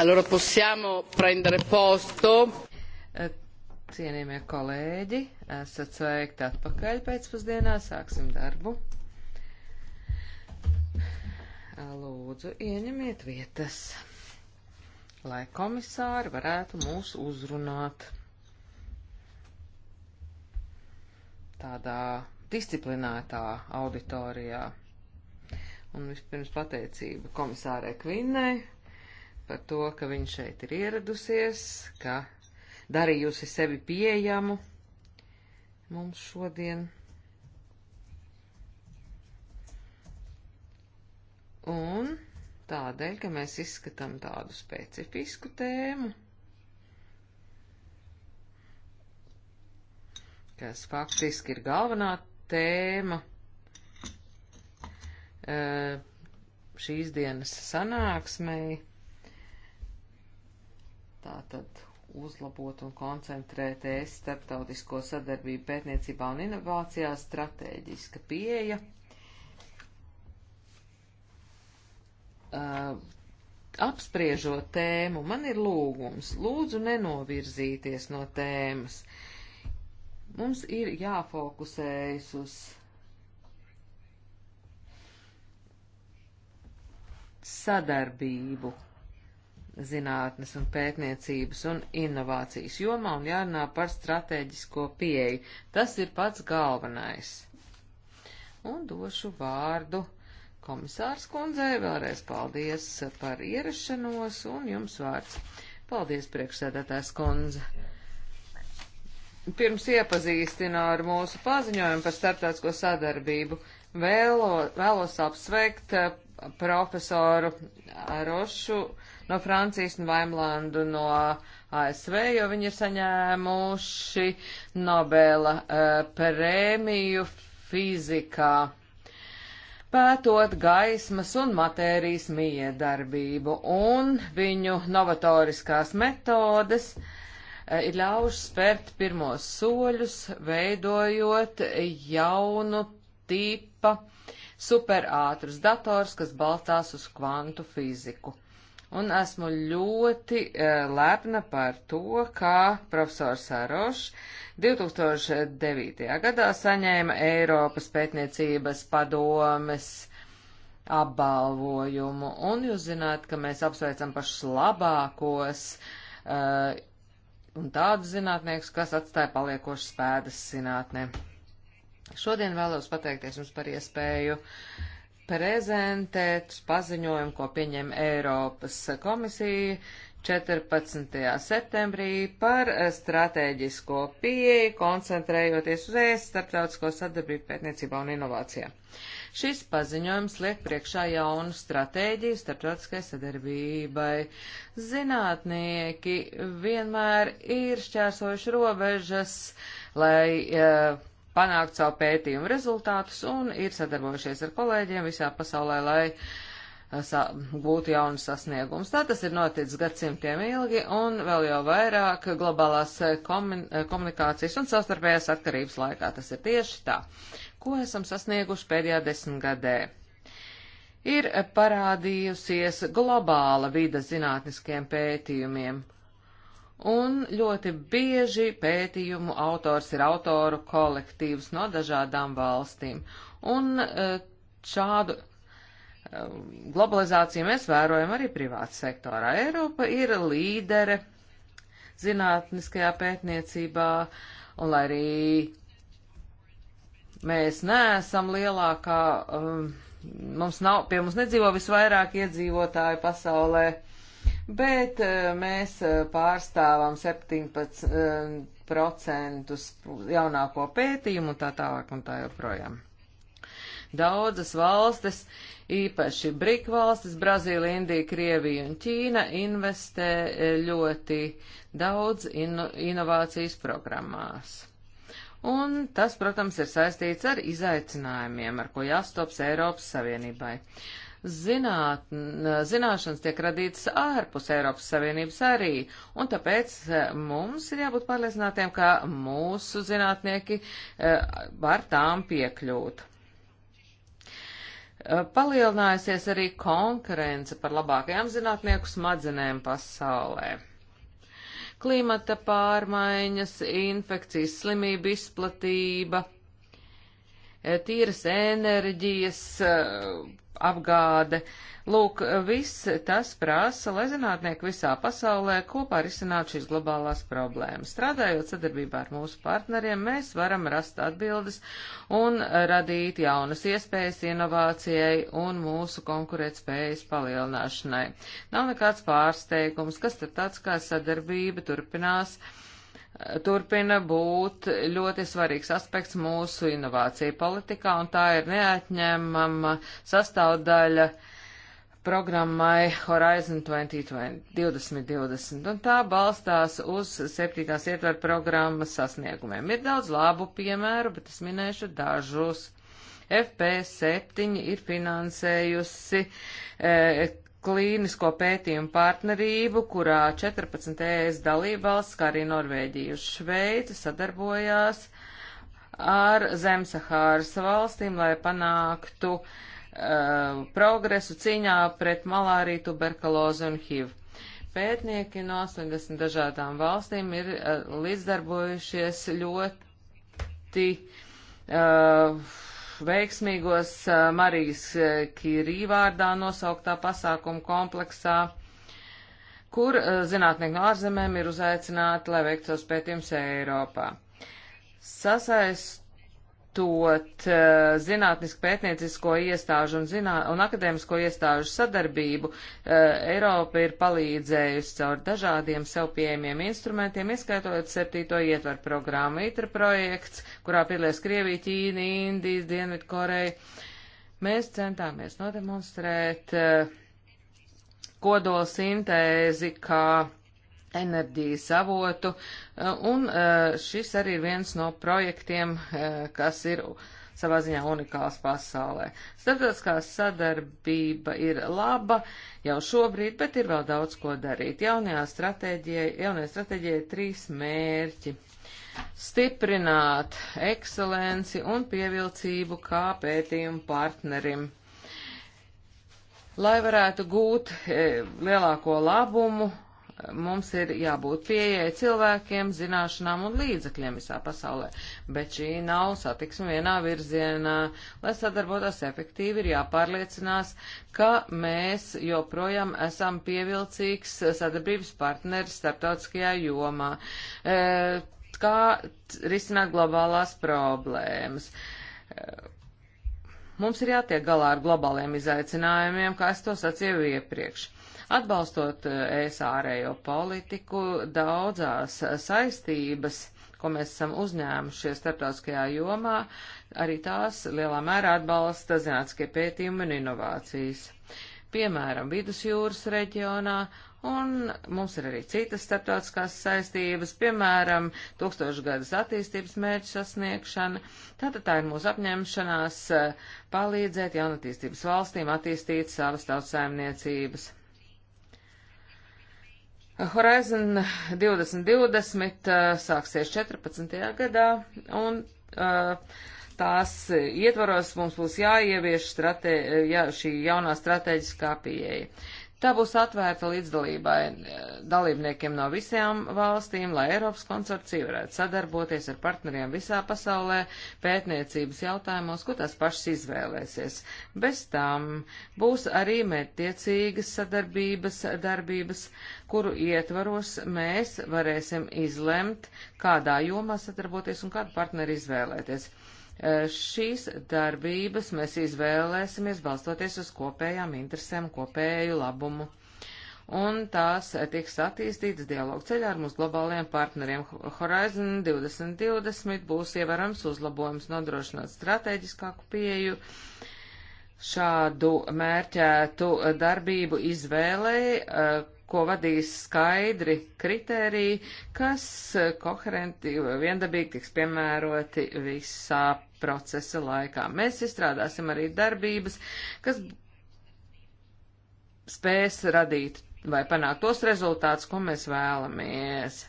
Allora possiamo prendere posto. Eh, cienījamie kolēģi, esat sveikti atpakaļ pēcpusdienā, sāksim darbu. Lūdzu, ieņemiet vietas, lai komisāri varētu mūs uzrunāt tādā disciplinētā auditorijā. Un vispirms pateicība komisārai Kvinnai par to, ka viņa šeit ir ieradusies, ka darījusi sevi pieejamu mums šodien. Un tādēļ, ka mēs izskatām tādu specifisku tēmu, kas faktiski ir galvenā tēma eh, šīs dienas sanāksmei tātad uzlabot un koncentrēt ES starptautisko sadarbību pētniecībā un inovācijā stratēģiska pieeja. Uh, apspriežot tēmu, man ir lūgums, lūdzu nenovirzīties no tēmas. Mums ir jāfokusējas uz sadarbību zinātnes un pētniecības un inovācijas jomā un jārunā par strateģisko pieeju. Tas ir pats galvenais. Un došu vārdu komisārs kundzei. Vēlreiz paldies par ierašanos un jums vārds. Paldies, priekšsēdētājs kundze. Pirms iepazīstinā ar mūsu paziņojumu par starptautisko sadarbību, vēlo, vēlos apsveikt eh, profesoru Rošu no Francijas un Vaimlandu no ASV, jo viņi ir saņēmuši Nobela uh, prēmiju fizikā, pētot gaismas un matērijas miedarbību, un viņu novatoriskās metodes uh, ir ļaujuši spērt pirmos soļus, veidojot jaunu tipa superātrus dators, kas balstās uz kvantu fiziku un esmu ļoti uh, lepna par to, kā profesors Sarošs 2009. gadā saņēma Eiropas pētniecības padomes apbalvojumu, un jūs zināt, ka mēs apsveicam pašus labākos uh, un tādus zinātniekus, kas atstāja paliekošas pēdas zinātnē. Šodien vēlos pateikties jums par iespēju uh, prezentēt paziņojumu, ko pieņem Eiropas komisija 14. septembrī par eh, stratēģisko pieeju, koncentrējoties uz ēst starptautisko sadarbību pētniecībā un inovācijā. Šis paziņojums liek priekšā jaunu stratēģiju starptautiskai sadarbībai. Zinātnieki vienmēr ir šķērsojuši robežas, lai uh, panākt savu pētījumu rezultātus un ir sadarbojušies ar kolēģiem visā pasaulē, lai būtu uh, jauns sasniegums. Tā tas ir noticis gadsimtiem ilgi un vēl jau vairāk globālās uh, uh, komunikācijas un savstarpējās atkarības laikā. Tas ir tieši tā. Ko esam sasnieguši pēdējā desmitgadē? Ir parādījusies globāla vida zinātniskiem pētījumiem un ļoti bieži pētījumu autors ir autoru kolektīvs no dažādām valstīm. Un eh, šādu eh, globalizāciju mēs vērojam arī privāta sektorā. Eiropa ir līdere zinātniskajā pētniecībā, un lai arī mēs neesam lielākā, eh, mums nav, pie mums nedzīvo visvairāk iedzīvotāju pasaulē, uh, bet eh, mēs eh, pārstāvam 17% eh, jaunāko pētījumu un tā tālāk un tā joprojām. Daudzas valstis, īpaši BRIK valstis, Brazīlija, Indija, Krievija un Ķīna, investē ļoti daudz ino inovācijas programmās. Un tas, protams, ir saistīts ar izaicinājumiem, ar ko jāstops Eiropas Savienībai. Uh, zināt, zināšanas tiek radītas ārpus Eiropas Savienības arī, un tāpēc e, mums ir jābūt pārliecinātiem, ka mūsu zinātnieki e, var tām piekļūt. E, palielinājusies arī konkurence par labākajām zinātnieku smadzenēm pasaulē klimata pārmaiņas, infekcijas slimība izplatība, tīras enerģijas apgāde. Lūk, viss tas prasa, lai zinātnieki visā pasaulē kopā risinātu šīs globālās problēmas. Strādājot sadarbībā ar mūsu partneriem, mēs varam rast atbildes un radīt jaunas iespējas inovācijai un mūsu konkurētspējas palielināšanai. Nav nekāds pārsteigums, kas tad tāds kā sadarbība turpinās. Uh, turpina būt ļoti svarīgs aspekts mūsu inovāciju politikā, un tā ir neatņemama sastāvdaļa programmai Horizon 2020, un tā balstās uz septītās ietver programmas sasniegumiem. Ir daudz labu piemēru, bet es minēšu dažus. FP7 ir finansējusi e, klīnisko pētījumu partnerību, kurā 14 ES dalībvalsts, kā arī Norvēģija un Šveica sadarbojās ar Zemsahāras valstīm, lai panāktu uh, progresu cīņā pret malāriju, tuberkulozi un HIV. Pētnieki no 80 dažādām valstīm ir uh, līdzdarbojušies ļoti uh, veiksmīgos Marijas Kirī vārdā nosauktā pasākuma kompleksā, kur zinātnieki no ārzemēm ir uzaicināti, lai veiktu savus pētījumus Eiropā. Sasaist izmantot uh, eh, zinātnisku pētniecisko iestāžu un, zinā, un akadēmisko iestāžu sadarbību, uh, Eiropa ir palīdzējusi caur dažādiem sev pieejamiem instrumentiem, ieskaitot septīto ietvaru programmu ITRA projekts, kurā piedalās Krievija, Ķīna, Indija, Dienvidkoreja. Mēs centāmies nodemonstrēt uh, eh, kodolsintēzi, kā enerģijas avotu, e, un e, šis arī ir viens no projektiem, e, kas ir savā ziņā unikāls pasaulē. Starptautiskā sadarbība ir laba jau šobrīd, bet ir vēl daudz ko darīt. Jaunajā stratēģijai, jaunajā stratēģijai ir trīs mērķi stiprināt ekscelenci un pievilcību kā pētījumu partnerim. Lai varētu gūt e, lielāko labumu mums ir jābūt pieejai cilvēkiem, zināšanām un līdzekļiem visā pasaulē, bet šī nav satiksme vienā virzienā. Lai sadarbotos efektīvi, ir jāpārliecinās, ka mēs joprojām esam pievilcīgs sadarbības partneris starptautiskajā jomā. E, kā risināt globālās problēmas? E, Mums ir jātiek galā ar globāliem izaicinājumiem, kā es to sacīju iepriekš. Atbalstot eh, ES ārējo politiku, daudzās eh, saistības, ko mēs esam uzņēmušies starptautiskajā jomā, arī tās lielā mērā atbalsta zinātniskie pētījumi un inovācijas. Piemēram, vidusjūras reģionā un mums ir arī citas starptautiskās saistības, piemēram, tūkstošgadas attīstības mērķu sasniegšana. Tātad tā ir mūsu apņemšanās eh, palīdzēt jaunatīstības valstīm attīstīt savas tautsājumniecības. Horizon 2020 eh, sāksies 14. gadā, un eh, tās ietvaros mums būs jāievieš stratē, jā, šī jaunā strateģiskā pieeja. Tā būs atvērta līdzdalībai eh, dalībniekiem no visām valstīm, lai Eiropas konsorcija varētu sadarboties ar partneriem visā pasaulē pētniecības jautājumos, ko tās pašas izvēlēsies. Bez tam būs arī mērķtiecīgas sadarbības darbības, kuru ietvaros mēs varēsim izlemt, kādā jomā sadarboties un kādu partneri izvēlēties. Eh, šīs darbības mēs izvēlēsimies balstoties uz kopējām interesēm, kopēju labumu. Un tās tiks attīstītas dialogu ceļā ar mūsu globālajiem partneriem. Horizon 2020 būs ievērams uzlabojums nodrošināt strateģiskāku pieju šādu mērķētu darbību izvēlei, eh, ko vadīs skaidri kritēriji, kas koherenti, viendabīgi tiks piemēroti visā procesa laikā. Mēs izstrādāsim arī darbības, kas spēs radīt vai panākt tos rezultātus, ko mēs vēlamies.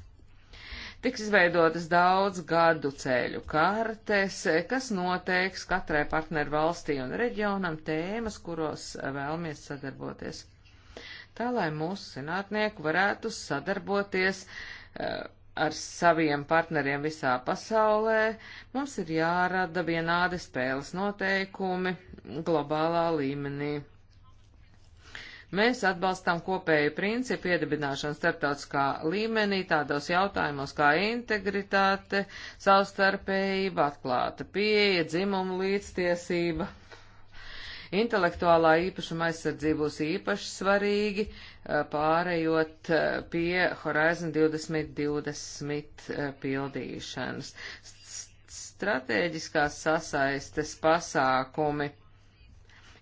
Tiks izveidotas daudz gadu ceļu kartes, kas noteiks katrai partneru valstī un reģionam tēmas, kuros vēlamies sadarboties. Tā lai mūsu zinātnieki varētu sadarboties uh, ar saviem partneriem visā pasaulē, mums ir jārada vienādi spēles noteikumi globālā līmenī. Mēs atbalstam kopēju principu iedibināšanu starptautiskā līmenī tādos jautājumos kā integritāte, savstarpējība, atklāta pieeja, dzimuma līdztiesība Intelektuālā īpašuma aizsardzība būs īpaši svarīgi, pārējot pie Horizon 2020 pildīšanas. Stratēģiskās sasaistes pasākumi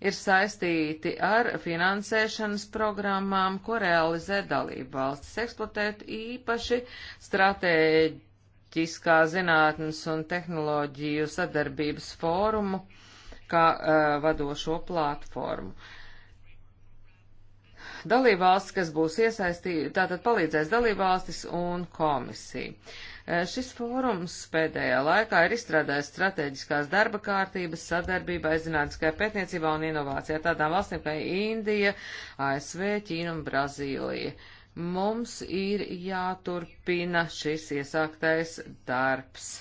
ir saistīti ar finansēšanas programmām, ko realizē dalību valstis, eksploatēt īpaši stratēģiskā zinātnes un tehnoloģiju sadarbības fórumu kā uh, vadošo platformu. Dalībvalsts, kas būs iesaistīta, tātad palīdzēs dalībvalstis un komisija. Uh, šis fórums pēdējā laikā ir izstrādājis strateģiskās darba kārtības sadarbībā zinātniskajā pētniecībā un inovācijā tādām valstīm kā Indija, ASV, Ķīna un Brazīlija. Mums ir jāturpina šis iesāktais darbs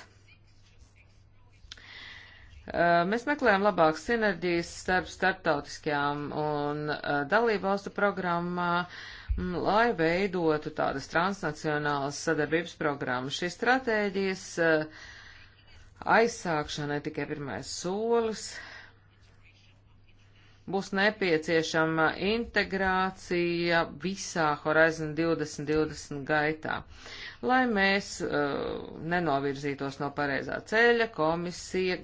Eh, mēs meklējam labākas sinerģijas starp starptautiskajām un eh, dalībvalstu programmā, mm, lai veidotu tādas transnacionālas sadarbības programmas. Šīs stratēģijas eh, aizsākšana ir tikai pirmais solis. Būs nepieciešama integrācija visā Horizon 2020 gaitā. Lai mēs uh, nenovirzītos no pareizā ceļa, komisija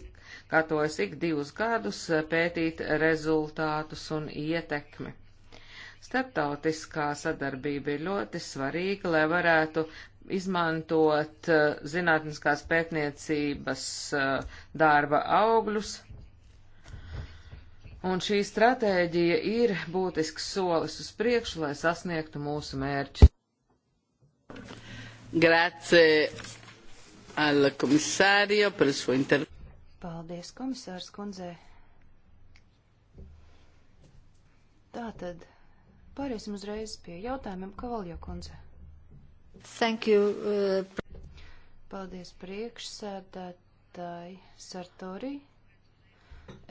gatavojas ik divus gadus eh, pētīt rezultātus un ietekmi. Starptautiskā sadarbība ir ļoti svarīga, lai varētu izmantot eh, zinātniskās pētniecības eh, darba augļus, un šī stratēģija ir būtisks solis uz priekšu, lai sasniegtu mūsu mērķus. Grazie al komisārio par šo interviju. Paldies, komisārs kundzē. Tātad pāriesim uzreiz pie jautājumiem Kavaljo kundze. Thank you. Uh... Paldies priekšsēdētāji Sartori.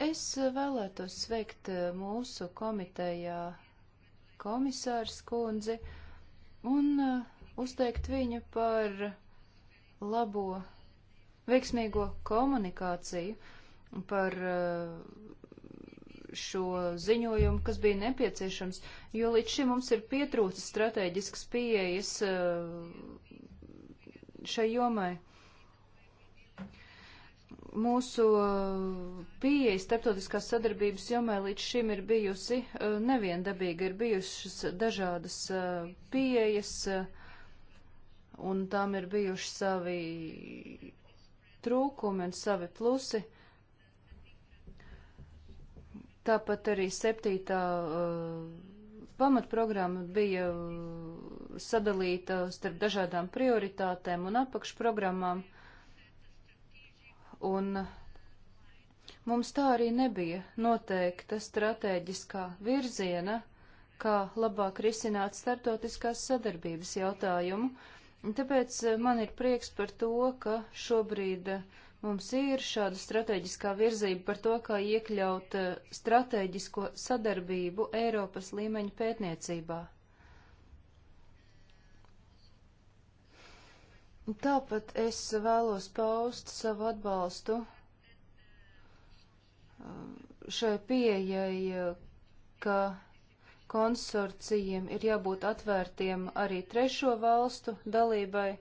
Es vēlētos sveikt uh, mūsu komitejā komisārs kundzi un uh, uzteikt viņu par labo veiksmīgo komunikāciju par eh, šo ziņojumu, kas bija nepieciešams, jo līdz šim mums ir pietrūcis strateģisks pieejas eh, šai jomai. Mūsu eh, pieeja starptautiskās sadarbības jomai līdz šim ir bijusi neviendabīga, ir bijušas dažādas pieejas, un tām ir bijuši savi trūkumi un savi plusi. Tāpat arī septītā uh, pamatprogramma bija uh, sadalīta starp dažādām prioritātēm un apakšprogrammām, un uh, mums tā arī nebija noteikta stratēģiskā virziena, kā labāk risināt startotiskās sadarbības jautājumu Tāpēc eh, man ir prieks par to, ka šobrīd eh, mums ir šāda strateģiskā virzība par to, kā iekļaut eh, strateģisko sadarbību Eiropas līmeņa pētniecībā. Tāpat es vēlos paust savu atbalstu šai pieejai, ka konsorcijiem ir jābūt atvērtiem arī trešo valstu dalībai.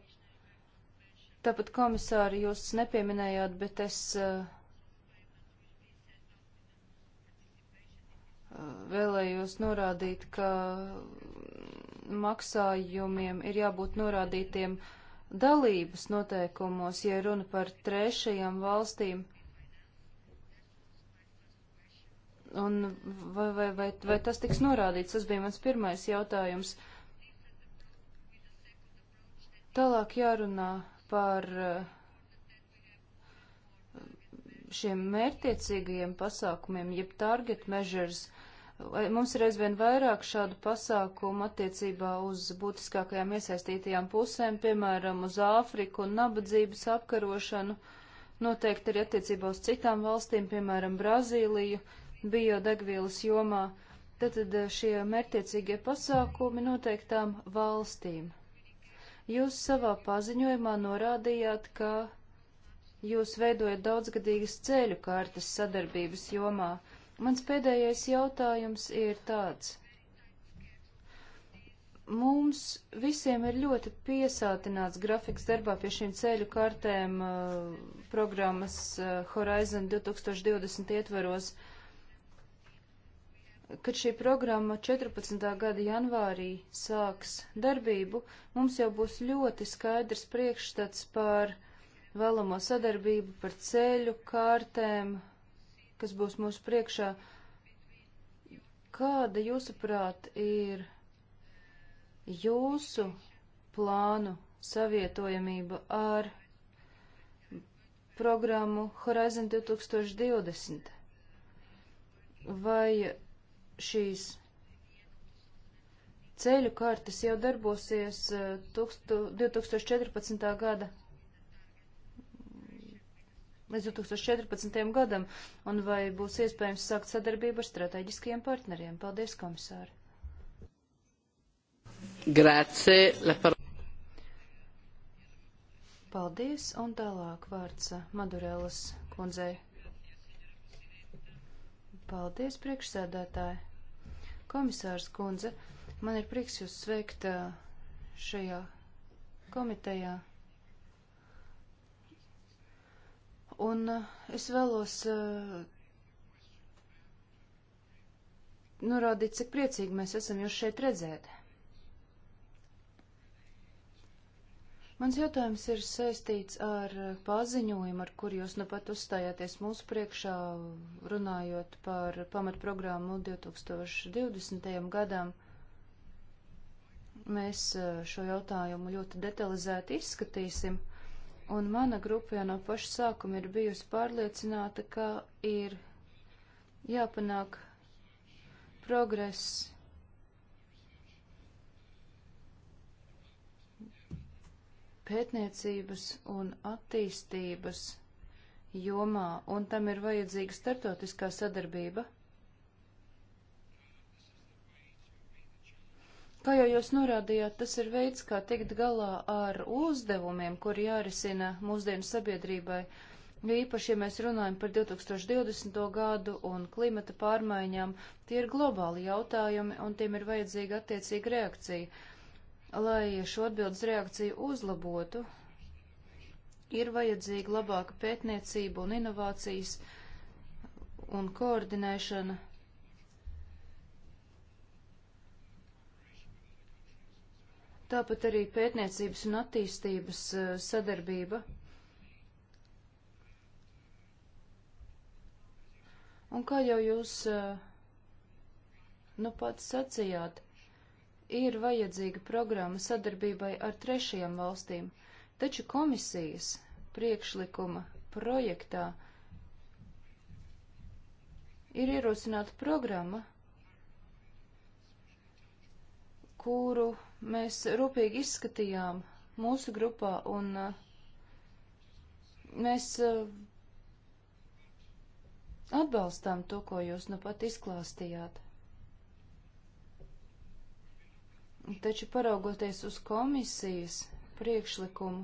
Tāpat komisāri jūs nepieminējāt, bet es eh, vēlējos norādīt, ka maksājumiem ir jābūt norādītiem dalības noteikumos, ja runa par trešajām valstīm. Un vai, vai, vai, vai tas tiks norādīts? Tas bija mans pirmais jautājums. Tālāk jārunā par eh, šiem mērtiecīgajiem pasākumiem, jeb target measures. Mums ir aizvien vairāk šādu pasākumu attiecībā uz būtiskākajām iesaistītajām pusēm, piemēram, uz Āfriku un nabadzības apkarošanu, noteikti arī attiecībā uz citām valstīm, piemēram, Brazīliju. Uh, biodegvielas jomā. Tātad eh, šie mērķiecīgie pasākumi noteiktām valstīm. Jūs savā paziņojumā norādījāt, ka jūs veidojat daudzgadīgas ceļu kārtas sadarbības jomā. Mans pēdējais jautājums ir tāds. Mums visiem ir ļoti piesātināts grafiks darbā pie šīm ceļu kartēm uh, programmas uh, Horizon 2020 ietveros. Uh, kad šī programma 14. gada janvārī sāks darbību, mums jau būs ļoti skaidrs priekšstats par vēlamo sadarbību, par ceļu kārtēm, kas būs mūsu priekšā. Kāda, jūsuprāt, ir jūsu plānu savietojamība ar programmu Horizon 2020? Vai šīs ceļu kartes jau darbosies 2014. Eh, gada līdz 2014. gadam, un vai būs iespējams sākt sadarbību ar strateģiskajiem partneriem? Paldies, komisāri! Grāce, par... Paldies, un tālāk vārds Madurēlas kundzei. Paldies, priekšsēdētāji! Komisārs kundze, man ir prieks jūs sveikt šajā komitejā. Un es vēlos norādīt, cik priecīgi mēs esam jūs šeit redzēt. Mans jautājums ir saistīts ar paziņojumu, ar kur jūs nu pat uzstājāties mūsu priekšā, runājot par pamatprogrammu 2020. gadam. Mēs eh, šo jautājumu ļoti detalizēti izskatīsim, un mana grupa jau no paša sākuma ir bijusi pārliecināta, ka ir jāpanāk progress pētniecības un attīstības jomā, un tam ir vajadzīga startautiskā sadarbība. Kā jau jūs norādījāt, tas ir veids, kā tikt galā ar uzdevumiem, kuri jārisina mūsdienu sabiedrībai, jo īpaši, ja mēs runājam par 2020. gadu un klimata pārmaiņām, tie ir globāli jautājumi, un tiem ir vajadzīga attiecīga reakcija lai šo atbildes reakciju uzlabotu, ir vajadzīga labāka pētniecība un inovācijas un koordinēšana. Tāpat arī pētniecības un attīstības eh, sadarbība. Un kā jau jūs eh, nu pats sacījāt, ir vajadzīga programma sadarbībai ar trešajām valstīm, taču komisijas priekšlikuma projektā ir ierosināta programma, kuru mēs rūpīgi izskatījām mūsu grupā, un uh, mēs uh, atbalstām to, ko jūs nu pat izklāstījāt. Taču paraugoties uz komisijas priekšlikumu,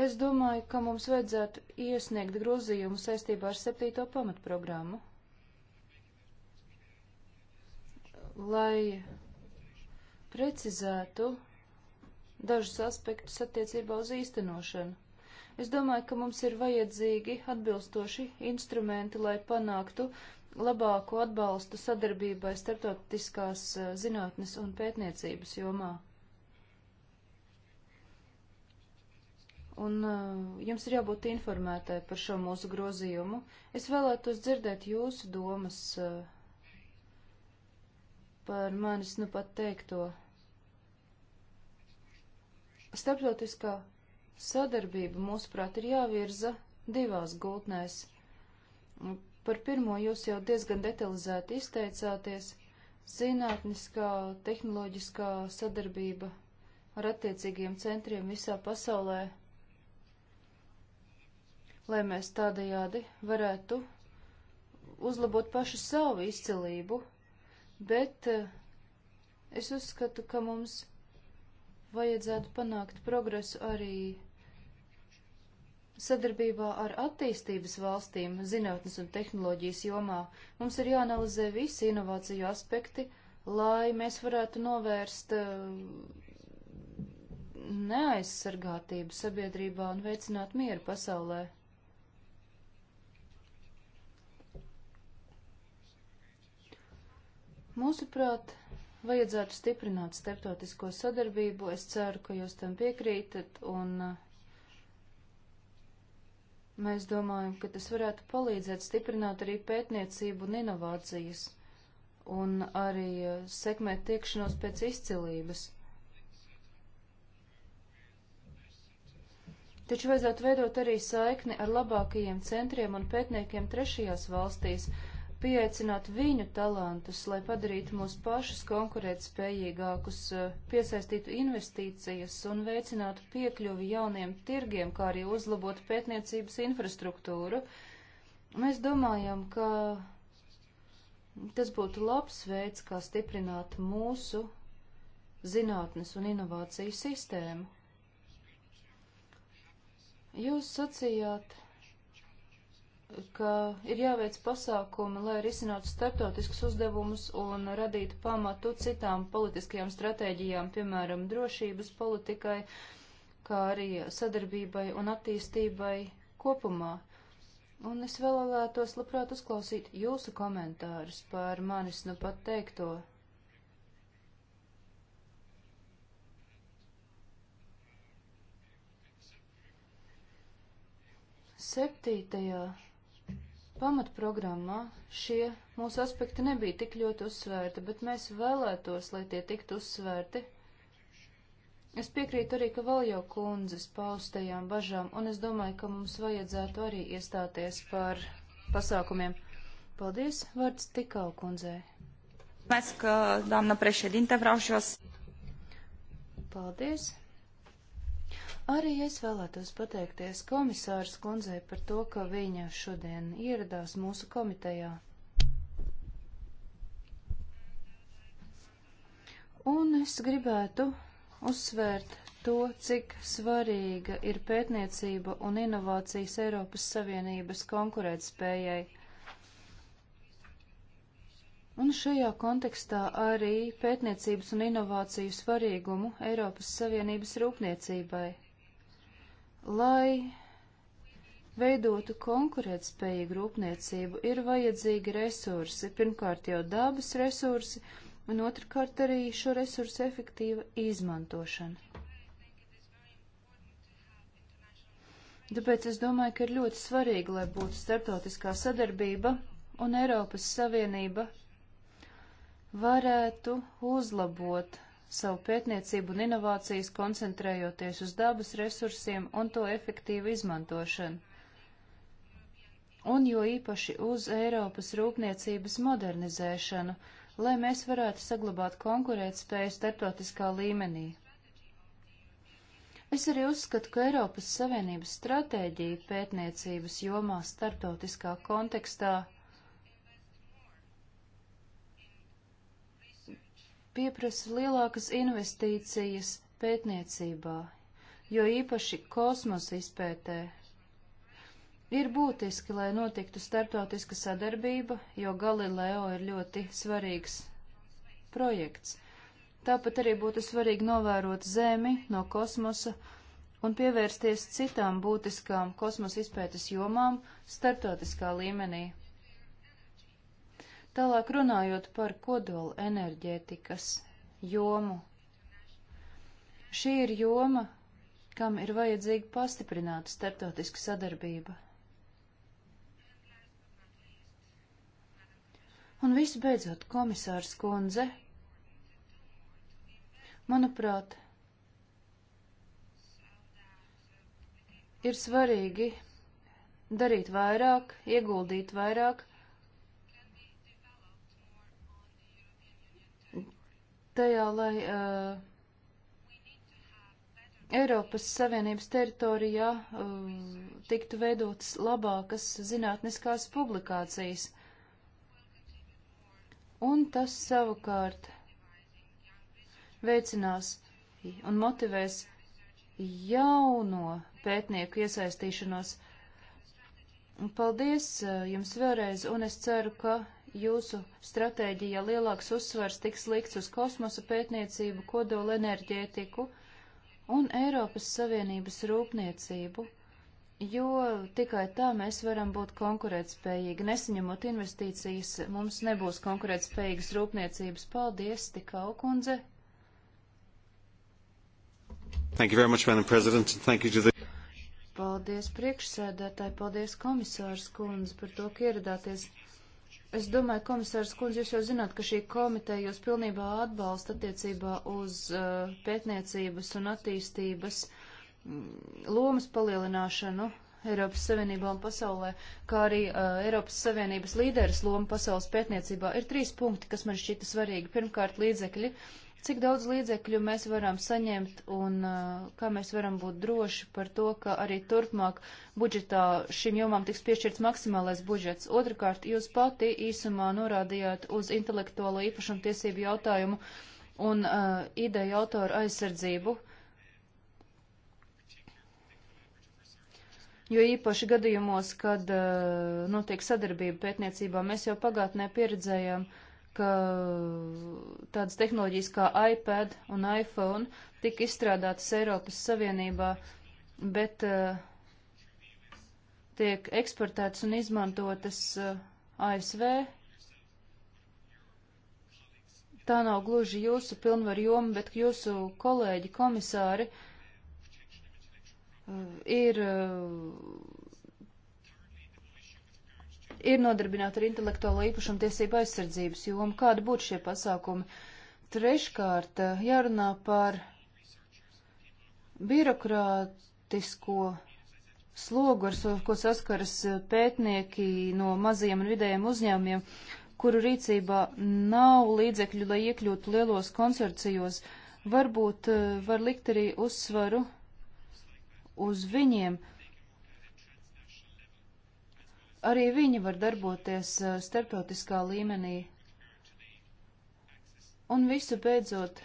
es domāju, ka mums vajadzētu iesniegt grozījumu saistībā ar septīto pamatprogrammu, lai precizētu dažus aspektus attiecībā uz īstenošanu. Es domāju, ka mums ir vajadzīgi atbilstoši instrumenti, lai panāktu labāku atbalstu sadarbībai starptautiskās eh, zinātnes un pētniecības jomā. Un eh, jums ir jābūt informētai par šo mūsu grozījumu. Es vēlētos dzirdēt jūsu domas eh, par manis nu pat teikto. Starptautiskā sadarbība, mūsuprāt, ir jāvirza divās gultnēs Par pirmo jūs jau diezgan detalizēti izteicāties - zinātniskā, tehnoloģiskā sadarbība ar attiecīgiem centriem visā pasaulē, lai mēs tādajādi varētu uzlabot pašu savu izcilību, bet eh, es uzskatu, ka mums vajadzētu panākt progresu arī Sadarbībā ar attīstības valstīm zinātnes un tehnoloģijas jomā mums ir jāanalizē visi inovāciju aspekti, lai mēs varētu novērst eh, neaizsargātību sabiedrībā un veicināt mieru pasaulē. Mūsuprāt, vajadzētu stiprināt starptautisko sadarbību. Es ceru, ka jūs tam piekrītat un uh, Mēs domājam, ka tas varētu palīdzēt stiprināt arī pētniecību un inovācijas, un arī eh, sekmēt tiekšanos pēc izcilības. Taču vajadzētu veidot arī saikni ar labākajiem centriem un pētniekiem trešajās valstīs, pieaicināt viņu talantus, lai padarītu mūs pašus konkurētspējīgākus, piesaistītu investīcijas un veicinātu piekļuvi jauniem tirgiem, kā arī uzlabotu pētniecības infrastruktūru. Mēs domājam, ka tas būtu labs veids, kā stiprināt mūsu zinātnes un inovāciju sistēmu. Jūs sacījāt, ka ir jāveic pasākumi, lai risinātu starptautiskus uzdevumus un radītu pamatu citām politiskajām stratēģijām, piemēram, drošības politikai, kā arī sadarbībai un attīstībai kopumā. Un es vēlētos labprāt uzklausīt jūsu komentārus par manis nu pat teikto. Septītajā pamatprogrammā šie mūsu aspekti nebija tik ļoti uzsvērti, bet mēs vēlētos, lai tie tiktu uzsvērti. Es piekrītu arī, ka vēl jau kundzes paustajām bažām, un es domāju, ka mums vajadzētu arī iestāties par pasākumiem. Paldies, vārds tikau kundzei. Mēs, ka, dāmna prešedinte, vraušos. Paldies. Arī es vēlētos pateikties komisāras kundzei par to, ka viņa šodien ieradās mūsu komitejā. Un es gribētu uzsvērt to, cik svarīga ir pētniecība un inovācijas Eiropas Savienības konkurētspējai. Un šajā kontekstā arī pētniecības un inovāciju svarīgumu Eiropas Savienības rūpniecībai. Lai veidotu konkurētspējīgu rūpniecību, ir vajadzīgi resursi, pirmkārt jau dabas resursi, un otrkārt arī šo resursu efektīva izmantošana. Tāpēc es domāju, ka ir ļoti svarīgi, lai būtu starptautiskā sadarbība un Eiropas Savienība varētu uzlabot savu pētniecību un inovācijas koncentrējoties uz dabas resursiem un to efektīvu izmantošanu, un jo īpaši uz Eiropas rūpniecības modernizēšanu, lai mēs varētu saglabāt konkurētspēju starptautiskā līmenī. Es arī uzskatu, ka Eiropas Savienības stratēģija pētniecības jomā starptautiskā kontekstā pieprasa lielākas investīcijas pētniecībā, jo īpaši kosmosa izpētē. Ir būtiski, lai notiktu starptautiska sadarbība, jo Galileo ir ļoti svarīgs projekts. Tāpat arī būtu svarīgi novērot Zemi no kosmosa un pievērsties citām būtiskām kosmosa izpētes jomām starptautiskā līmenī. Tālāk runājot par kodolu enerģētikas jomu. Šī ir joma, kam ir vajadzīga pastiprināta starptautiska sadarbība. Un visbeidzot, komisārs kundze, manuprāt, ir svarīgi darīt vairāk, ieguldīt vairāk, tajā, lai uh, Eiropas Savienības teritorijā uh, tiktu veidotas labākas zinātniskās publikācijas. Un tas savukārt veicinās un motivēs jauno pētnieku iesaistīšanos. Paldies eh, jums vēlreiz, un es ceru, ka jūsu stratēģijā lielāks uzsvars tiks likts uz kosmosa pētniecību, kodola enerģētiku un Eiropas Savienības rūpniecību, jo tikai tā mēs varam būt konkurētspējīgi. Nesaņemot investīcijas, mums nebūs konkurētspējīgas rūpniecības. Paldies, Tikau kundze! Thank you very much, Madam President, and thank you to the... Paldies priekšsēdētāji, paldies komisārs kundze par to, ka ieradāties. Es domāju, komisārs kundze, jūs jau zināt, ka šī komiteja jūs pilnībā atbalsta attiecībā uz uh, pētniecības un attīstības mm, lomas palielināšanu Eiropas Savienībā un pasaulē, kā arī uh, Eiropas Savienības līderis loma pasaules pētniecībā, ir trīs punkti, kas man šķita svarīgi. Pirmkārt, līdzekļi. Cik daudz līdzekļu mēs varam saņemt un uh, kā mēs varam būt droši par to, ka arī turpmāk budžetā šim jomām tiks piešķirts maksimālais budžets. Otrakārt, jūs pati īsumā norādījāt uz intelektuālo īpašumu tiesību jautājumu un uh, ideju autoru aizsardzību. Uh, jo īpaši gadījumos, kad uh, notiek sadarbība pētniecībā, mēs jau pagātnē pieredzējām, ka tādas tehnoloģijas kā iPad un iPhone tika izstrādātas Eiropas Savienībā, bet uh, tiek eksportētas un izmantotas uh, eh, ASV. Tā nav gluži jūsu pilnvaru joma, bet jūsu kolēģi komisāri uh, ir, eh, ir nodarbināti ar intelektuālo īpašumu tiesību aizsardzības jomu. Kādi būtu šie pasākumi? Treškārt, eh, jārunā par birokrātisko slogu, ar so, ko saskaras eh, pētnieki no mazajiem un vidējiem uzņēmumiem, kuru rīcībā nav līdzekļu, lai iekļūtu lielos konsorcijos, varbūt var likt arī uzsvaru uz viņiem. Arī viņi var darboties uh, starptautiskā līmenī. Un visu beidzot,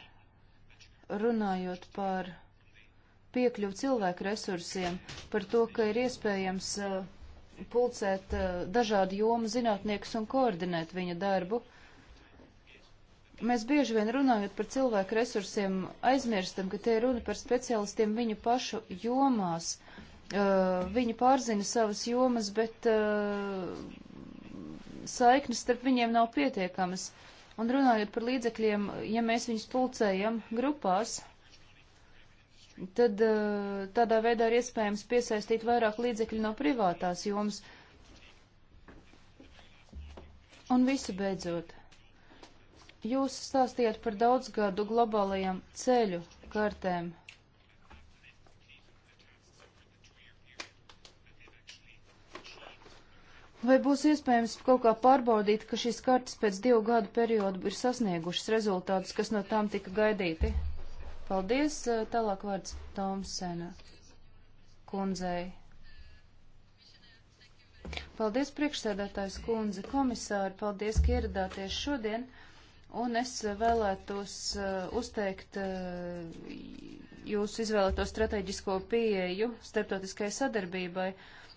runājot par piekļuvu cilvēku resursiem, par to, ka ir iespējams uh, pulcēt uh, dažādu jomu zinātniekus un koordinēt viņa darbu. Mēs bieži vien runājot par cilvēku resursiem, aizmirstam, ka te ir runa par speciālistiem viņu pašu jomās. Uh, viņi pārzina savas jomas, bet uh, saiknes starp viņiem nav pietiekamas. Un runājot par līdzekļiem, ja mēs viņus pulcējam grupās, tad uh, tādā veidā ir iespējams piesaistīt vairāk līdzekļu no privātās jomas. Un visu beidzot. Jūs stāstījāt par daudzgadu globālajiem ceļu kartēm. Vai būs iespējams kaut kā pārbaudīt, ka šīs kartes pēc divu gadu periodu ir sasniegušas rezultātus, kas no tām tika gaidīti? Paldies, eh, tālāk vārds Tomsena kundzei. Paldies, priekšsēdētājs kundze, komisāri, paldies, ka ieradāties šodien. Un es vēlētos eh, uzteikt eh, jūsu izvēlēto strateģisko pieeju starptautiskai sadarbībai.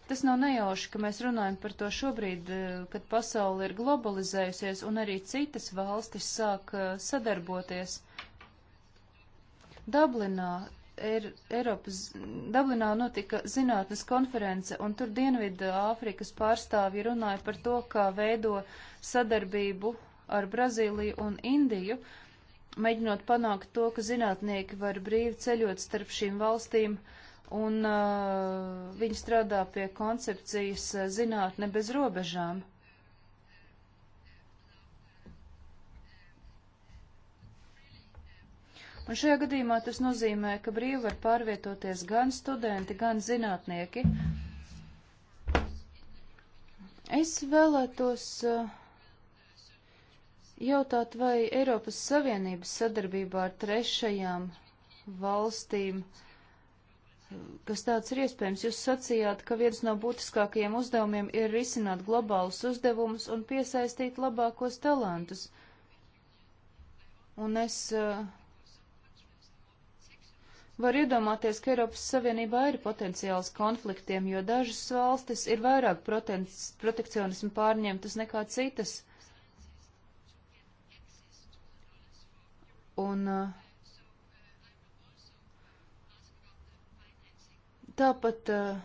Tas nav nejauši, ka mēs runājam par to šobrīd, eh, kad pasaule ir globalizējusies un arī citas valstis sāk sadarboties. Dublinā ir Eiropas, Dublinā notika zinātnes konference, un tur Dienvidu Āfrikas pārstāvji runāja par to, kā veido sadarbību ar Brazīliju un Indiju, mēģinot panākt to, ka zinātnieki var brīvi ceļot starp šīm valstīm, un uh, viņi strādā pie koncepcijas uh, zinātne bez robežām. Un šajā gadījumā tas nozīmē, ka brīvi var pārvietoties gan studenti, gan zinātnieki. Es vēlētos uh, jautāt, vai Eiropas Savienības sadarbībā ar trešajām valstīm, kas tāds ir iespējams, jūs sacījāt, ka viens no būtiskākajiem uzdevumiem ir risināt globālus uzdevumus un piesaistīt labākos talantus. Un es uh, eh, varu iedomāties, ka Eiropas Savienībā ir potenciāls konfliktiem, jo dažas valstis ir vairāk protekcionismu pārņemtas nekā citas. Un eh, tāpat eh,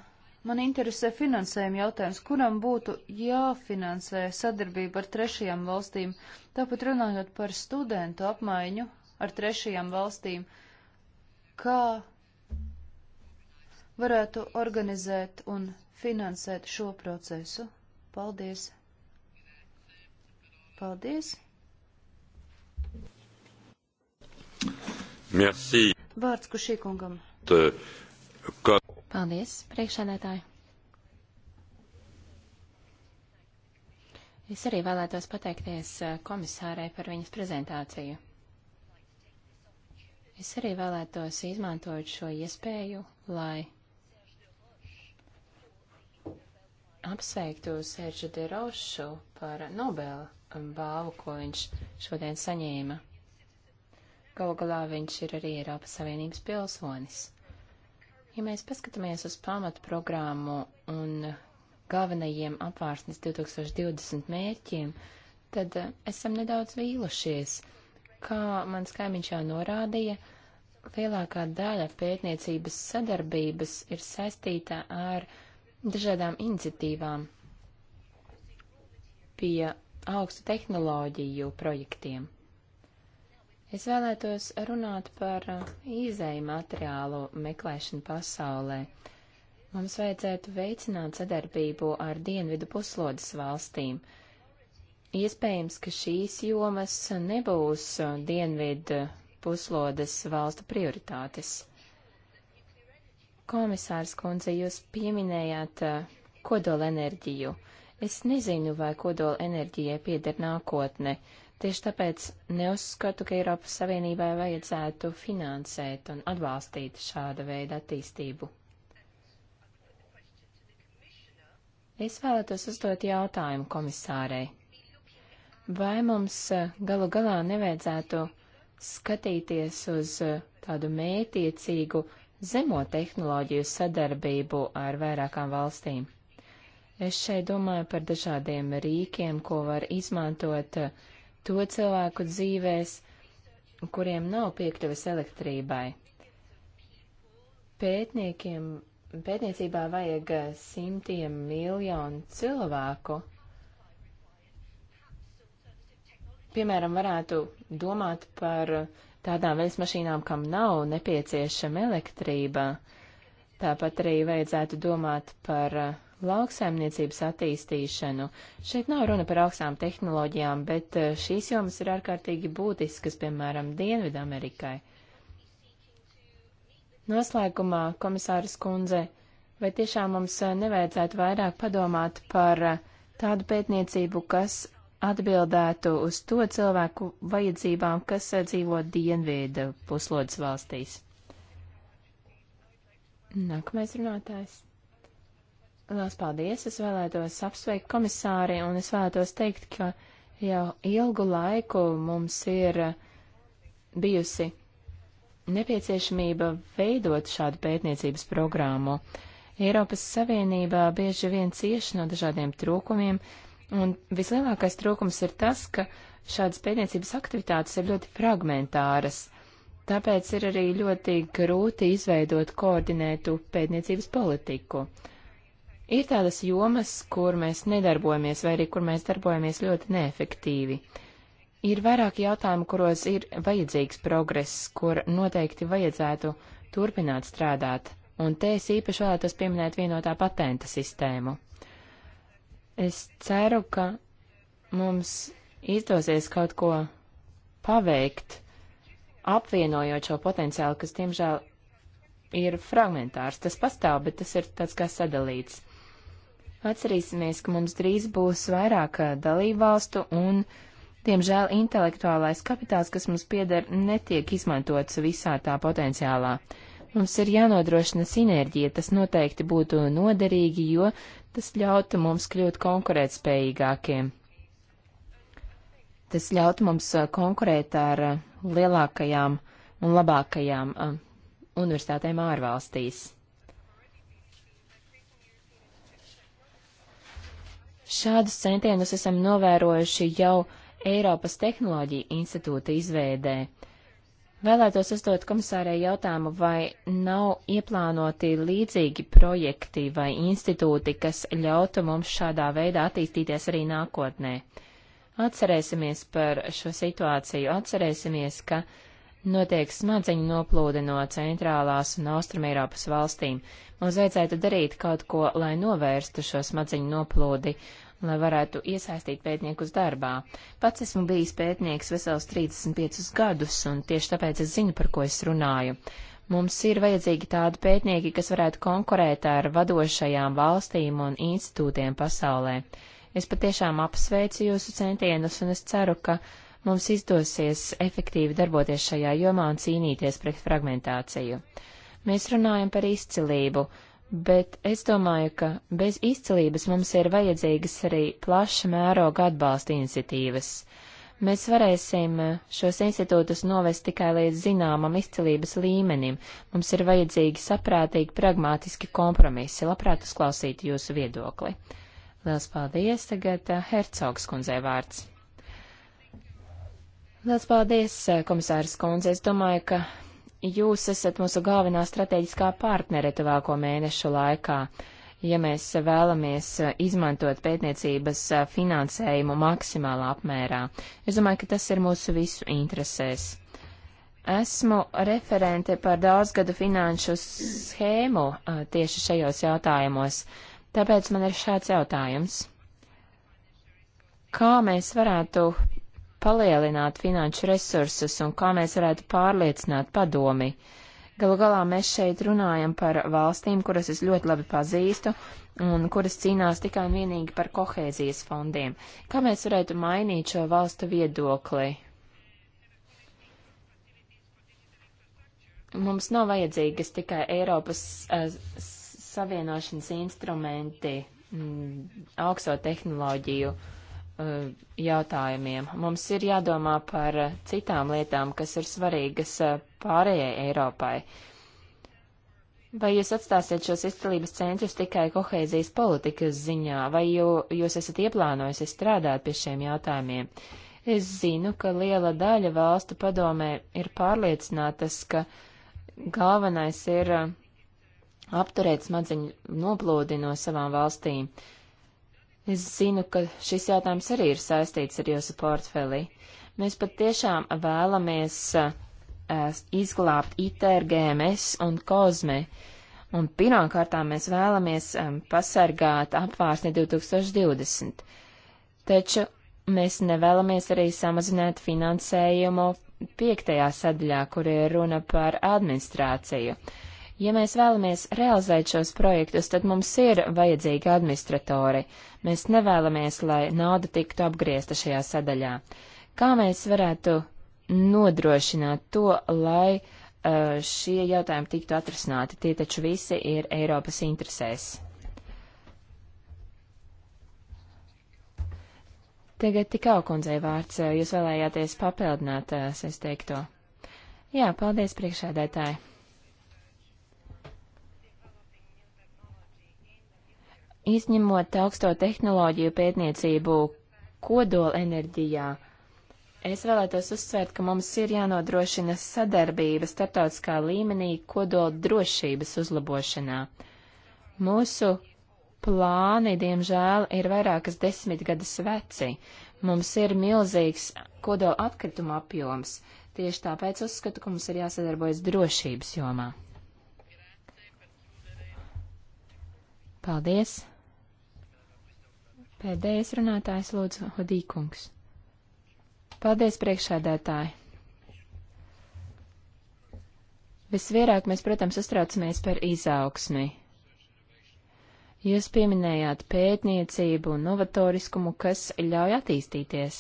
man interesē finansējuma jautājums, kuram būtu jāfinansē sadarbība ar trešajām valstīm. Tāpat runājot par studentu apmaiņu ar trešajām valstīm, kā varētu organizēt un finansēt šo procesu. Paldies! Paldies! Merci. Vārds kušī kungam. T, ka... Paldies, priekšsēdētāji. Es arī vēlētos pateikties eh, komisārai par viņas prezentāciju. Es arī vēlētos izmantot šo iespēju, lai apsveiktu Sēržu de Rošu par Nobela um, balvu, ko viņš šodien saņēma. Galu galā viņš ir arī Eiropas Savienības pilsonis. Ja mēs paskatāmies uz pamatu programmu un galvenajiem apvārsnes 2020 mērķiem, tad eh, esam nedaudz vīlušies. Kā mans kaimiņš jau norādīja, lielākā daļa pētniecības sadarbības ir saistīta ar dažādām iniciatīvām pie augstu tehnoloģiju projektiem. Es vēlētos runāt par uh, izēju materiālu meklēšanu pasaulē. Mums vajadzētu veicināt sadarbību ar Dienvidu puslodes valstīm. Iespējams, ka šīs jomas nebūs uh, Dienvidu puslodes valstu prioritātes. Komisārs kundze, jūs pieminējāt uh, kodolenerģiju. Es nezinu, vai kodolenerģijai pieder nākotne. Tieši tāpēc neuzskatu, ka Eiropas Savienībai vajadzētu finansēt un atbalstīt šāda veida attīstību. Es vēlētos uzdot jautājumu komisārei. Vai mums eh, galu galā nevajadzētu skatīties uz eh, tādu mētiecīgu zemo tehnoloģiju sadarbību ar vairākām valstīm? Es šeit domāju par dažādiem rīkiem, ko var izmantot uh, to cilvēku dzīvēs, kuriem nav piekļuves elektrībai. Pētniekiem, pētniecībā vajag eh, simtiem miljonu cilvēku. Piemēram, varētu domāt par tādām veļas mašīnām, kam nav nepieciešama elektrība. Tāpat arī vajadzētu domāt par eh, lauksaimniecības attīstīšanu. Šeit nav runa par augstām tehnoloģijām, bet eh, šīs jomas ir ārkārtīgi būtiskas, piemēram, Dienvidamerikai. Noslēgumā, komisāras kundze, vai tiešām mums eh, nevajadzētu vairāk padomāt par eh, tādu pētniecību, kas atbildētu uz to cilvēku vajadzībām, kas dzīvo dienvīda puslodes valstīs? Nākamais runātājs. Lielas paldies! Es vēlētos apsveikt komisāri un es vēlētos teikt, ka jau ilgu laiku mums ir bijusi nepieciešamība veidot šādu pētniecības programmu. Eiropas Savienībā bieži vien cieši no dažādiem trūkumiem, un vislielākais trūkums ir tas, ka šādas pētniecības aktivitātes ir ļoti fragmentāras. Tāpēc ir arī ļoti grūti izveidot koordinētu pētniecības politiku. Ir tādas jomas, kur mēs nedarbojamies, vai arī kur mēs darbojamies ļoti neefektīvi. Ir vairāki jautājumi, kuros ir vajadzīgs progress, kur noteikti vajadzētu turpināt strādāt, un te es īpaši vēlētos pieminēt vienotā patenta sistēmu. Es ceru, ka mums izdosies kaut ko paveikt, apvienojot šo potenciālu, kas, diemžēl, ir fragmentārs. Tas pastāv, bet tas ir tāds kā sadalīts. Atcerīsimies, ka mums drīz būs vairāk dalībvalstu un, diemžēl, intelektuālais kapitāls, kas mums pieder, netiek izmantots visā tā potenciālā. Mums ir jānodrošina sinerģija, tas noteikti būtu noderīgi, jo tas ļautu mums kļūt konkurētspējīgākiem. Tas ļautu mums konkurēt ar lielākajām un labākajām universitātēm ārvalstīs. Šādus centienus esam novērojuši jau Eiropas Tehnoloģija institūta izveidē. Vēlētos uzdot komisārai jautājumu, vai nav ieplānoti līdzīgi projekti vai institūti, kas ļautu mums šādā veidā attīstīties arī nākotnē. Atcerēsimies par šo situāciju, atcerēsimies, ka uh, notiek smadzeņu noplūde no centrālās un austrumēropas valstīm. Mums vajadzētu darīt kaut ko, lai novērstu šo smadzeņu noplūdi, lai varētu iesaistīt pētniekus darbā. Pats esmu bijis pētnieks vesels 35 gadus, un tieši tāpēc es zinu, par ko es runāju. Mums ir vajadzīgi tādi pētnieki, kas varētu konkurēt ar vadošajām valstīm un institūtiem pasaulē. Es patiešām apsveicu jūsu centienus, un es ceru, ka uh, mums izdosies efektīvi darboties šajā jomā un cīnīties pret fragmentāciju. Mēs runājam par izcilību, bet es domāju, ka bez izcilības mums ir vajadzīgas arī plaša mēroga atbalsta iniciatīvas. Mēs varēsim šos institūtus novest tikai līdz zināmam izcilības līmenim. Mums ir vajadzīgi saprātīgi, pragmatiski kompromisi. Labprāt uzklausītu jūsu viedokli. Liels paldies! Tagad eh, Hercogs kundzei vārds. Lielas paldies, eh, komisārs Kundze. Es domāju, ka jūs esat mūsu galvenā strateģiskā partnere tuvāko mēnešu laikā, ja mēs vēlamies eh, izmantot pētniecības eh, finansējumu maksimālā apmērā. Es domāju, ka tas ir mūsu visu interesēs. Esmu referente par daudzgadu finanšu schēmu tieši šajos jautājumos, tāpēc man ir šāds jautājums. Kā mēs varētu palielināt finanšu resursus un kā mēs varētu pārliecināt padomi. Galu galā mēs šeit runājam par valstīm, kuras es ļoti labi pazīstu un kuras cīnās tikai un vienīgi par kohēzijas fondiem. Kā mēs varētu mainīt šo valstu viedokli? Mums nav vajadzīgas tikai Eiropas uh, savienošanas instrumenti, mm, augsto tehnoloģiju uh, Uh, jautājumiem. Mums ir jādomā par citām lietām, kas ir svarīgas uh, pārējai Eiropai. Vai jūs atstāsiet šos izcilības centrus tikai kohēzijas politikas ziņā, vai jū, jūs esat ieplānojusi strādāt pie šiem jautājumiem? Es zinu, ka liela daļa valstu padomē ir pārliecinātas, ka galvenais ir uh, apturēt smadziņu noplūdi no savām valstīm. Es zinu, ka šis jautājums arī ir saistīts ar jūsu portfeli. Mēs pat tiešām vēlamies uh, izglābt ITR, GMS un COSME. Un pirmkārtām mēs vēlamies um, pasargāt apvārsni 2020. Taču mēs nevēlamies arī samazināt finansējumu piektajā sadaļā, kur ir runa par administrāciju. Uh, Ja mēs vēlamies realizēt šos projektus, tad mums ir vajadzīgi administratori. Mēs nevēlamies, lai nauda tiktu apgriezta šajā sadaļā. Kā mēs varētu nodrošināt to, lai uh, šie jautājumi tiktu atrisināti? Tie taču visi ir Eiropas interesēs. Tagad tikā kundzei vārds, uh, jūs vēlējāties papildināt uh, es teikto. Jā, paldies priekšēdētāji. Izņemot augsto tehnoloģiju pētniecību kodola enerģijā, es vēlētos uzsvērt, ka mums ir jānodrošina sadarbība starptautiskā līmenī kodola drošības uzlabošanā. Mūsu plāni, diemžēl, ir vairākas desmitgades veci. Mums ir milzīgs kodola atkrituma apjoms. Tieši tāpēc uzskatu, ka mums ir jāsadarbojas drošības jomā. Paldies! Pēdējais runātājs lūdzu Hodīkungs. Paldies, priekšsēdētāji! Visvairāk mēs, protams, uztraucamies par izaugsmi. Jūs pieminējāt pētniecību un novatoriskumu, kas ļauj attīstīties.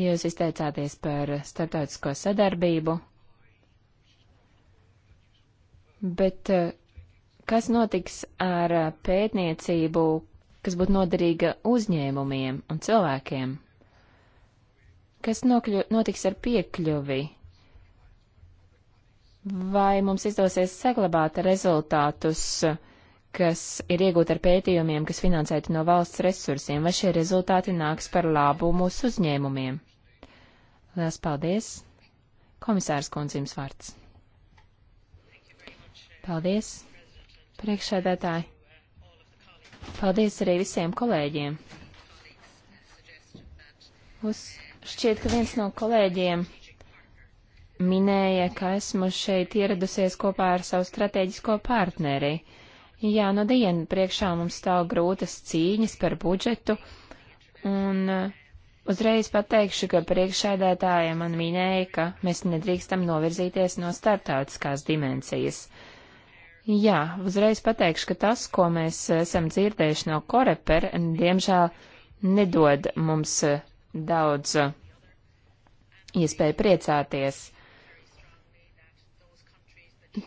Jūs izteicāties par starptautisko sadarbību, bet Kas notiks ar pētniecību, kas būtu noderīga uzņēmumiem un cilvēkiem? Kas nokļu, notiks ar piekļuvi? Vai mums izdosies saglabāt rezultātus, kas ir iegūti ar pētījumiem, kas finansēti no valsts resursiem, vai šie rezultāti nāks par labu mūsu uzņēmumiem? Lielas paldies! Komisārs Kunzims vārds. Paldies! Priekšsēdētāji, paldies arī visiem kolēģiem. Uz šķiet, ka viens no kolēģiem minēja, ka esmu šeit ieradusies kopā ar savu strateģisko partneri. Jā, nu no dienu priekšā mums stāv grūtas cīņas par budžetu, un uh, uzreiz pateikšu, ka priekšēdētāja man minēja, ka mēs nedrīkstam novirzīties no startautiskās dimensijas. Uh, Jā, uzreiz pateikšu, ka tas, ko mēs eh, esam dzirdējuši no Koreper, diemžēl nedod mums eh, daudz eh, iespēju priecāties.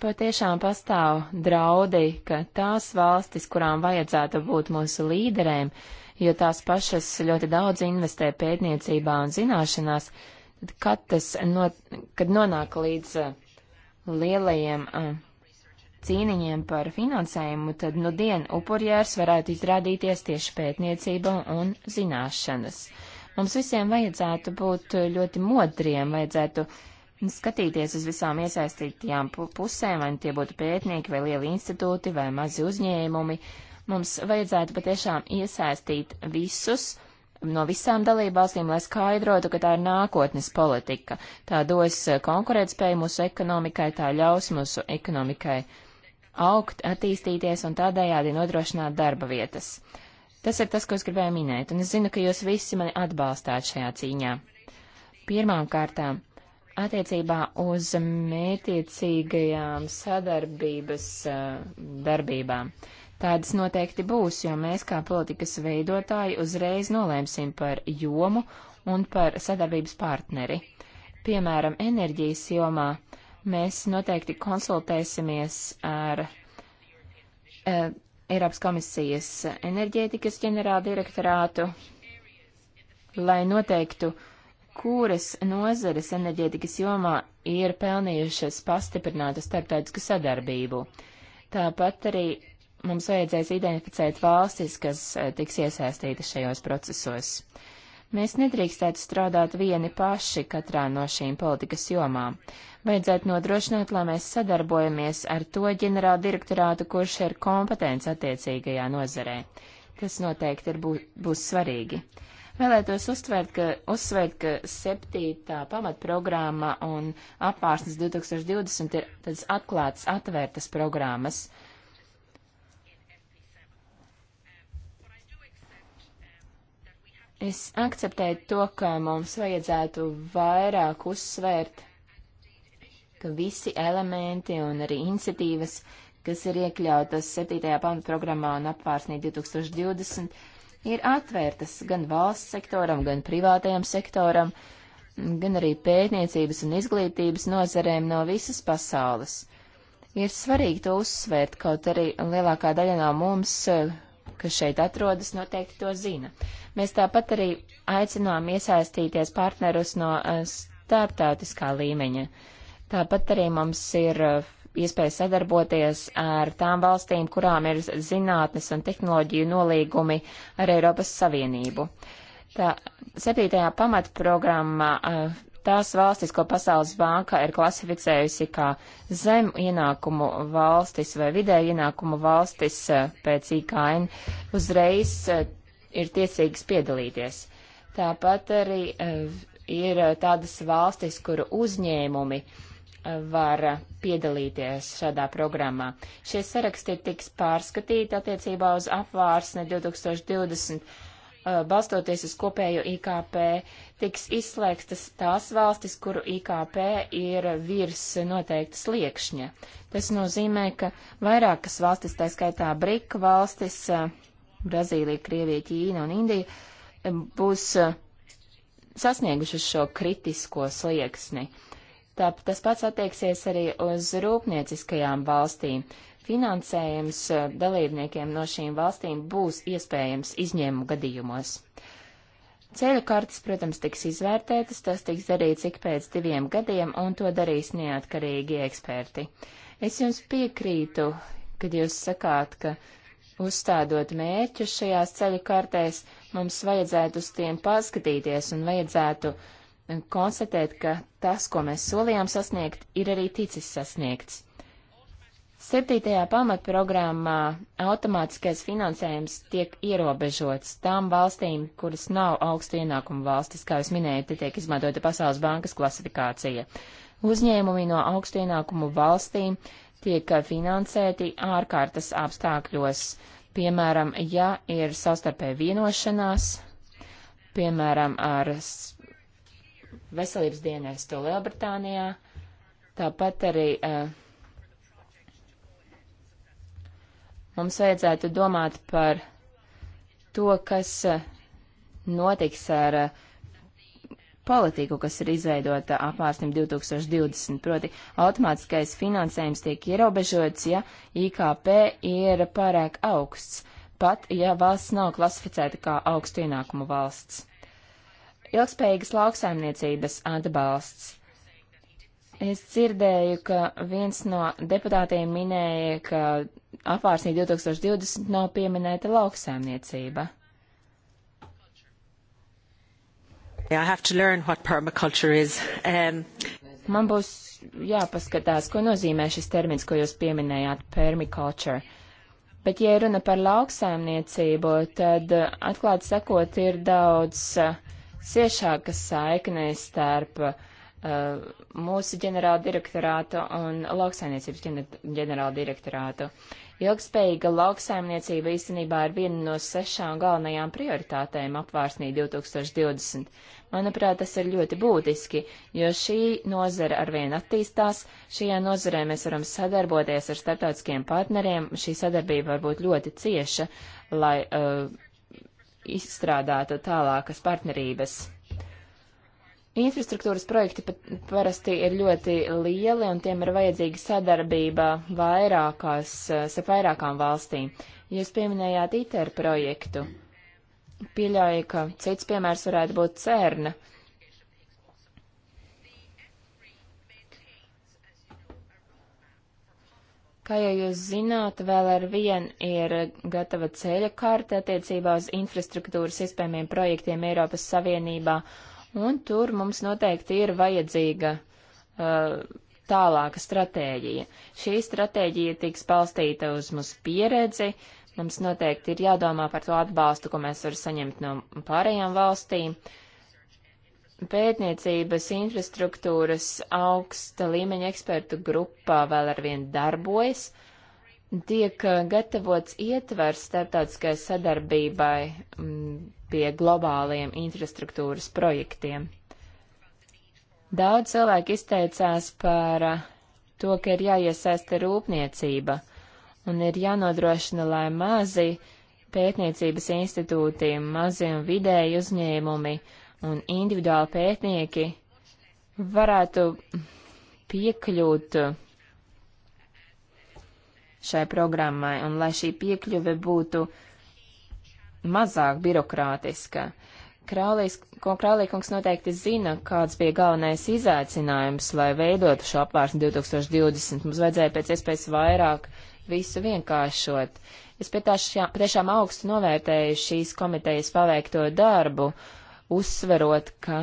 Patiešām pastāv draudi, ka tās valstis, kurām vajadzētu būt mūsu līderēm, jo tās pašas ļoti daudz investē pētniecībā un zināšanās, tad kad tas not, kad nonāk līdz lielajiem uh, cīniņiem par finansējumu, tad nu dien upurjērs varētu izrādīties tieši pētniecība un zināšanas. Mums visiem vajadzētu būt ļoti modriem, vajadzētu skatīties uz visām iesaistītajām pusēm, vai nu tie būtu pētnieki, vai lieli institūti, vai mazi uzņēmumi. Mums vajadzētu patiešām iesaistīt visus no visām dalībvalstīm, lai skaidrotu, ka tā ir nākotnes politika. Tā dos konkurētspēju mūsu ekonomikai, tā ļaus mūsu ekonomikai augt, attīstīties un tādējādi nodrošināt darba vietas. Tas ir tas, ko es gribēju minēt, un es zinu, ka jūs visi mani atbalstāt šajā cīņā. Pirmām kārtām, attiecībā uz mētiecīgajām sadarbības uh, darbībām. Tādas noteikti būs, jo mēs kā politikas veidotāji uzreiz nolēmsim par jomu un par sadarbības partneri. Piemēram, enerģijas jomā uh, Mēs noteikti konsultēsimies ar uh, Eiropas komisijas enerģētikas ģenerāldirektorātu, lai noteiktu, kuras nozares enerģētikas jomā ir pelnījušas pastiprinātu starptautisku sadarbību. Tāpat arī mums vajadzēs identificēt valstis, kas eh, tiks iesaistītas šajos procesos. Uh, Mēs nedrīkstētu strādāt vieni paši katrā no šīm politikas jomām. Vajadzētu nodrošināt, lai mēs sadarbojamies ar to ģenerālu direktorātu, kurš ir kompetents attiecīgajā nozarē. Tas noteikti ir bū, būs svarīgi. Vēlētos uzsvērt, ka, uzsvērt, ka septītā pamatprogramma un apvārsnes 2020 ir tāds atklāts, atvērtas programmas. Uh, Es akceptēju to, ka mums vajadzētu vairāk uzsvērt, ka visi elementi un arī iniciatīvas, kas ir iekļautas 7. pamatprogrammā un apvārsnī 2020, ir atvērtas gan valsts sektoram, gan privātajam sektoram, gan arī pētniecības un izglītības nozarēm no visas pasaules. Ir svarīgi to uzsvērt, kaut arī lielākā daļa no mums kas šeit atrodas, noteikti to zina. Mēs tāpat arī aicinām iesaistīties partnerus no eh, starptautiskā līmeņa. Tāpat arī mums ir eh, iespēja sadarboties ar tām valstīm, kurām ir zinātnes un tehnoloģiju nolīgumi ar Eiropas Savienību. Tā septītajā pamatprogrammā uh, Tās valstis, ko Pasaules banka ir klasificējusi kā zem ienākumu valstis vai vidēju ienākumu valstis eh, pēc IKN, uzreiz eh, ir tiesīgas piedalīties. Tāpat arī eh, ir tādas valstis, kuru uzņēmumi var piedalīties šādā programmā. Šie saraksti tiks pārskatīti attiecībā uz apvārsne 2020 Uh, balstoties uz kopējo IKP, tiks izslēgtas tās valstis, kuru IKP ir virs noteikta sliekšņa. Tas nozīmē, ka vairākas valstis, tā skaitā BRIK valstis, uh, Brazīlija, Krievija, Ķīna un Indija, um, būs uh, sasniegušas šo kritisko slieksni. Tā, tas pats attieksies arī uz rūpnieciskajām valstīm finansējums eh, dalībniekiem no šīm valstīm būs iespējams izņēmu gadījumos. Ceļu kartes, protams, tiks izvērtētas, tas tiks darīts ik pēc diviem gadiem, un to darīs neatkarīgi eksperti. Es jums piekrītu, kad jūs sakāt, ka uzstādot mērķus šajās ceļu kartēs, mums vajadzētu uz tiem paskatīties un vajadzētu eh, konstatēt, ka tas, ko mēs solījām sasniegt, ir arī ticis sasniegts. Septītajā pamatprogrammā automātiskais finansējums tiek ierobežots tām valstīm, kuras nav augstu ienākumu valstis, kā jūs minējat, te tiek izmantota Pasaules bankas klasifikācija. Uzņēmumi no augstu ienākumu valstīm tiek finansēti ārkārtas apstākļos, piemēram, ja ir savstarpēja vienošanās, piemēram, ar veselības dienestu Lielbritānijā, tāpat arī uh, Mums vajadzētu domāt par to, kas eh, notiks ar eh, politiku, kas ir izveidota apārstim 2020, proti automātiskais finansējums tiek ierobežots, ja IKP ir pārāk augsts, pat ja valsts nav klasificēta kā augstu ienākumu valsts. Ilgspējīgas lauksaimniecības atbalsts. Es dzirdēju, ka viens no deputātiem minēja, ka apvārsnī 2020 nav pieminēta lauksēmniecība. Um... Man būs jāpaskatās, ko nozīmē šis termins, ko jūs pieminējāt, permiculture. Bet, ja runa par lauksēmniecību, tad atklāti sakot, ir daudz siešākas uh, saiknes starp uh, Uh, mūsu ģenerāla direktorātu un lauksaimniecības ģenerāla direktorātu. Ilgspējīga lauksaimniecība īstenībā ir viena no sešām galvenajām prioritātēm apvārsnī 2020. Manuprāt, tas ir ļoti būtiski, jo šī nozara arvien attīstās, šajā nozarē mēs varam sadarboties ar starptautiskiem partneriem, šī sadarbība var būt ļoti cieša, lai uh, izstrādātu tālākas partnerības. Infrastruktūras projekti parasti ir ļoti lieli, un tiem ir vajadzīga sadarbība vairākās, eh, starp vairākām valstīm. Jūs pieminējāt ITER projektu. Pieļauju, ka cits piemērs varētu būt CERN. Kā jau jūs zināt, vēl ar vien ir gatava ceļa kārta attiecībā uz infrastruktūras iespējamiem projektiem Eiropas Savienībā. Uh, un tur mums noteikti ir vajadzīga uh, tālāka stratēģija. Šī stratēģija tiks balstīta uz mūsu pieredzi, mums noteikti ir jādomā par to atbalstu, ko mēs varam saņemt no pārējām valstīm. Pētniecības infrastruktūras augsta līmeņa ekspertu grupā vēl arvien darbojas. Uh, tiek eh, gatavots ietvers starptautiskai sadarbībai mm, pie globāliem infrastruktūras projektiem. Daudz cilvēku izteicās par eh, to, ka ir jāiesaista rūpniecība un ir jānodrošina, lai mazi pētniecības institūti, mazi un vidēji uzņēmumi un individuāli pētnieki varētu mm, piekļūt šai programmai un lai šī piekļuve būtu mazāk birokrātiska. Kraulīs, ko Kraulīkungs noteikti zina, kāds bija galvenais izaicinājums, lai veidotu šo apvārsni 2020. Mums vajadzēja pēc iespējas vairāk visu vienkāršot. Es patiešām augstu novērtēju šīs komitejas paveikto darbu, uzsverot, ka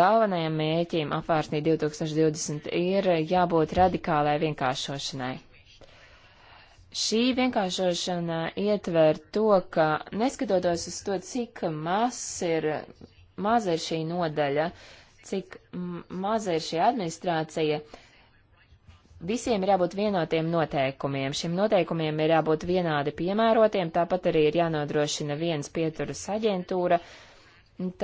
galvenajam mēķim apvārsnī 2020 ir jābūt radikālai vienkāršošanai. Šī vienkāršošana ietver to, ka neskatoties uz to, cik maz ir, maz ir šī nodaļa, cik maza ir šī administrācija, visiem ir jābūt vienotiem noteikumiem. Šiem noteikumiem ir jābūt vienādi piemērotiem, tāpat arī ir jānodrošina viens pieturas aģentūra,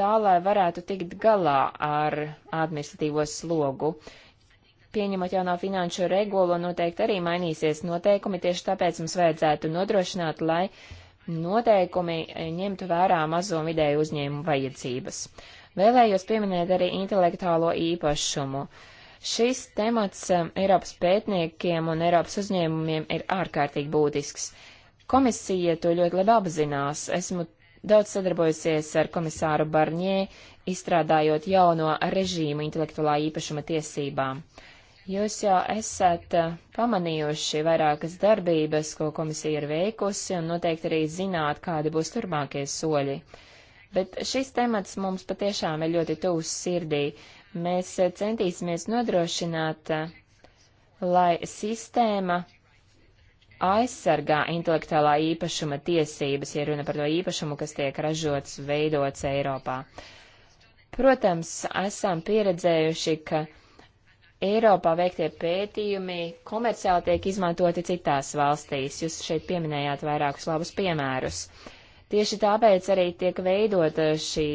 tā lai varētu tikt galā ar administratīvo slogu. Uh, pieņemot jauno finanšu regulu, noteikti arī mainīsies noteikumi, tieši tāpēc mums vajadzētu nodrošināt, lai noteikumi ņemtu vērā mazo un vidēju uzņēmumu vajadzības. Vēlējos pieminēt arī intelektuālo īpašumu. Šis temats um, Eiropas pētniekiem un Eiropas uzņēmumiem ir ārkārtīgi būtisks. Komisija to ļoti labi apzinās. Esmu daudz sadarbojusies ar komisāru Barņē, izstrādājot jauno režīmu intelektuālā īpašuma tiesībām. Uh, Jūs jau esat eh, pamanījuši vairākas darbības, ko komisija ir veikusi, un noteikti arī zināt, kādi būs turpmākie soļi. Bet šis temats mums patiešām ir ļoti tūs sirdī. Mēs eh, centīsimies nodrošināt, eh, lai sistēma aizsargā intelektuālā īpašuma tiesības, ja runa par to īpašumu, kas tiek ražots, veidots Eiropā. Protams, esam pieredzējuši, ka Eiropā veiktie pētījumi komerciāli tiek izmantoti citās valstīs. Jūs šeit pieminējāt vairākus labus piemērus. Tieši tāpēc arī tiek veidota šī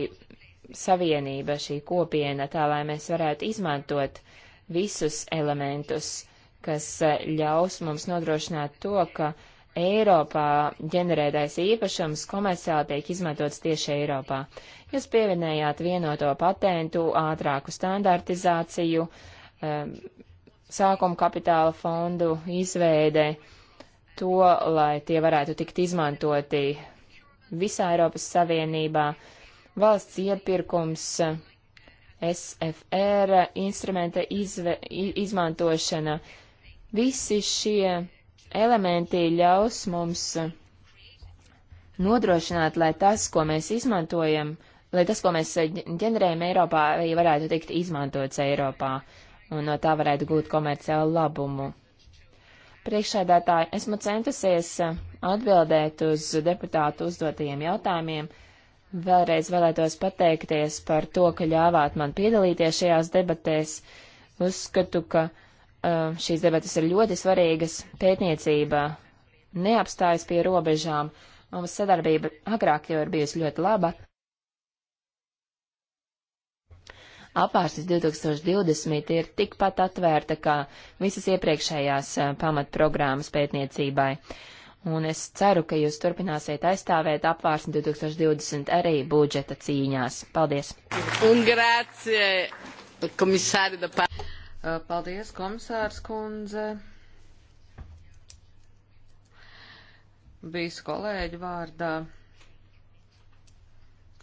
savienība, šī kopiena, tā lai mēs varētu izmantot visus elementus, kas eh, ļaus mums nodrošināt to, ka Eiropā ģenerētais īpašums komerciāli tiek izmantots tieši Eiropā. Jūs pieminējāt vienoto patentu, ātrāku standartizāciju, uh, Um, sākuma kapitāla fondu izveidē, to, lai tie varētu tikt izmantoti visā Eiropas Savienībā, valsts iepirkums, SFR instrumenta izve, izmantošana. Visi šie elementi ļaus mums nodrošināt, lai tas, ko mēs izmantojam, lai tas, ko mēs ģenerējam Eiropā, arī varētu tikt izmantots Eiropā un no tā varētu gūt komerciālu labumu. Priekšsēdētāji, esmu centusies eh, atbildēt uz deputātu uzdotajiem jautājumiem. Vēlreiz vēlētos pateikties par to, ka ļāvāt man piedalīties šajās debatēs. Uzskatu, ka uh, šīs debatas ir ļoti svarīgas. Pētniecība neapstājas pie robežām. Mums sadarbība agrāk jau ir bijusi ļoti laba. apārsis 2020 ir tikpat atvērta kā visas iepriekšējās eh, pamatprogrammas pētniecībai. Un es ceru, ka jūs turpināsiet aizstāvēt apvārsni 2020 arī budžeta cīņās. Paldies! Un grācie, komisāri da pār. Eh, paldies, komisārs kundze. Bijis kolēģi vārdā.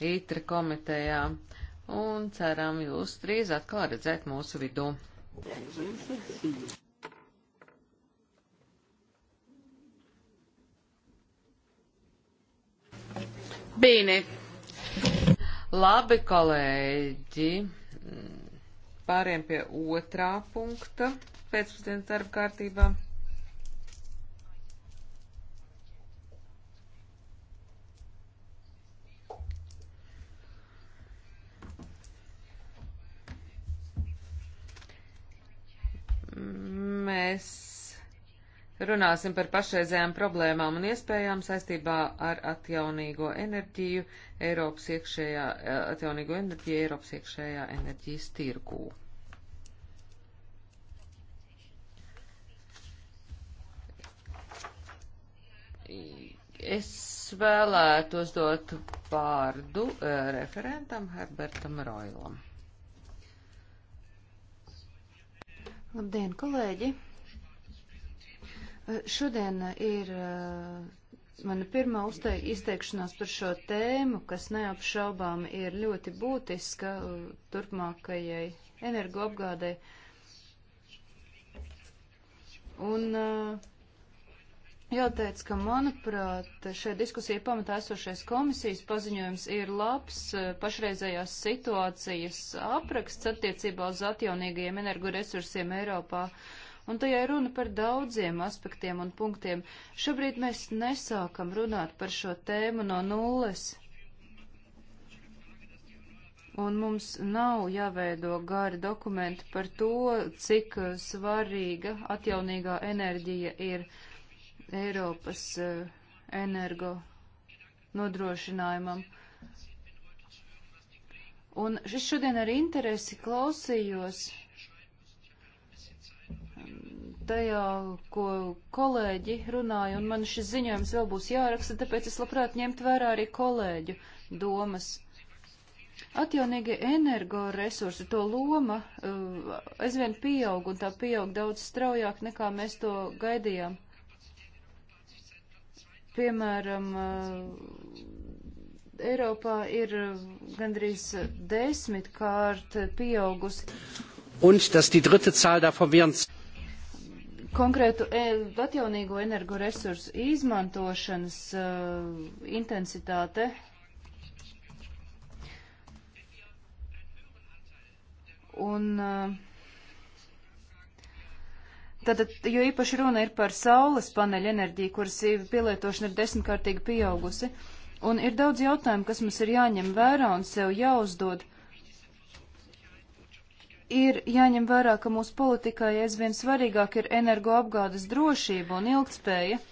Ītri komitejā un ceram jūs drīz atkal redzēt mūsu vidū. Bīni. Labi, kolēģi. Pāriem pie otrā punkta pēcpusdienas darba kārtībā. mēs runāsim par pašreizējām problēmām un iespējām saistībā ar atjaunīgo enerģiju Eiropas iekšējā, atjaunīgo enerģiju Eiropas iekšējā enerģijas tirgū. Es vēlētos dot vārdu eh, referentam Herbertam Roilam. Labdien, kolēģi! Eh, šodien ir eh, mana pirmā izteikšanās par šo tēmu, kas neapšaubām ir ļoti būtiska eh, turpmākajai energoapgādai. Un uh, Jāteic, ka, manuprāt, šai diskusijai pamatā esošais komisijas paziņojums ir labs e, pašreizējās situācijas apraksts attiecībā uz atjaunīgajiem energoresursiem Eiropā. Un tajā runa par daudziem aspektiem un punktiem. Šobrīd mēs nesākam runāt par šo tēmu no nulles. Un mums nav jāveido gari dokumenti par to, cik svarīga atjaunīgā enerģija ir. Uh, Eiropas eh, energo nodrošinājumam. Un es šodien ar interesi klausījos mm, tajā, ko kolēģi runāja, un man šis ziņojums vēl būs jāraksta, tāpēc es labprāt ņemt vērā arī kolēģu domas. Atjaunīgie energoresursi, to loma eh, aizvien pieaug, un tā pieaug daudz straujāk, nekā mēs to gaidījām. Piemēram, eh, Eiropā ir eh, gandrīz desmitkārt pieaugusi. Un tas ir dritte cēl davon viens. Konkrētu e, atjaunīgo energoresursu izmantošanas uh, intensitāte un uh, Tātad, jo īpaši runa ir par saules paneļa enerģiju, kuras pielietošana ir desmitkārtīgi pieaugusi. Un ir daudz jautājumu, kas mums ir jāņem vērā un sev jāuzdod. Ir jāņem vērā, ka mūsu politikai aizvien svarīgāk ir energoapgādes drošība un ilgtspēja.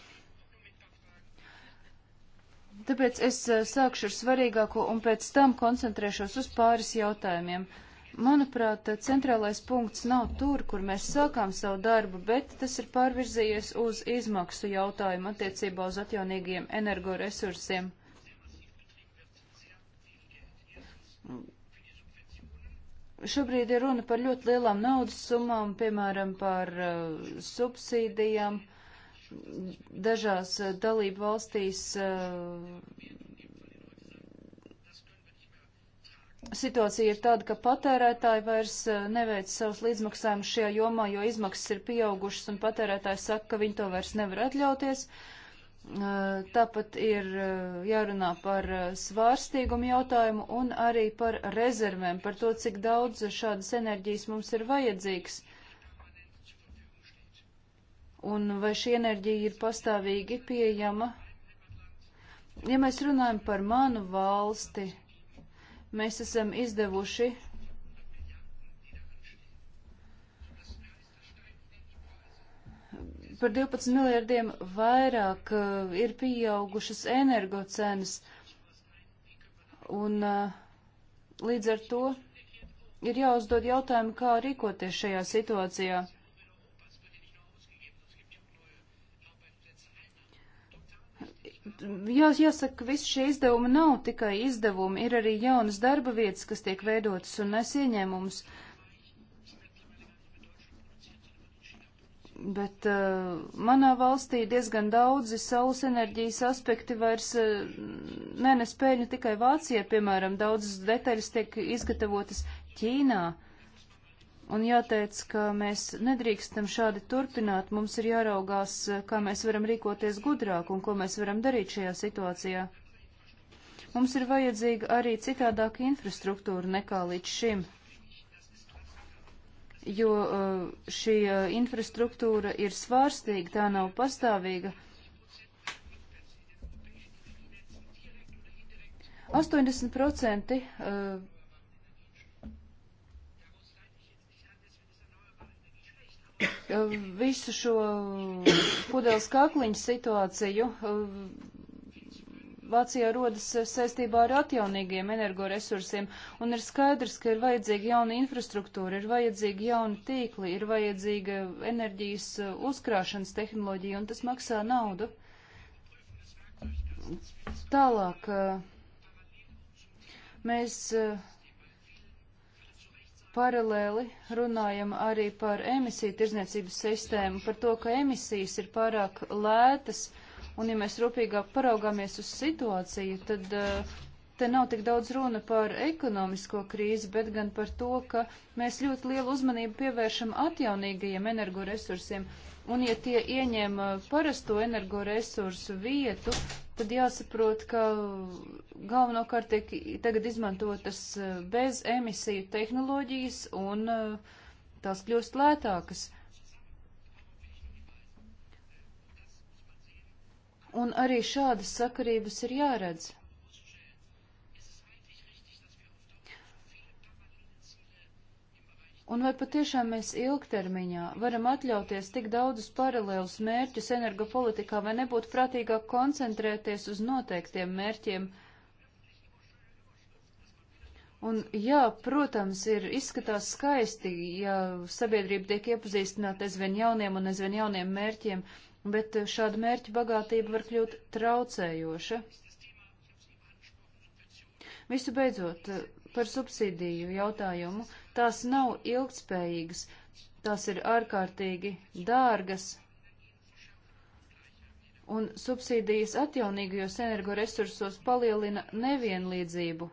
Tāpēc es eh, sākšu ar svarīgāko un pēc tam koncentrēšos uz pāris jautājumiem. Manuprāt, centrālais punkts nav tur, kur mēs sākām savu darbu, bet tas ir pārvirzījies uz izmaksu jautājumu attiecībā uz atjaunīgiem energoresursiem. Šobrīd ir runa par ļoti lielām naudas summām, piemēram, par uh, subsīdijām. Dažās uh, dalību valstīs uh, situācija ir tāda, ka patērētāji vairs eh, neveic savus līdzmaksājumus šajā jomā, jo izmaksas ir pieaugušas un patērētāji saka, ka viņi to vairs nevar atļauties. Eh, tāpat ir eh, jārunā par svārstīgumu jautājumu un arī par rezervēm, par to, cik daudz šādas enerģijas mums ir vajadzīgs. Un vai šī enerģija ir pastāvīgi pieejama? Ja mēs runājam par manu valsti, mēs esam izdevuši par 12 miljardiem vairāk uh, ir pieaugušas energocenas, un uh, līdz ar to ir jāuzdod jautājumi, kā rīkoties šajā situācijā. Jā, jāsaka, visi šie izdevumi nav tikai izdevumi, ir arī jaunas darba vietas, kas tiek veidotas un nes ieņēmumus. Bet uh, manā valstī diezgan daudzi saules enerģijas aspekti vairs uh, nenes pēļņu tikai Vācijā, piemēram, daudzas detaļas tiek izgatavotas Ķīnā. Uh, Un jāteic, ka mēs nedrīkstam šādi turpināt, mums ir jāraugās, kā mēs varam rīkoties gudrāk un ko mēs varam darīt šajā situācijā. Mums ir vajadzīga arī citādāka infrastruktūra nekā līdz šim, jo uh, šī uh, infrastruktūra ir svārstīga, tā nav pastāvīga. 80% visu šo pudeles kakliņu situāciju eh, Vācijā rodas saistībā ar atjaunīgiem energoresursiem, un ir skaidrs, ka ir vajadzīga jauna infrastruktūra, ir vajadzīga jauna tīkli, ir vajadzīga enerģijas eh, uzkrāšanas tehnoloģija, un tas maksā naudu. Tālāk eh, mēs paralēli runājam arī par emisiju tirzniecības sistēmu, par to, ka emisijas ir pārāk lētas, un ja mēs rūpīgāk paraugāmies uz situāciju, tad eh, te nav tik daudz runa par ekonomisko krīzi, bet gan par to, ka mēs ļoti lielu uzmanību pievēršam atjaunīgajiem energoresursiem, un ja tie ieņem eh, parasto energoresursu vietu, tad jāsaprot, ka galvenokārt tiek tagad izmantotas eh, bez emisiju tehnoloģijas un eh, tās kļūst lētākas. Un arī šādas sakarības ir jāredz. Un vai patiešām mēs ilgtermiņā varam atļauties tik daudzus paralēlus mērķus energopolitikā, vai nebūtu prātīgāk koncentrēties uz noteiktiem mērķiem? Un jā, protams, ir izskatās skaisti, ja sabiedrība tiek iepazīstināta aizvien jauniem un aizvien jauniem mērķiem, bet šāda mērķa bagātība var kļūt traucējoša. Visu beidzot, par subsīdiju jautājumu. Tās nav ilgtspējīgas, tās ir ārkārtīgi dārgas. Un subsīdijas atjaunīgajos energoresursos palielina nevienlīdzību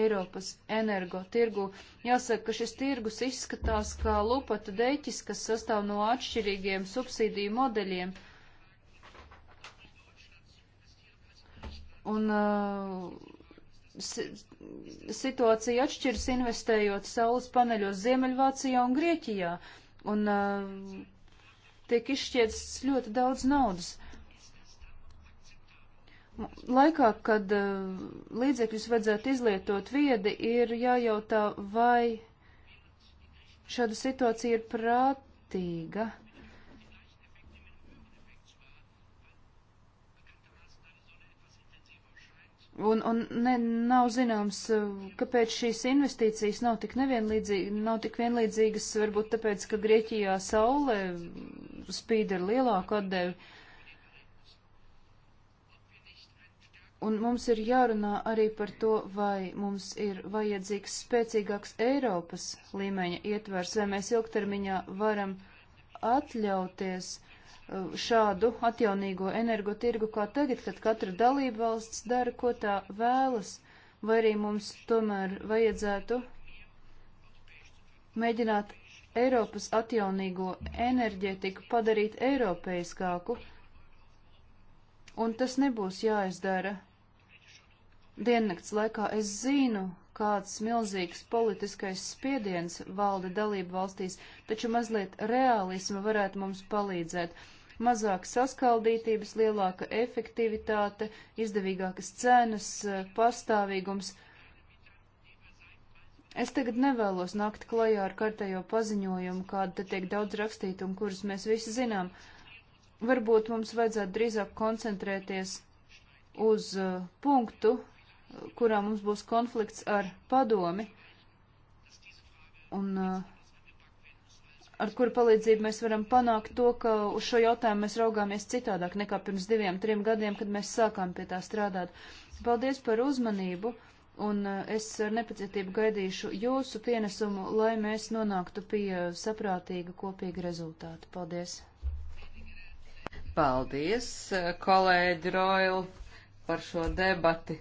Eiropas energo tirgu. Jāsaka, ka šis tirgus izskatās kā lupata deķis, kas sastāv no atšķirīgiem subsīdiju modeļiem. Un uh, situācija atšķiras investējot saules paneļos Ziemeļvācijā un Grieķijā, un uh, tiek izšķietas ļoti daudz naudas. Laikā, kad uh, līdzekļus vajadzētu izlietot viedi, ir jājautā, vai šāda situācija ir prātīga. Uh, Un, un ne, nav zināms, eh, kāpēc šīs investīcijas nav tik nevienlīdzīgas, nav tik vienlīdzīgas, varbūt tāpēc, ka Grieķijā saule spīd ar lielāku atdevi. Un mums ir jārunā arī par to, vai mums ir vajadzīgs spēcīgāks Eiropas līmeņa ietvers, vai mēs ilgtermiņā varam atļauties uh, šādu atjaunīgo energotirgu kā tagad, kad katra dalība valsts dara, ko tā vēlas, vai arī mums tomēr vajadzētu mēģināt Eiropas atjaunīgo enerģētiku padarīt eiropeiskāku, un tas nebūs jāizdara diennakts laikā. Es zinu, kāds milzīgs politiskais spiediens valda dalību valstīs, taču mazliet realisma varētu mums palīdzēt mazāk saskaldītības, lielāka efektivitāte, izdevīgākas cenas, eh, pastāvīgums. Es tagad nevēlos nākt klajā ar kārtējo paziņojumu, kāda te tiek daudz rakstīta un kuras mēs visi zinām. Varbūt mums vajadzētu drīzāk koncentrēties uz eh, punktu, kurā mums būs konflikts ar padomi. Un uh, ar kuru palīdzību mēs varam panākt to, ka uz šo jautājumu mēs raugāmies citādāk nekā pirms diviem, trim gadiem, kad mēs sākām pie tā strādāt. Paldies par uzmanību, un eh, es ar nepacietību gaidīšu jūsu pienesumu, lai mēs nonāktu pie eh, saprātīga kopīga rezultāta. Paldies! Paldies, eh, kolēģi Roil, par šo debati!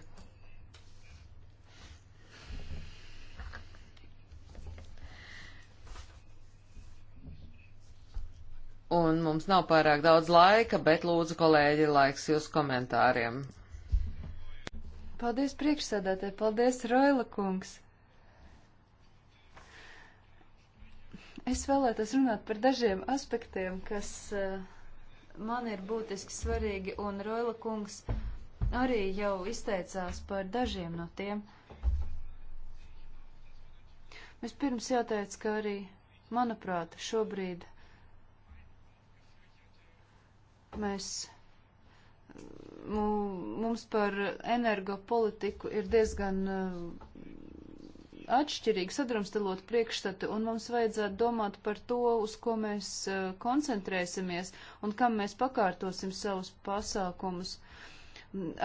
Un mums nav pārāk daudz laika, bet lūdzu, kolēģi, laiks jūsu komentāriem. Paldies priekšsēdētāji, paldies Roila kungs. Es vēlētos runāt par dažiem aspektiem, kas eh, man ir būtiski svarīgi, un Roila kungs arī jau izteicās par dažiem no tiem. Vispirms jāteic, ka arī, manuprāt, šobrīd Mēs, mums par energopolitiku ir diezgan eh, atšķirīgi sadrumstalot priekšstatu, un mums vajadzētu domāt par to, uz ko mēs eh, koncentrēsimies un kam mēs pakārtosim savus pasākumus.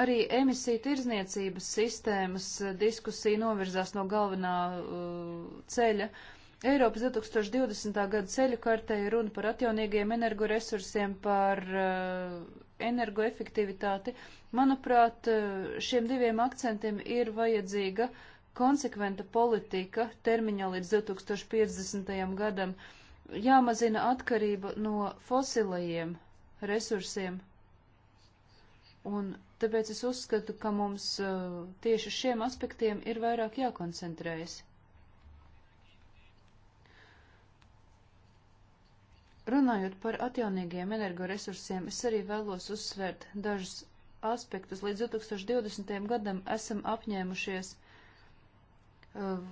Arī emisiju tirzniecības sistēmas eh, diskusija novirzās no galvenā uh, ceļa. Uh, Eiropas 2020. gada ceļu kartē ir runa par atjaunīgiem energoresursiem, par uh, energoefektivitāti. Manuprāt, eh, šiem diviem akcentiem ir vajadzīga konsekventa politika termiņā līdz 2050. gadam. Jāmazina atkarība no fosilajiem resursiem. Un tāpēc es uzskatu, ka mums uh, tieši šiem aspektiem ir vairāk jākoncentrējas. Runājot par atjaunīgiem energoresursiem, es arī vēlos uzsvērt dažus aspektus. Līdz 2020. gadam esam apņēmušies uh,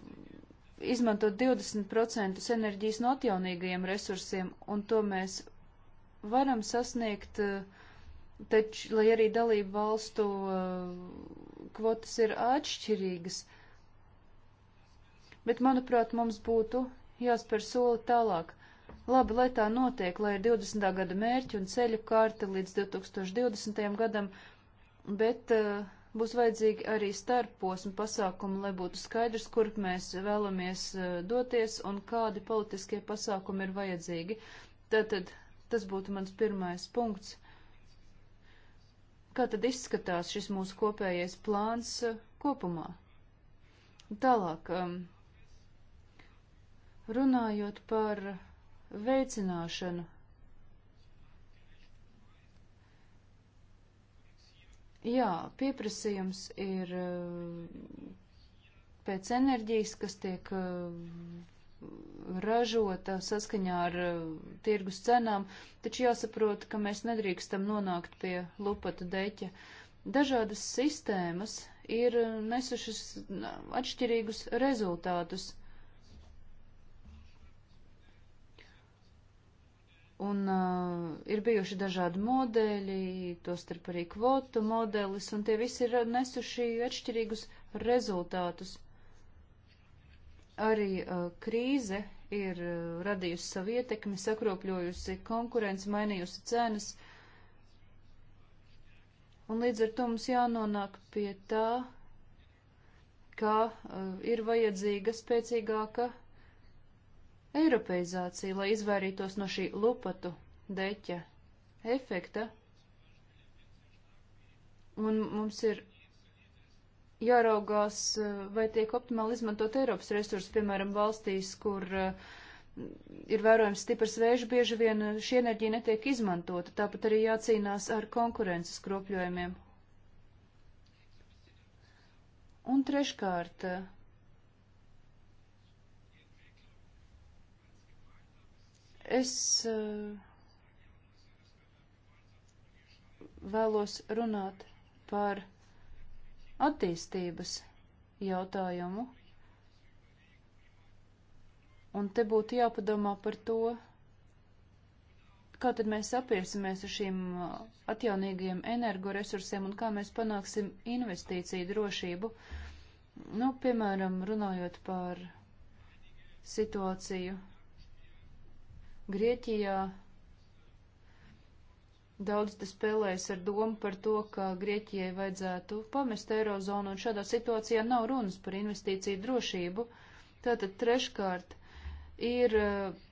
izmantot 20% enerģijas no atjaunīgajiem resursiem, un to mēs varam sasniegt, uh, taču, lai arī dalību valstu uh, kvotas ir atšķirīgas. Bet, manuprāt, mums būtu jāspēr soli tālāk. Labi, lai tā notiek, lai ir 20. gada mērķi un ceļu karte līdz 2020. gadam, bet uh, būs vajadzīgi arī starposmu pasākumi, lai būtu skaidrs, kur mēs vēlamies uh, doties un kādi politiskie pasākumi ir vajadzīgi. Tātad tas būtu mans pirmais punkts. Kā tad izskatās šis mūsu kopējais plāns uh, kopumā? Tālāk, um, runājot par. Uh, veicināšanu. Jā, pieprasījums ir eh, pēc enerģijas, kas tiek eh, ražota saskaņā ar eh, tirgus cenām, taču jāsaprot, ka mēs nedrīkstam nonākt pie lupatu deķa. Dažādas sistēmas ir nesušas atšķirīgus rezultātus. Un uh, ir bijuši dažādi modeļi, tostarp arī kvotu modelis, un tie visi ir nesuši atšķirīgus rezultātus. Arī uh, krīze ir uh, radījusi savu ietekmi, sakropļojusi konkurenci, mainījusi cenas. Un līdz ar to mums jānonāk pie tā, ka uh, ir vajadzīga spēcīgāka Eiropeizācija, lai izvairītos no šī lupatu deķa efekta, un mums ir jāraugās, vai tiek optimāli izmantot Eiropas resursus, piemēram, valstīs, kur eh, ir vērojams stiprs vēža, bieži vien šī enerģija netiek izmantota, tāpat arī jācīnās ar konkurences kropļojumiem. Un treškārt, Es eh, vēlos runāt par attīstības jautājumu. Un te būtu jāpadomā par to, kā tad mēs apiesimies ar šīm eh, atjaunīgajiem energoresursiem un kā mēs panāksim investīciju drošību. Nu, piemēram, runājot par situāciju Grieķijā daudz te spēlējas ar domu par to, ka Grieķijai vajadzētu pamest eirozonu, un šādā situācijā nav runas par investīciju drošību. Tātad treškārt ir eh,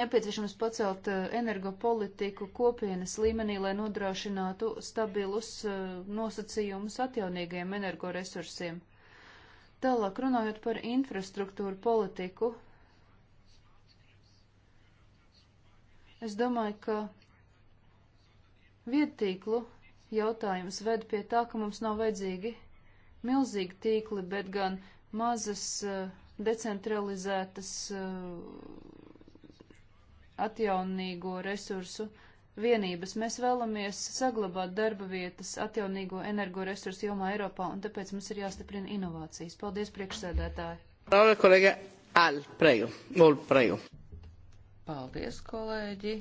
nepieciešams pacelt eh, energopolitiku kopienas līmenī, lai nodrošinātu stabilus eh, nosacījumus atjaunīgajiem energoresursiem. Tālāk runājot par infrastruktūru politiku, Es domāju, ka viedtīklu jautājums ved pie tā, ka mums nav vajadzīgi milzīgi tīkli, bet gan mazas, eh, decentralizētas, eh, atjaunīgo resursu vienības. Mēs vēlamies saglabāt darba vietas atjaunīgo energoresursu jomā Eiropā, un tāpēc mums ir jāstiprina inovācijas. Paldies, priekšsēdētāji! Paldies, kolēģi! Al, prego, vol, prego. Paldies, kolēģi!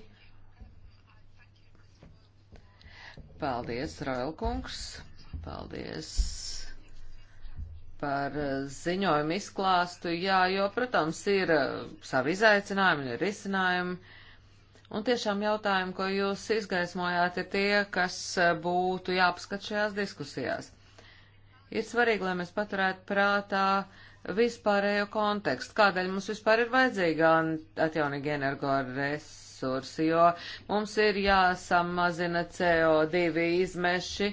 Paldies, Roilkungs! Paldies par eh, ziņojumu izklāstu. Jā, jo, protams, ir eh, savi izaicinājumi, ir risinājumi. Un tiešām jautājumi, ko jūs izgaismojāt, ir tie, kas eh, būtu jāpaskat šajās diskusijās. Ir svarīgi, lai mēs paturētu prātā uh, vispārējo kontekstu, kādēļ mums vispār ir vajadzīga atjaunīga energoresursi, jo mums ir jāsamazina CO2 izmeši,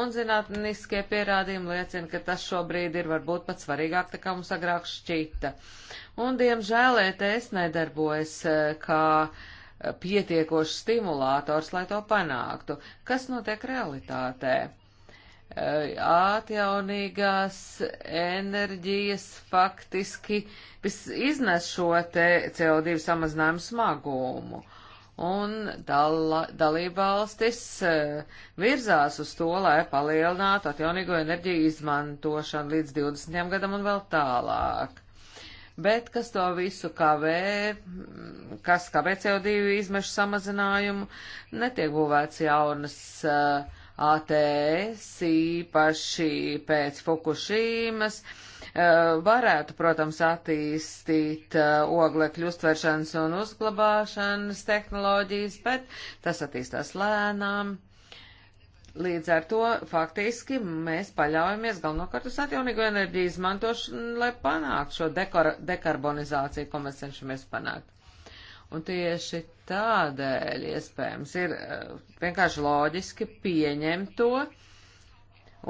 un zinātniskie pierādījumi liecina, ka tas šobrīd ir varbūt pat svarīgāk, tā kā mums agrāk šķita. Un, diemžēl, ETS nedarbojas eh, kā pietiekošs stimulātors, lai to panāktu. Kas notiek realitātē? atjaunīgās enerģijas faktiski iznes šo te CO2 samazinājumu smagumu. Un dala, dalībvalstis eh, virzās uz to, lai palielinātu atjaunīgo enerģiju izmantošanu līdz 20. gadam un vēl tālāk. Bet kas to visu kavē, mm, kas kavē CO2 izmešu samazinājumu, netiek būvēts jaunas uh, ATS, īpaši pēc Fukušīmas, eh, varētu, protams, attīstīt eh, oglekļu uztveršanas un uzglabāšanas tehnoloģijas, bet tas attīstās lēnām. Līdz ar to faktiski mēs paļaujamies galvenokārt uz atjaunīgo enerģiju izmantošanu, lai panāktu šo dekar dekarbonizāciju, ko mēs cenšamies panākt. Un tieši tādēļ iespējams ir eh, vienkārši loģiski pieņemt to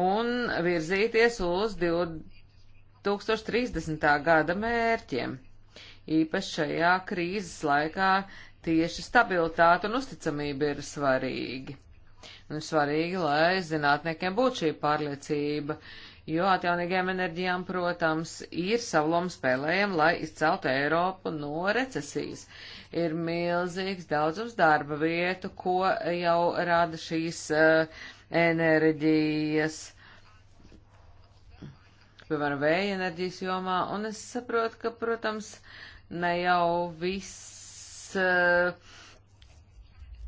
un virzīties uz 2030. gada mērķiem. Īpaši šajā krīzes laikā tieši stabilitāte un uzticamība ir svarīgi. Un svarīgi, lai zinātniekiem būtu šī pārliecība, jo atjaunīgajām enerģijām, protams, ir savu lomu spēlējama, lai izceltu Eiropu no recesijas. Ir milzīgs daudzums darba vietu, ko jau rada šīs uh, enerģijas, piemēram, vēja enerģijas jomā, un es saprotu, ka, protams, ne jau viss uh,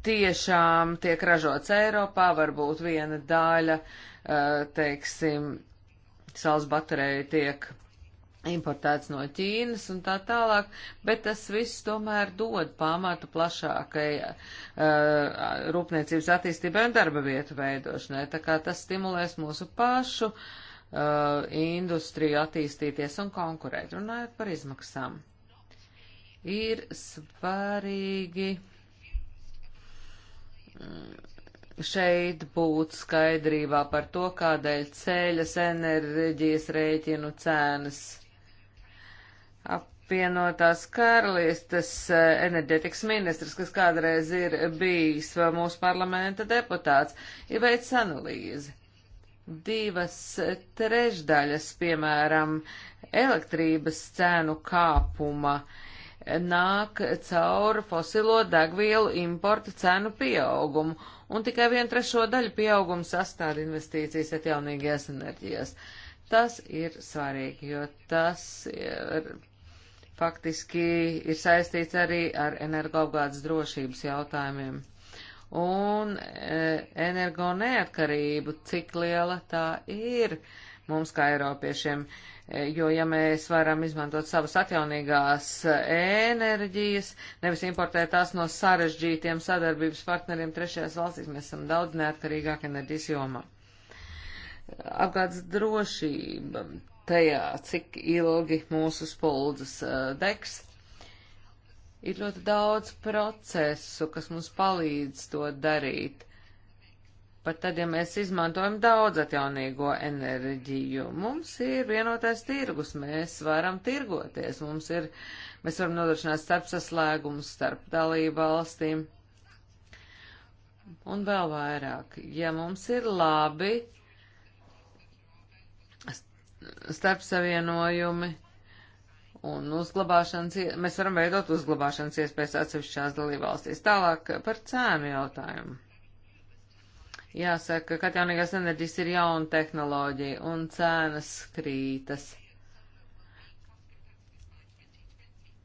tiešām tiek ražots Eiropā, varbūt viena daļa, uh, teiksim, saules bateriju tiek importēts no Ķīnas un tā tālāk, bet tas viss tomēr dod pamatu plašākai uh, rūpniecības attīstībai un darba vietu veidošanai. Tā kā tas stimulēs mūsu pašu uh, industriju attīstīties un konkurēt. Runājot par izmaksām. Ir svarīgi. Mm, šeit būt skaidrībā par to, kādēļ ceļas enerģijas rēķinu cenas apvienotās karalistes eh, enerģetikas ministrs, kas kādreiz ir bijis eh, mūsu parlamenta deputāts, ir veids analīzi. Divas trešdaļas, piemēram, elektrības cēnu kāpuma uh, nāk caur fosilo degvielu importa cenu pieaugumu, un tikai vien trešo daļu pieaugumu sastāv investīcijas atjaunīgajās enerģijās. Tas ir svarīgi, jo tas ir, faktiski ir saistīts arī ar energoapgādes drošības jautājumiem un e, energo neatkarību, cik liela tā ir mums kā Eiropiešiem. E, jo ja mēs varam izmantot savas atjaunīgās e, enerģijas, nevis importēt tās no sarežģītiem sadarbības partneriem trešajās valstīs, mēs esam daudz neatkarīgāk enerģijas jomā. Apgādes drošība tajā, cik ilgi mūsu spuldzes e, degs. Ir ļoti daudz procesu, kas mums palīdz to darīt Pat tad, ja mēs izmantojam daudz atjaunīgo enerģiju, mums ir vienotais tirgus, mēs varam tirgoties, mums ir, mēs varam nodrošināt starp saslēgumus, starp dalību valstīm. Un vēl vairāk, ja mums ir labi starp savienojumi un uzglabāšanas, mēs varam veidot uzglabāšanas iespējas atsevišķās dalībvalstīs. Tālāk par cēnu jautājumu. Jāsaka, ka atjaunīgās enerģijas ir jauna tehnoloģija un cenas krītas.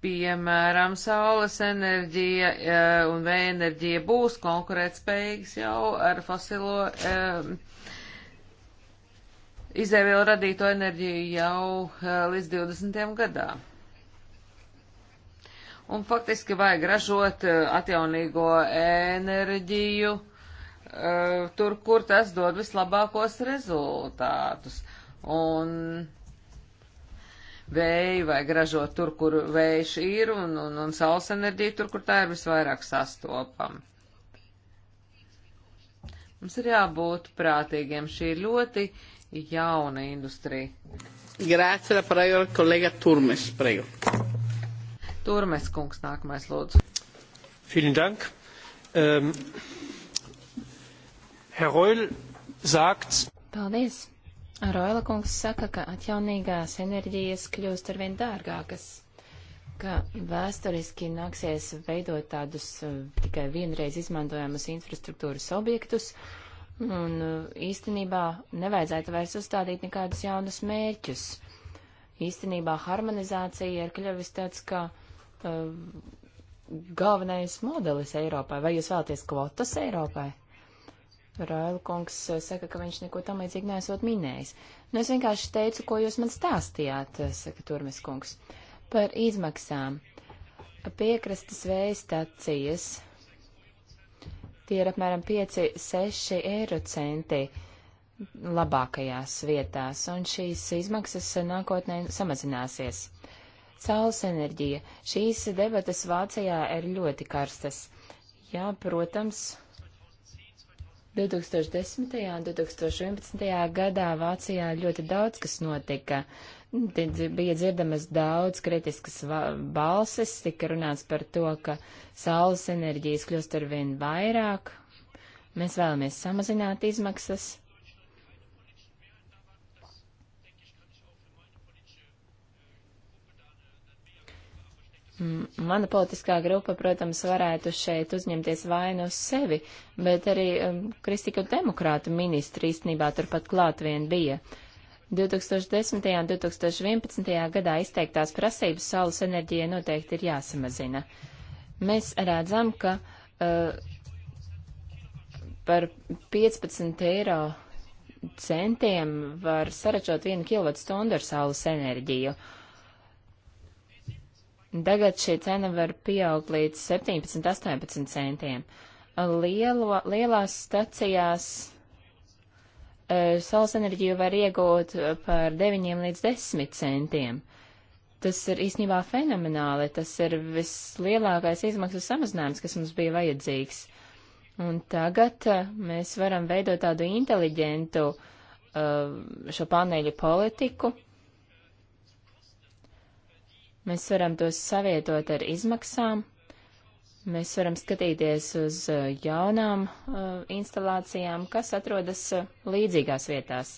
Piemēram, saules enerģija e, un vēja enerģija būs konkurētspējīgas jau ar fosilo um, izēvielu radīto enerģiju jau e, līdz 20. gadā. Un faktiski vajag ražot atjaunīgo enerģiju Uh, tur, kur tas dod vislabākos rezultātus. Un vēju vajag ražot tur, kur vējš ir, un, un, un saules enerģija tur, kur tā ir visvairāk sastopama. Mums ir jābūt prātīgiem. Šī ir ļoti jauna industrija. Grāci, la prego, kolega Turmes, prego. Turmes kungs nākamais lūdzu. Vielen dank. Um... Herr Reul sagt. Paldies. Roila kungs saka, ka atjaunīgās enerģijas kļūst arvien dārgākas, ka vēsturiski nāksies veidot tādus eh, tikai vienreiz izmantojamus infrastruktūras objektus, un eh, īstenībā nevajadzētu vairs uzstādīt nekādus jaunus mērķus. Īstenībā harmonizācija ir kļuvis tāds, ka uh, galvenais modelis Eiropai. Vai jūs vēlaties kvotas Eiropai? Raila kungs eh, saka, ka viņš neko tam līdzīgi nesot minējis. Nu, es vienkārši teicu, ko jūs man stāstījāt, eh, saka Turmes kungs, par izmaksām. Piekrastes vēja stācijas. Tie ir apmēram 5-6 eiro centi labākajās vietās, un šīs izmaksas nākotnē samazināsies. Saules enerģija. Šīs debatas Vācijā ir ļoti karstas. Jā, protams, 2010. un 2011. gadā Vācijā ļoti daudz kas notika. Bija dzirdamas daudz kritiskas balses, tika runāts par to, ka saules enerģijas kļūst arvien vairāk. Mēs vēlamies samazināt izmaksas. Mana politiskā grupa, protams, varētu šeit uzņemties vainu uz sevi, bet arī um, kristika un demokrātu ministri īstenībā turpat klāt vien bija. 2010. un 2011. gadā izteiktās prasības saules enerģijai noteikti ir jāsamazina. Mēs redzam, ka uh, par 15 eiro centiem var saražot 1 kWh ar saules enerģiju. Uh, Tagad šī cena var pieaugt līdz 17, 18 centiem. Lielo, lielās stacijās e, saules enerģiju var iegūt par 9 līdz 10 centiem. Tas ir īstenībā fenomenāli, tas ir vislielākais izmaksu samazinājums, kas mums bija vajadzīgs. Un tagad e, mēs varam veidot tādu inteliģentu e, šo paneļu politiku, Mēs varam tos savietot ar izmaksām. Mēs varam skatīties uz uh, jaunām uh, instalācijām, kas atrodas uh, līdzīgās vietās.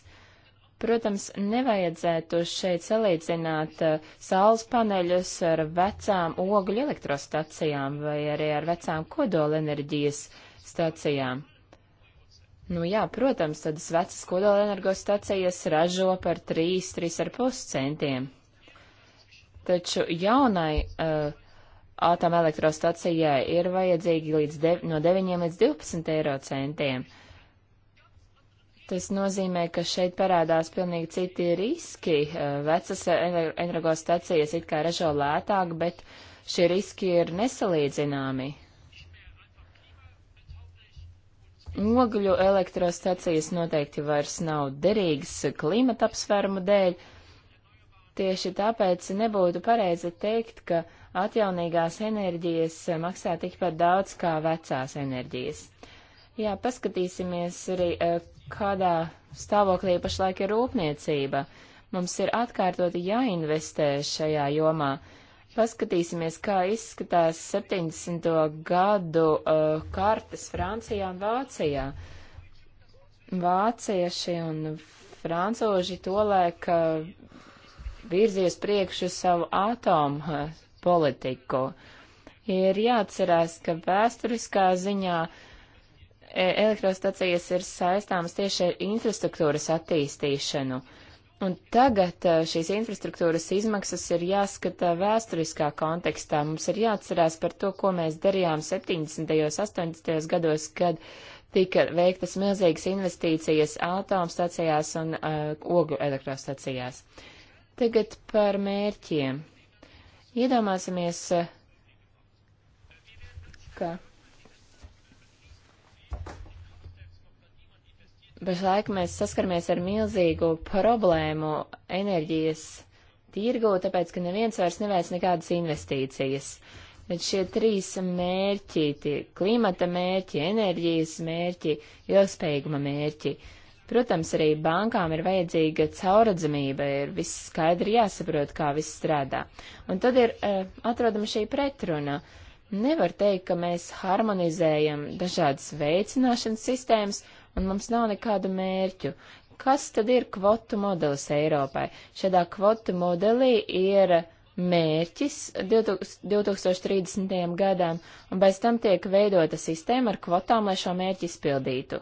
Protams, nevajadzētu šeit salīdzināt uh, saules paneļus ar vecām ogļu elektrostacijām vai arī ar vecām kodolenerģijas stacijām. Nu jā, protams, tādas vecas kodolenergostacijas ražo par 3-3,5 centiem Taču jaunai uh, atomelektrostacijai ir vajadzīgi līdz de, no 9 līdz 12 eiro centiem. Tas nozīmē, ka šeit parādās pilnīgi citi riski. Uh, vecas energostacijas it kā ražo lētāk, bet šie riski ir nesalīdzināmi. Ogļu elektrostacijas noteikti vairs nav derīgas klimata apsvērumu dēļ, uh, Tieši tāpēc nebūtu pareizi teikt, ka atjaunīgās enerģijas maksā tikpat daudz kā vecās enerģijas. Jā, paskatīsimies arī, e, kādā stāvoklī pašlaik ir rūpniecība. Mums ir atkārtoti jāinvestē šajā jomā. Paskatīsimies, kā izskatās 70. gadu uh, kartes Francijā un Vācijā. Vācieši un francūži tolēk uh, e, virzies priekšu savu atomu politiku. Ir jāatcerās, ka vēsturiskā ziņā e, elektrostacijas ir saistāmas tieši ar infrastruktūras attīstīšanu. Un tagad e, šīs infrastruktūras izmaksas ir jāskata vēsturiskā kontekstā. Mums ir jāatcerās par to, ko mēs darījām 70. un 80. gados, kad tika veiktas milzīgas investīcijas atomstacijās un uh, e, ogļu elektrostacijās. Uh, Tagad par mērķiem. Iedomāsimies, ka pašlaik mēs saskaramies ar milzīgu problēmu enerģijas tirgu, tāpēc, ka neviens vairs neveic nekādas investīcijas. Bet šie trīs mērķi, tie klimata mērķi, enerģijas mērķi, ilgspējīguma mērķi, uh, Protams, arī bankām ir vajadzīga cauradzamība, ir viss skaidri jāsaprot, kā viss strādā. Un tad ir uh, atrodama šī pretruna. Nevar teikt, ka mēs harmonizējam dažādas veicināšanas sistēmas un mums nav nekādu mērķu. Kas tad ir kvotu modelis Eiropai? Šādā kvotu modelī ir mērķis 2030. gadām, un bez tam tiek veidota sistēma ar kvotām, lai šo mērķi izpildītu.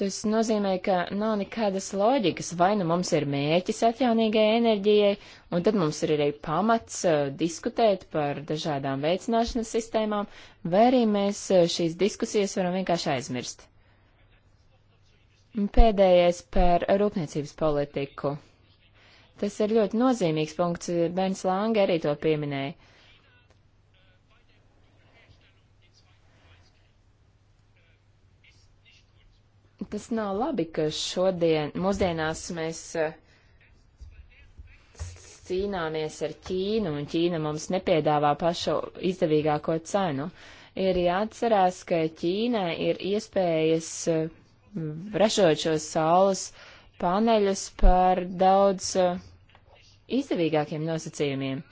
Tas nozīmē, ka nav nekādas loģikas. Vai nu mums ir mērķis atjaunīgajai enerģijai, un tad mums ir arī pamats uh, diskutēt par dažādām veicināšanas sistēmām, vai arī mēs uh, šīs diskusijas varam vienkārši aizmirst. Pēdējais par rūpniecības politiku. Tas ir ļoti nozīmīgs punkts, Bens Lange arī to pieminēja. Tas nav labi, ka šodien, mūsdienās mēs eh, cīnāmies ar Ķīnu, un Ķīna mums nepiedāvā pašu izdevīgāko cenu. Ir jāatcerās, ka Ķīnai ir iespējas eh, ražot šos saules paneļus par daudz eh, izdevīgākiem nosacījumiem.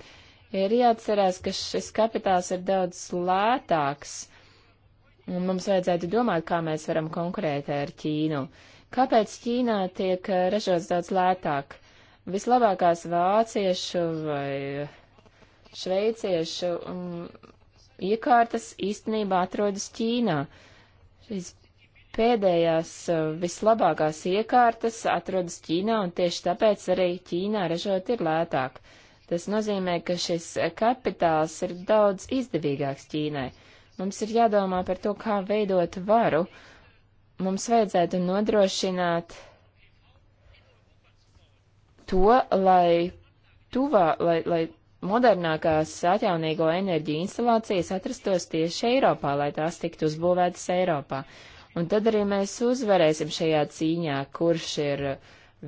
Ir jāatcerās, ka šis kapitāls ir daudz lētāks Un mums vajadzētu domāt, kā mēs varam konkurēt ar Ķīnu. Kāpēc Ķīnā tiek ražots daudz lētāk? Vislabākās vāciešu vai šveiciešu um, iekārtas īstenībā atrodas Ķīnā. Šis pēdējās uh, vislabākās iekārtas atrodas Ķīnā, un tieši tāpēc arī Ķīnā ražot ir lētāk. Tas nozīmē, ka šis uh, kapitāls ir daudz izdevīgāks Ķīnai. Mums ir jādomā par to, kā veidot varu. Mums vajadzētu nodrošināt to, lai tuvā, lai, lai modernākās atjaunīgo enerģiju instalācijas atrastos tieši Eiropā, lai tās tiktu uzbūvētas Eiropā. Un tad arī mēs uzvarēsim šajā cīņā, kurš ir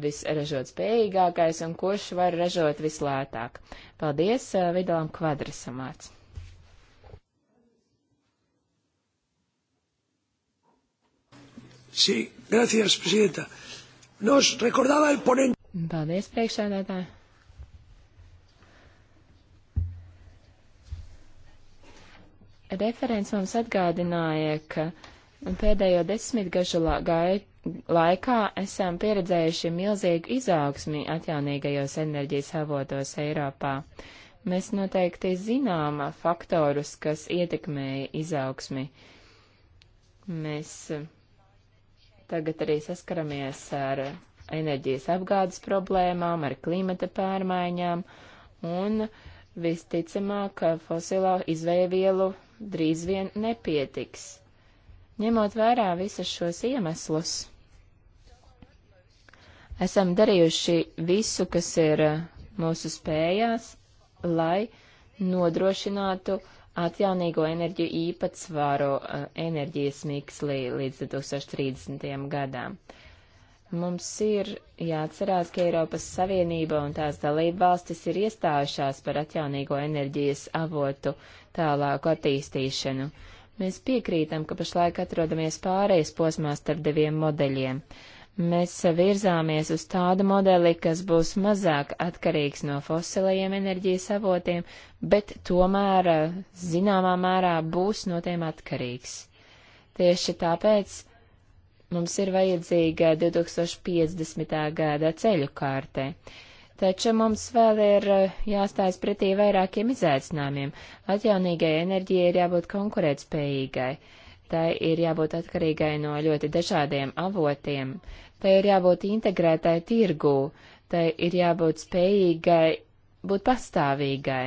visražot spējīgākais un kurš var ražot vislētāk. Paldies uh, Vidalam Kvadrasamārts! Sí, gracias, presidenta. Nos recordaba el ponente. Paldies, priekšsēdētāji. Referents mums atgādināja, ka pēdējo desmitgažu laikā esam pieredzējuši milzīgu izaugsmi atjaunīgajos enerģijas avotos Eiropā. Mēs noteikti zinām faktorus, kas ietekmēja izaugsmi. Mēs Tagad arī saskaramies ar enerģijas apgādes problēmām, ar klimata pārmaiņām un visticamāk fosilā izvēvielu drīz vien nepietiks. Ņemot vērā visus šos iemeslus, esam darījuši visu, kas ir mūsu spējās, lai nodrošinātu uh, atjaunīgo enerģiju īpatsvaru uh, enerģijas mikslī līdz 2030. gadām. Mums ir jāatcerās, ka Eiropas Savienība un tās dalība valstis ir iestājušās par atjaunīgo enerģijas avotu tālāku attīstīšanu. Mēs piekrītam, ka pašlaik atrodamies pārējais posmā starp diviem modeļiem. Uh, mēs virzāmies uz tādu modeli, kas būs mazāk atkarīgs no fosilajiem enerģijas avotiem, bet tomēr eh, zināmā mērā būs no tiem atkarīgs. Tieši tāpēc mums ir vajadzīga 2050. gada ceļu kārte. Taču mums vēl ir eh, jāstājas pretī vairākiem izaicinājumiem. Atjaunīgai enerģijai ir jābūt konkurētspējīgai tai ir jābūt atkarīgai no ļoti dažādiem avotiem, tai ir jābūt integrētai tirgū, tai ir jābūt spējīgai būt pastāvīgai.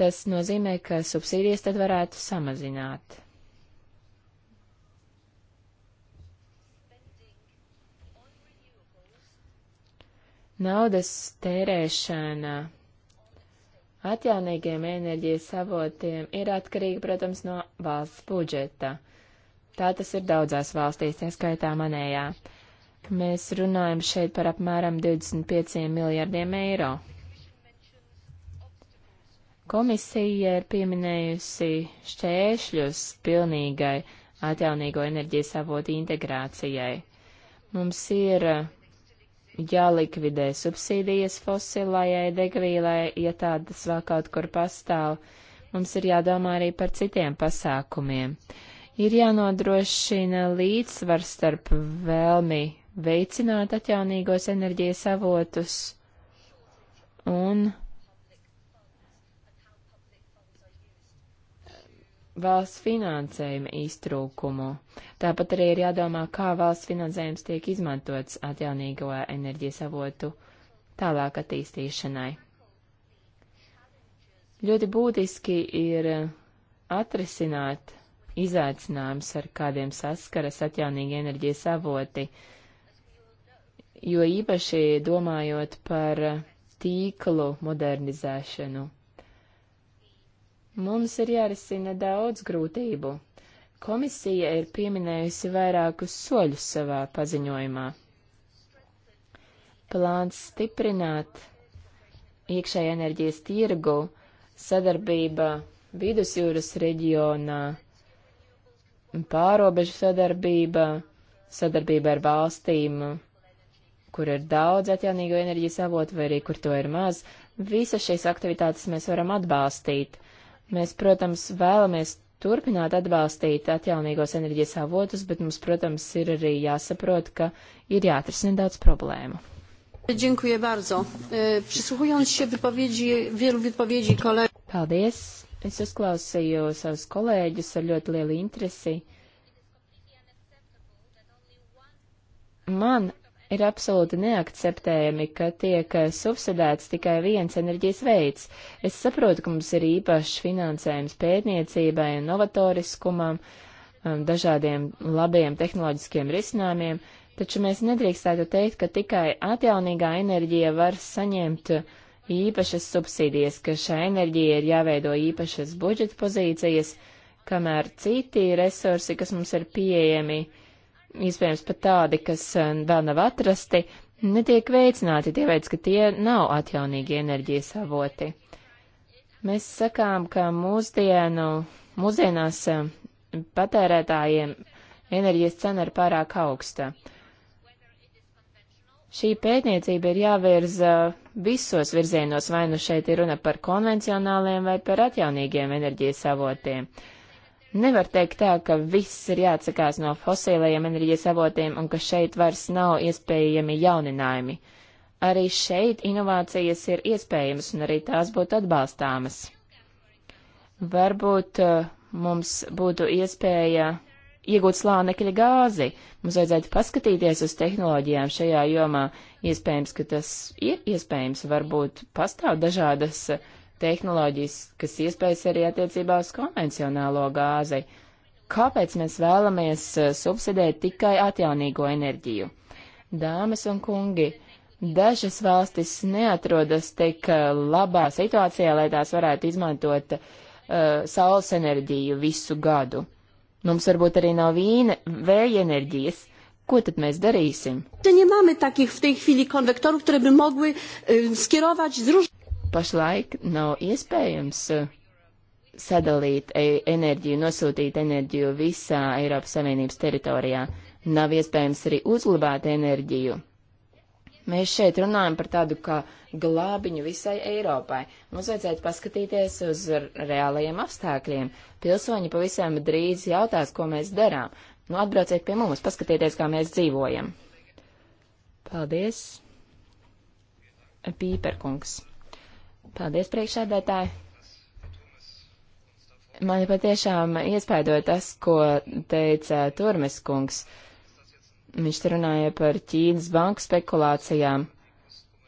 Tas nozīmē, ka subsīdijas tad varētu samazināt. Naudas tērēšana atjaunīgiem enerģijas avotiem ir atkarīga, protams, no valsts budžeta. Tā tas ir daudzās valstīs, tie skaitā manējā. Mēs runājam šeit par apmēram 25 miljardiem eiro. Komisija ir pieminējusi šķēršļus pilnīgai atjaunīgo enerģijas avotu integrācijai. Mums ir jālikvidē subsīdijas fosilajai degvīlai, ja tādas vēl kaut kur pastāv. Mums ir jādomā arī par citiem pasākumiem. Ir jānodrošina līdzsvars starp vēlmi veicināt atjaunīgos enerģijas avotus un valsts finansējuma iztrūkumu. Tāpat arī ir jādomā, kā valsts finansējums tiek izmantots atjaunīgo enerģijas avotu tālāk attīstīšanai. Ļoti būtiski ir atrisināt izaicinājums, ar kādiem saskaras atjaunīgi enerģijas avoti, jo īpaši domājot par tīklu modernizēšanu Mums ir jārisina daudz grūtību. Komisija ir pieminējusi vairākus soļus savā paziņojumā. Plāns stiprināt iekšēja enerģijas tirgu, sadarbība vidusjūras reģionā, pārobežu sadarbība, sadarbība ar valstīm, kur ir daudz atjaunīgo enerģijas avotu vai arī kur to ir maz, visas šīs aktivitātes mēs varam atbalstīt. Mēs, protams, vēlamies turpināt atbalstīt atjaunīgos enerģijas avotus, bet mums, protams, ir arī jāsaprot, ka ir jāatrisina daudz problēmu. Dziękuję bardzo. E, przysłuchując się wypowiedzi, wielu wypowiedzi kolegów. Paldies. Es uzklausīju savus kolēģus ar ļoti lielu interesi. Man Ir absolūti neakceptējami, ka tiek eh, subsidēts tikai viens enerģijas veids. Es saprotu, ka mums ir īpašs finansējums pētniecībai un novatoriskumam, um, dažādiem labiem tehnoloģiskiem risinājumiem, taču mēs nedrīkstētu teikt, ka tikai atjaunīgā enerģija var saņemt īpašas subsīdijas, ka šai enerģijai ir jāveido īpašas budžeta pozīcijas, kamēr citi resursi, kas mums ir pieejami, iespējams pat tādi, kas eh, vēl nav atrasti, netiek veicināti, tāpēc, ka tie nav atjaunīgi enerģijas avoti. Mēs sakām, ka mūsdienu, mūsdienās eh, patērētājiem enerģijas cena ir pārāk augsta. Šī pētniecība ir jāvirza visos virzienos, vai nu šeit ir runa par konvencionāliem vai par atjaunīgiem enerģijas avotiem. Uh, Nevar teikt tā, ka viss ir jāatsakās no fosīlajiem enerģijas avotiem un ka šeit vairs nav iespējami jauninājumi. Arī šeit inovācijas ir iespējamas un arī tās būtu atbalstāmas. Varbūt eh, mums būtu iespēja iegūt slānekļa gāzi. Mums vajadzētu paskatīties uz tehnoloģijām šajā jomā. Iespējams, ka tas ir iespējams, varbūt pastāv dažādas uh, tehnoloģiskas iespējas arī attiecībā uz konvencionālo gāzi. Kāpēc mēs vēlamies eh, subsidēt tikai atjaunīgo enerģiju? Dāmas un kungi, dažas valstis neatrodas tik eh, labā situācijā, lai tās varētu izmantot uh, saules enerģiju visu gadu. Mums varbūt arī nav vīne, vēja enerģijas. Ko tad mēs darīsim? Nie mamy takich w tej chwili konwektorów, które by mogły skierować z różnych pašlaik nav iespējams uh, sadalīt e, enerģiju, nosūtīt enerģiju visā Eiropas Savienības teritorijā. Nav iespējams arī uzglabāt enerģiju. Mēs šeit runājam par tādu kā glābiņu visai Eiropai. Mums vajadzētu paskatīties uz reālajiem apstākļiem. Pilsoņi pavisam drīz jautās, ko mēs darām. Nu, atbrauciet pie mums, paskatieties, kā mēs dzīvojam. Paldies. Pīperkungs. Paldies, priekšsēdētāji! Mani patiešām iespaidoja tas, ko teica Turmes kungs. Viņš runāja par Ķīnas banku spekulācijām.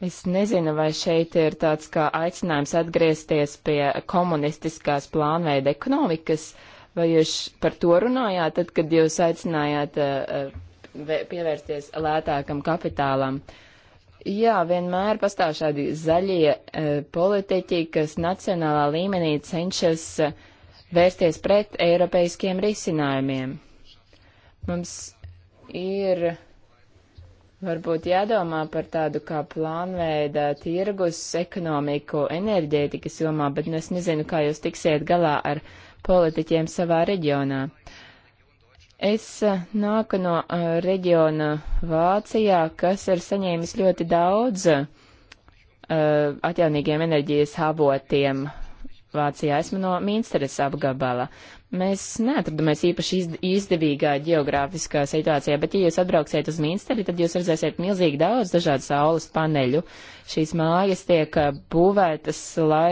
Es nezinu, vai šeit ir tāds kā aicinājums atgriezties pie komunistiskās plānveida ekonomikas, vai jūs par to runājāt, tad, kad jūs aicinājāt uh, uh pievērsties lētākam kapitālam. Uh, Jā, vienmēr pastāv šādi zaļie e, politiķi, kas nacionālā līmenī cenšas e, vērsties pret eiropeiskiem risinājumiem. Mums ir varbūt jādomā par tādu kā plānveida tirgus ekonomiku enerģētikas jomā, bet nu es nezinu, kā jūs tiksiet galā ar politiķiem savā reģionā. Uh, Es eh, nāku no eh, reģiona Vācijā, kas ir saņēmis ļoti daudz uh, atjaunīgiem enerģijas avotiem. Vācijā esmu no Mīnsteres apgabala. Mēs neatradamies īpaši izd izdevīgā geogrāfiskā situācijā, bet ja jūs atbrauksiet uz Mīnsteri, tad jūs redzēsiet milzīgi daudz dažādu saules paneļu. Šīs mājas tiek būvētas, lai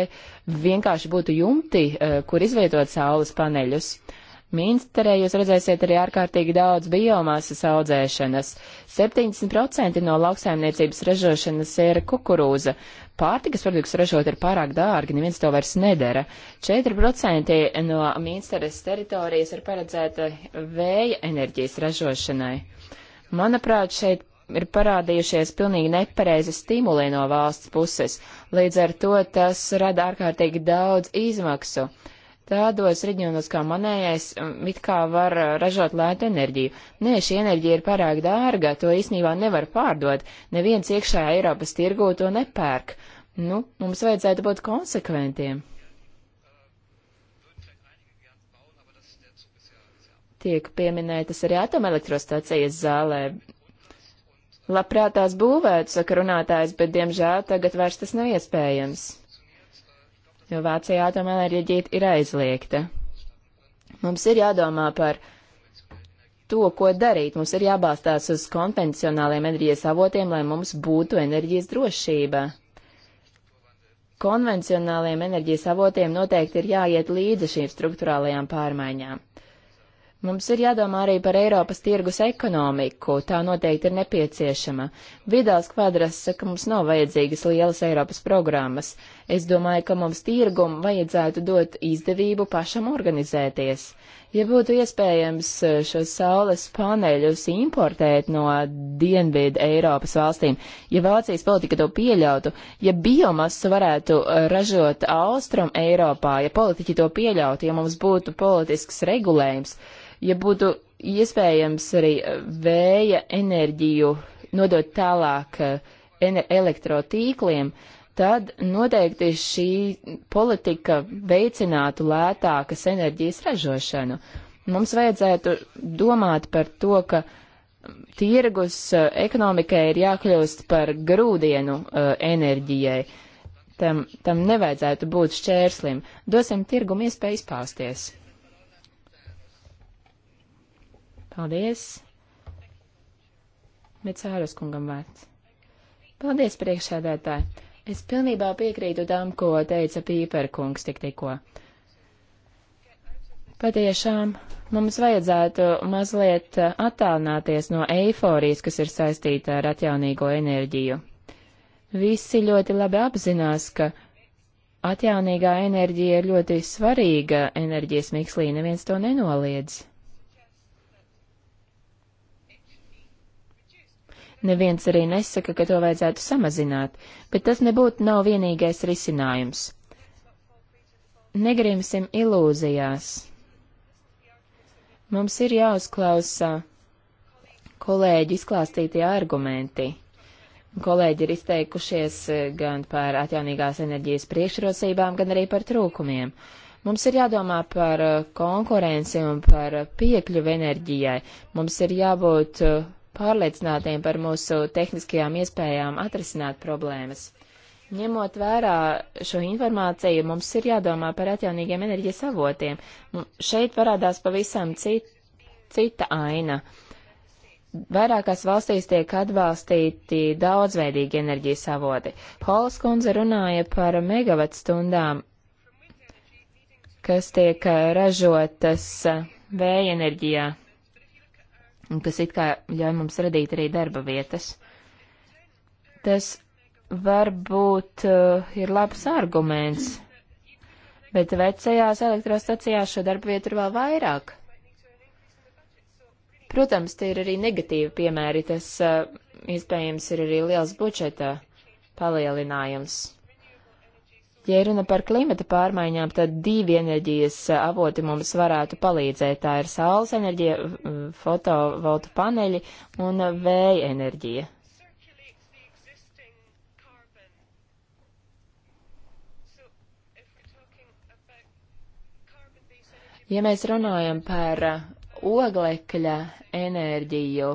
vienkārši būtu jumti, uh, kur izvietot saules paneļus. Uh, Minsterē jūs redzēsiet arī ārkārtīgi daudz biomasas audzēšanas. 70% no lauksaimniecības ražošanas ir kukurūza. Pārtikas produkts ražot ir pārāk dārgi, neviens to vairs nedara. 4% no Minsteres teritorijas ir paredzēta vēja enerģijas ražošanai. Manuprāt, šeit ir parādījušies pilnīgi nepareizi stimuli no valsts puses, līdz ar to tas rada ārkārtīgi daudz izmaksu tādos reģionos kā manējais um, it kā var uh, ražot lētu enerģiju. Nē, šī enerģija ir pārāk dārga, to īsnībā nevar pārdot, neviens iekšā Eiropas tirgū to nepērk. Nu, mums vajadzētu būt konsekventiem. Tiek pieminētas arī atomelektrostacijas zālē. Labprāt tās būvētu, saka runātājs, bet diemžēl tagad vairs tas nav iespējams jo Vācijā atomenerģija ir aizliegta. Mums ir jādomā par to, ko darīt. Mums ir jābalstās uz konvencionāliem enerģijas avotiem, lai mums būtu enerģijas drošība. Konvencionāliem enerģijas avotiem noteikti ir jāiet līdzi šīm struktūrālajām pārmaiņām. Mums ir jādomā arī par Eiropas tirgus ekonomiku, tā noteikti ir nepieciešama. Vidāls kvadras saka, mums nav vajadzīgas lielas Eiropas programmas. Es domāju, ka mums tirgum vajadzētu dot izdevību pašam organizēties. Ja būtu iespējams eh, šos saules paneļus importēt no dienvidu Eiropas valstīm, ja Vācijas politika to pieļautu, ja biomasu varētu eh, ražot Austrum Eiropā, ja politiķi to pieļautu, ja mums būtu politisks regulējums, ja būtu iespējams arī vēja enerģiju nodot tālāk eh, elektrotīkliem, tad noteikti šī politika veicinātu lētākas enerģijas ražošanu. Mums vajadzētu domāt par to, ka tirgus eh, ekonomikai ir jākļūst par grūdienu uh, enerģijai. Tam, tam nevajadzētu būt šķērslim. Dosim tirgumu iespēju izpausties. Paldies! Mecāras kungam vārds. Paldies, priekšsēdētāji! Es pilnībā piekrītu tam, ko teica Pīperkungs tik tikko. Patiešām mums vajadzētu mazliet attālināties no eiforijas, kas ir saistīta ar atjaunīgo enerģiju. Visi ļoti labi apzinās, ka atjaunīgā enerģija ir ļoti svarīga enerģijas mikslī, neviens to nenoliedz. Neviens arī nesaka, ka to vajadzētu samazināt, bet tas nebūtu nav vienīgais risinājums. Negrimsim ilūzijās. Mums ir jāuzklausa kolēģi izklāstītie argumenti. Kolēģi ir izteikušies eh, gan par atjaunīgās enerģijas priekšrocībām, gan arī par trūkumiem. Mums ir jādomā par eh, konkurenci un par piekļuvi enerģijai. Mums ir jābūt eh, pārliecinātiem par mūsu tehniskajām iespējām atrisināt problēmas. Ņemot vērā šo informāciju, mums ir jādomā par atjaunīgiem enerģijas avotiem. Šeit parādās pavisam cit, cita aina. Vairākās valstīs tiek atbalstīti daudzveidīgi enerģijas avoti. Pols kundze runāja par megavat stundām, kas tiek eh, ražotas eh, vēja enerģijā kas it kā ļauj mums radīt arī darba vietas. Tas varbūt uh, ir labs arguments, bet vecajās elektrostacijās šo darba vietu ir vēl vairāk. Protams, tie ir arī negatīvi piemēri, tas uh, iespējams ir arī liels budžeta palielinājums. Ja runa par klimata pārmaiņām, tad divi enerģijas eh, avoti mums varētu palīdzēt. Tā ir saules enerģija, fotovoltu paneļi un eh, vēja enerģija. Ja mēs runājam par eh, oglekļa enerģiju,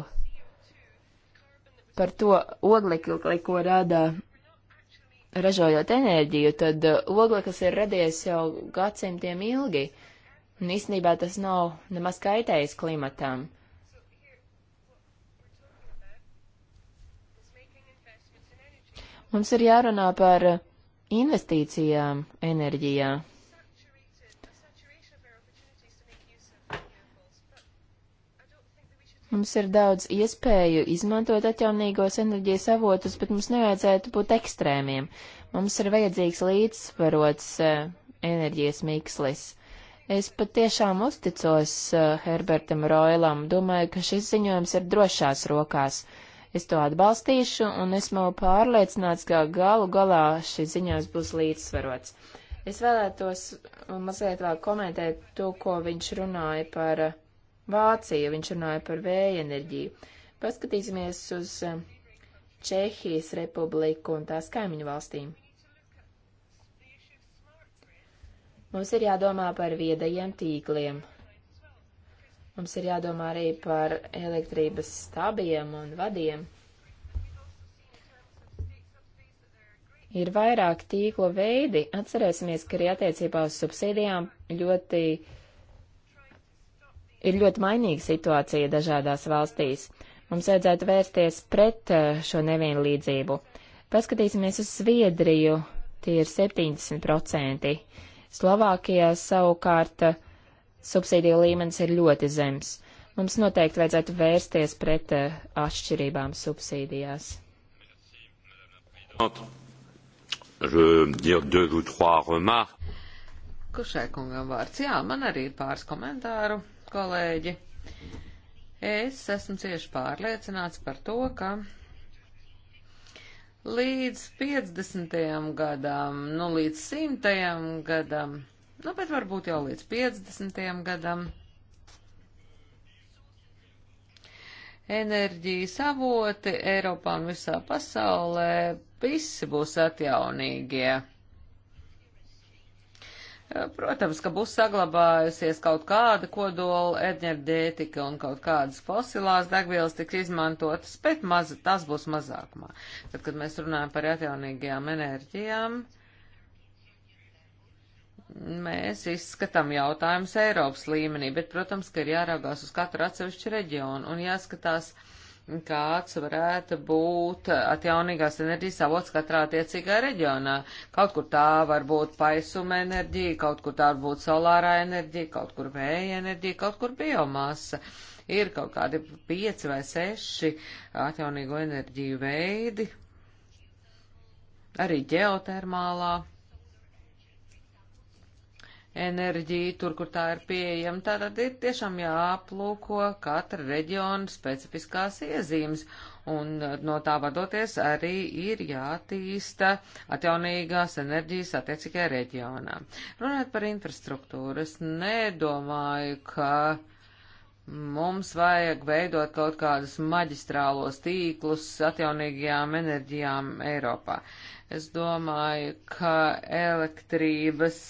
par to oglekli, ko rada ražojot enerģiju, tad uh, oglekas ir radies jau gadsimtiem ilgi, un īstenībā tas nav nemaz kaitējis klimatam. Mums ir jārunā par investīcijām enerģijā. Mums ir daudz iespēju izmantot atjaunīgos enerģijas avotus, bet mums nevajadzētu būt ekstrēmiem. Mums ir vajadzīgs līdzsvarots uh, enerģijas mikslis. Es patiešām uzticos uh, Herbertam Roilam, domāju, ka šis ziņojums ir drošās rokās. Es to atbalstīšu un esmu pārliecināts, ka galu galā šis ziņojums būs līdzsvarots. Es vēlētos mazliet vēl komentēt to, ko viņš runāja par uh, Vāciju, viņš runāja par vēja enerģiju. Paskatīsimies uz eh, Čehijas republiku un tās kaimiņu valstīm. Mums ir jādomā par viedajiem tīkliem. Mums ir jādomā arī par elektrības stabiem un vadiem. Ir vairāk tīklu veidi. Atcerēsimies, ka arī attiecībā uz subsīdijām ļoti uh, ir ļoti mainīga situācija dažādās valstīs. Mums vajadzētu vērsties pret eh, šo nevienlīdzību. Paskatīsimies uz Zviedriju, tie ir 70%. Slovākijā savukārt eh, subsīdiju līmenis ir ļoti zems. Mums noteikti vajadzētu vērsties pret eh, atšķirībām subsīdijās. Kušai kungam vārds, jā, man arī ir pāris komentāru kolēģi. Es esmu cieši pārliecināts par to, ka līdz 50. gadam, nu līdz 100. gadam, nu bet varbūt jau līdz 50. gadam, enerģijas avoti Eiropā un visā pasaulē visi būs atjaunīgie Protams, ka būs saglabājusies kaut kāda kodola enerģētika un kaut kādas fosilās degvielas tiks izmantotas, bet maz, tas būs mazākumā. Tad, kad mēs runājam par atjaunīgajām enerģijām, mēs izskatām jautājumus Eiropas līmenī, bet, protams, ka ir jāraugās uz katru atsevišķu reģionu un jāskatās, uh, kāds varētu būt atjaunīgās enerģijas avots katrā attiecīgā reģionā. Kaut kur tā var būt paisuma enerģija, kaut kur tā var būt solārā enerģija, kaut kur vēja enerģija, kaut kur biomasa. Ir kaut kādi pieci vai seši atjaunīgo enerģiju veidi, arī ģeotermālā enerģiju, tur, kur tā ir pieejama. Tātad ir tiešām jāaplūko katra reģiona specifiskās iezīmes, un uh, no tā vadoties arī ir jātīsta atjaunīgās enerģijas attiecīgajā reģionā. Runājot par infrastruktūru, es nedomāju, ka mums vajag veidot kaut kādus maģistrālos tīklus atjaunīgajām enerģijām Eiropā. Es domāju, ka elektrības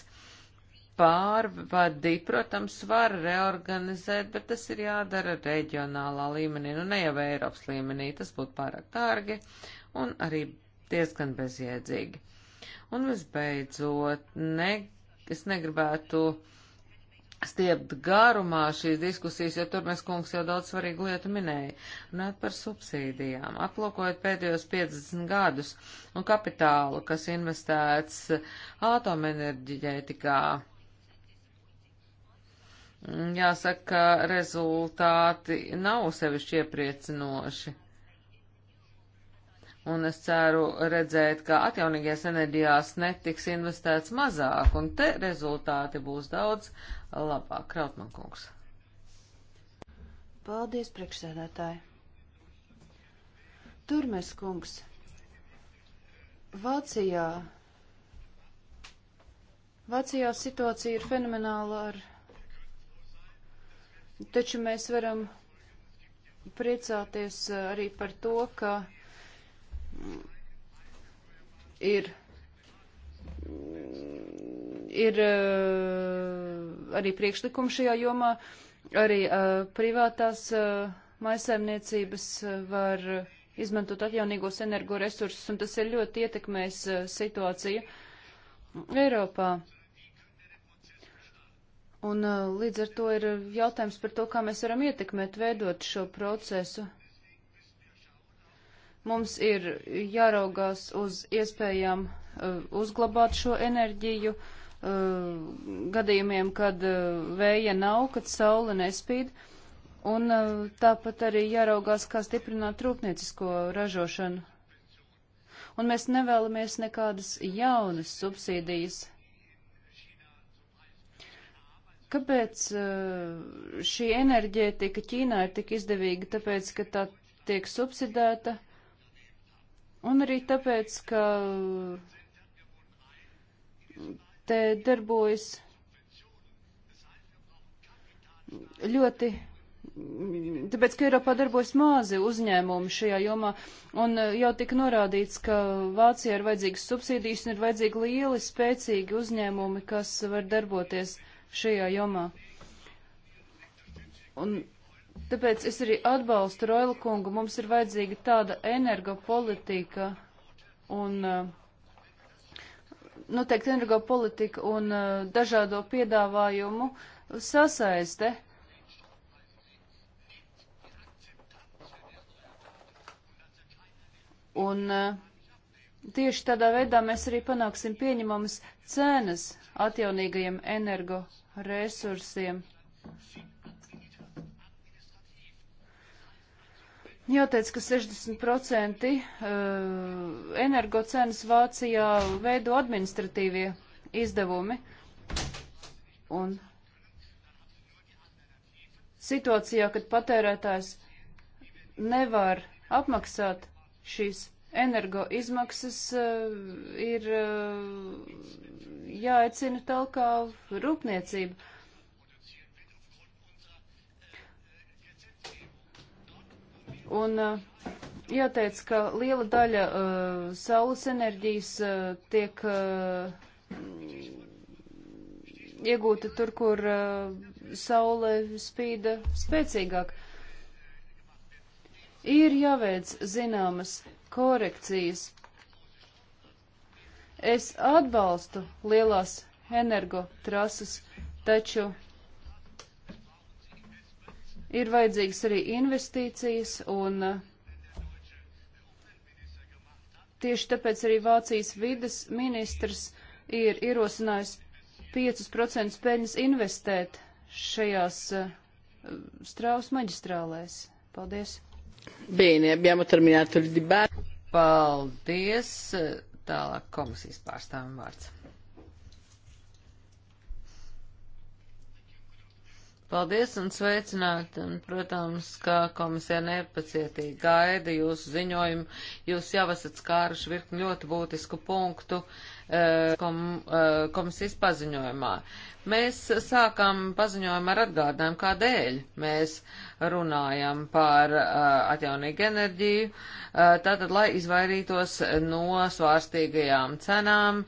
pārvadi, protams, var reorganizēt, bet tas ir jādara reģionālā līmenī, nu ne jau Eiropas līmenī, tas būtu pārāk dārgi un arī diezgan bezjēdzīgi. Un visbeidzot, ne, es negribētu stiept garumā šīs diskusijas, jo tur mēs kungs jau daudz svarīgu lietu minēja. Runāt par subsīdijām, aplūkojot pēdējos 50 gadus un kapitālu, kas investēts atomenerģiķētikā. tikā Mm, jāsaka, ka rezultāti nav sevišķi iepriecinoši. Un es ceru redzēt, ka atjaunīgajās enerģijās netiks investēts mazāk, un te rezultāti būs daudz labāk. Krautmankungs. Paldies, priekšsēdētāji. Turmes kungs. Vācijā. Vācijā situācija ir fenomenāla ar Taču mēs varam priecāties eh, arī par to, ka mm, ir, mm, ir eh, arī priekšlikumi šajā jomā, arī eh, privātās maisaimniecības var izmantot atjaunīgos energoresursus, un tas ir ļoti ietekmēs situāciju Eiropā. Un uh, līdz ar to ir jautājums par to, kā mēs varam ietekmēt, veidot šo procesu. Mums ir jāraugās uz iespējām uh, uzglabāt šo enerģiju uh, gadījumiem, kad vēja nav, kad saule nespīd. Un tāpat arī jāraugās, kā stiprināt rūpniecisko ražošanu. Un mēs nevēlamies nekādas jaunas subsīdijas Kāpēc eh, šī enerģētika Ķīnā ir tik izdevīga? Tāpēc, ka tā tiek subsidēta un arī tāpēc, ka te darbojas ļoti. Tāpēc, ka Eiropā darbojas mazi uzņēmumi šajā jomā, un eh, jau tika norādīts, ka Vācijā ir vajadzīgas subsīdijas un ir vajadzīgi lieli, spēcīgi uzņēmumi, kas var darboties uh, šajā jomā. Un tāpēc es arī atbalstu Roila kungu. Mums ir vajadzīga tāda energopolitika un eh, noteikti nu, energopolitika un eh, dažādo piedāvājumu sasaiste. Un uh, Tieši tādā veidā mēs arī panāksim pieņemamas cenas atjaunīgajiem energoresursiem. Jāteic, ka 60% uh, energocenas Vācijā veido administratīvie izdevumi. Un situācijā, kad patērētājs nevar apmaksāt šīs energo izmaksas eh, ir eh, jāecina tālāk kā rūpniecība. Un eh, jāteic, ka liela daļa uh, saules enerģijas uh, tiek uh, iegūta tur, kur uh, saule spīda spēcīgāk. Ir jāveic zināmas korekcijas. Es atbalstu lielās energotrases, taču ir vajadzīgas arī investīcijas un eh, tieši tāpēc arī Vācijas vides ministrs ir ierosinājis 5% peļņas investēt šajās eh, strauss maģistrālēs. Paldies! Bene, abbiamo terminato il dibattito. Paldies. Tālāk komisijas pārstāvim vārds. Paldies un sveicināti, un, protams, ka komisija nepacietīgi gaida jūsu ziņojumu. Jūs jau esat skāruši virkni ļoti būtisku punktu. Uh, Eh, kom, eh, komisijas paziņojumā. Mēs sākām paziņojumu ar atgādinājumu, kādēļ mēs runājam par eh, atjaunīgu enerģiju, tātad, lai izvairītos no svārstīgajām cenām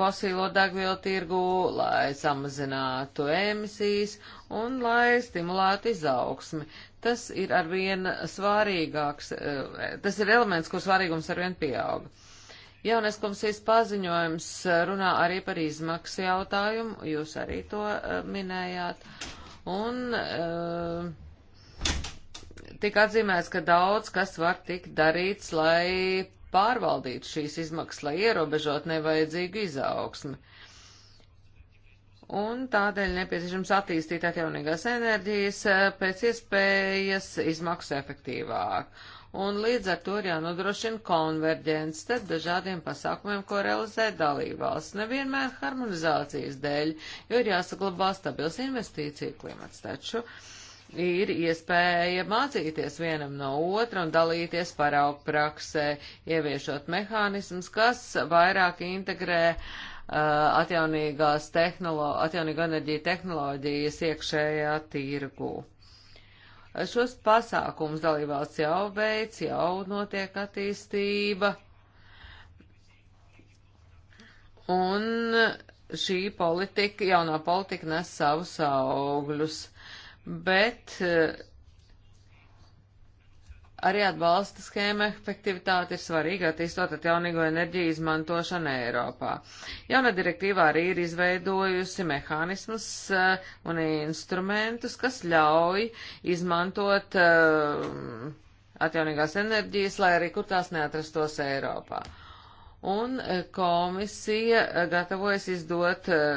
fosīlo degvielu tirgu, lai samazinātu emisijas un lai stimulētu izaugsmi. Tas ir arvien svārīgāks, tas ir elements, kur svārīgums arvien pieauga. Jaunais komisijas paziņojums eh, runā arī par izmaksu jautājumu, jūs arī to eh, minējāt. Un eh, tika atzīmēts, ka daudz kas var tikt darīts, lai pārvaldītu šīs izmaksas, lai ierobežot nevajadzīgu izaugsmi. Un tādēļ nepieciešams attīstīt atjaunīgās enerģijas pēc iespējas izmaksu efektīvāk un līdz ar to ir jānodrošina konverģents starp dažādiem pasākumiem, ko realizē dalībvalsts, nevienmēr harmonizācijas dēļ, jo ir jāsaglabā stabils investīciju klimats. Taču ir iespēja mācīties vienam no otra un dalīties paraugu praksē, ieviešot mehānismus, kas vairāk integrē uh, atjaunīgās tehnoloģijas, atjaunīgo enerģiju tehnoloģijas iekšējā tirgū. Šos pasākumus dalībvalsts jau veic, jau notiek attīstība. Un šī politika, jaunā politika nes savus augļus, bet uh, Arī atbalsta schēma efektivitāte ir svarīga attīstot atjaunīgo enerģiju izmantošanu Eiropā. Jauna direktīvā arī ir izveidojusi mehānismus uh, un instrumentus, kas ļauj izmantot uh, atjaunīgās enerģijas, lai arī kur tās neatrastos Eiropā un eh, komisija eh, gatavojas izdot eh,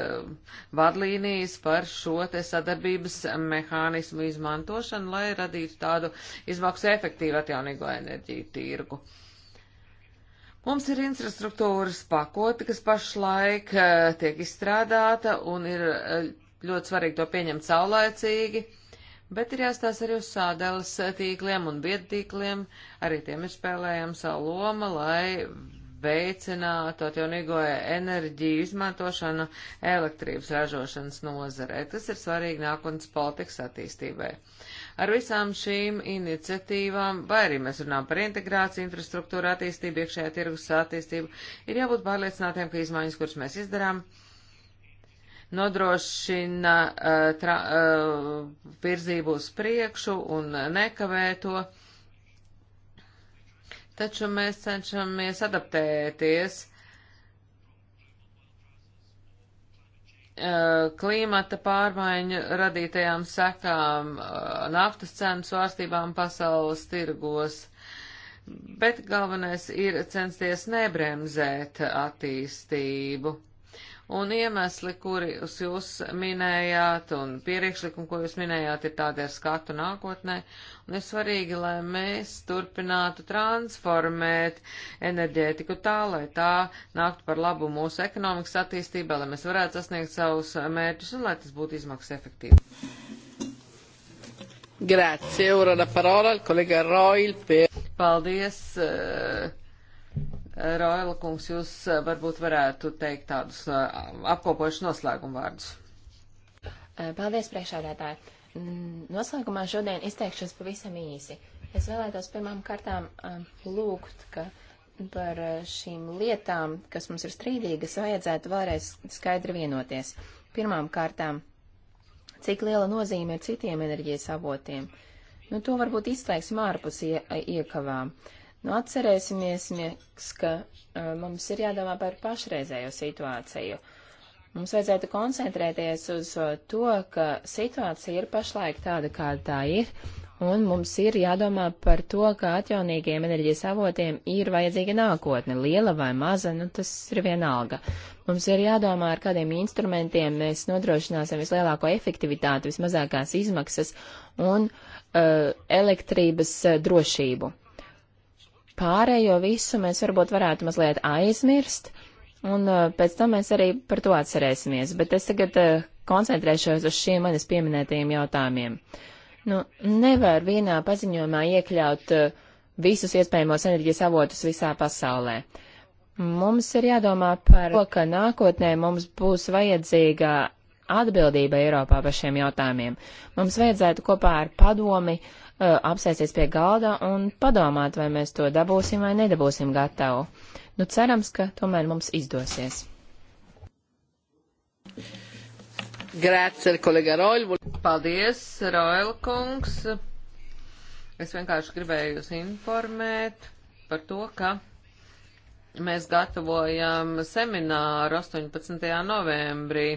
vadlīnijas par šo te sadarbības mehānismu izmantošanu, lai radītu tādu izmaksu efektīvu atjaunīgo enerģiju tirgu. Mums ir infrastruktūras pakoti, kas pašlaik tiek izstrādāta un ir ļoti svarīgi to pieņemt saulēcīgi, bet ir jāstās arī uz sādēles tīkliem un biedtīkliem, arī tiem ir spēlējama savu loma, lai veicināt atjaunīgo enerģiju izmantošanu elektrības ražošanas nozarē. Tas ir svarīgi nākotnes politikas attīstībai. Ar visām šīm iniciatīvām, vai arī mēs runājam par integrāciju, infrastruktūru attīstību, iekšējā tirgus attīstību, ir jābūt pārliecinātiem, ka izmaiņas, kuras mēs izdarām, nodrošina uh, tra, uh, virzību uz priekšu un nekavē to. Uh, taču mēs cenšamies adaptēties klīmata pārmaiņu radītajām sekām, naftas cenu svārstībām pasaules tirgos, bet galvenais ir censties nebremzēt attīstību. Un iemesli, kurus jūs minējāt, un priekšlikumi, ko jūs minējāt, ir tādi ar skatu nākotnē. Un ir svarīgi, lai mēs turpinātu transformēt enerģētiku tā, lai tā nāktu par labu mūsu ekonomikas attīstībai, lai mēs varētu sasniegt savus mērķus un lai tas būtu izmaksas efektīvi. Grazie, ora la parola al collega Roil per... Paldies. Uh Roila kungs, jūs eh, varbūt varētu teikt tādus eh, apkopojušus noslēgumu vārdus. Eh, paldies, priekšādētāji. Noslēgumā šodien izteikšos pavisam īsi. Es vēlētos pirmām kārtām lūgt, ka par šīm lietām, kas mums ir strīdīgas, vajadzētu vēlreiz skaidri vienoties. Pirmām kārtām, cik liela nozīme ir citiem enerģijas avotiem. Nu, to varbūt izslēgsim ārpus ie, iekavām. Uh, Nu, atcerēsimies, mieks, ka uh, mums ir jādomā par pašreizējo situāciju. Mums vajadzētu koncentrēties uz to, ka situācija ir pašlaik tāda, kāda tā ir, un mums ir jādomā par to, ka atjaunīgiem enerģijas avotiem ir vajadzīga nākotne, liela vai maza, nu tas ir vienalga. Mums ir jādomā, ar kādiem instrumentiem mēs nodrošināsim vislielāko efektivitāti, vismazākās izmaksas un uh, elektrības drošību. Pārējo visu mēs varbūt varētu mazliet aizmirst, un uh, pēc tam mēs arī par to atcerēsimies, bet es tagad uh, koncentrēšos uz šiem manis pieminētajiem jautājumiem. Nu, nevar vienā paziņojumā iekļaut uh, visus iespējamos enerģijas avotus visā pasaulē. Mums ir jādomā par to, ka nākotnē mums būs vajadzīga atbildība Eiropā par šiem jautājumiem. Mums vajadzētu kopā ar padomi uh, apsēsties pie galda un padomāt, vai mēs to dabūsim vai nedabūsim gatavu. Nu, cerams, ka tomēr mums izdosies. Grācer, kolega Roļ. Paldies, Roļ kungs. Es vienkārši gribēju jūs informēt par to, ka mēs gatavojam semināru 18. novembrī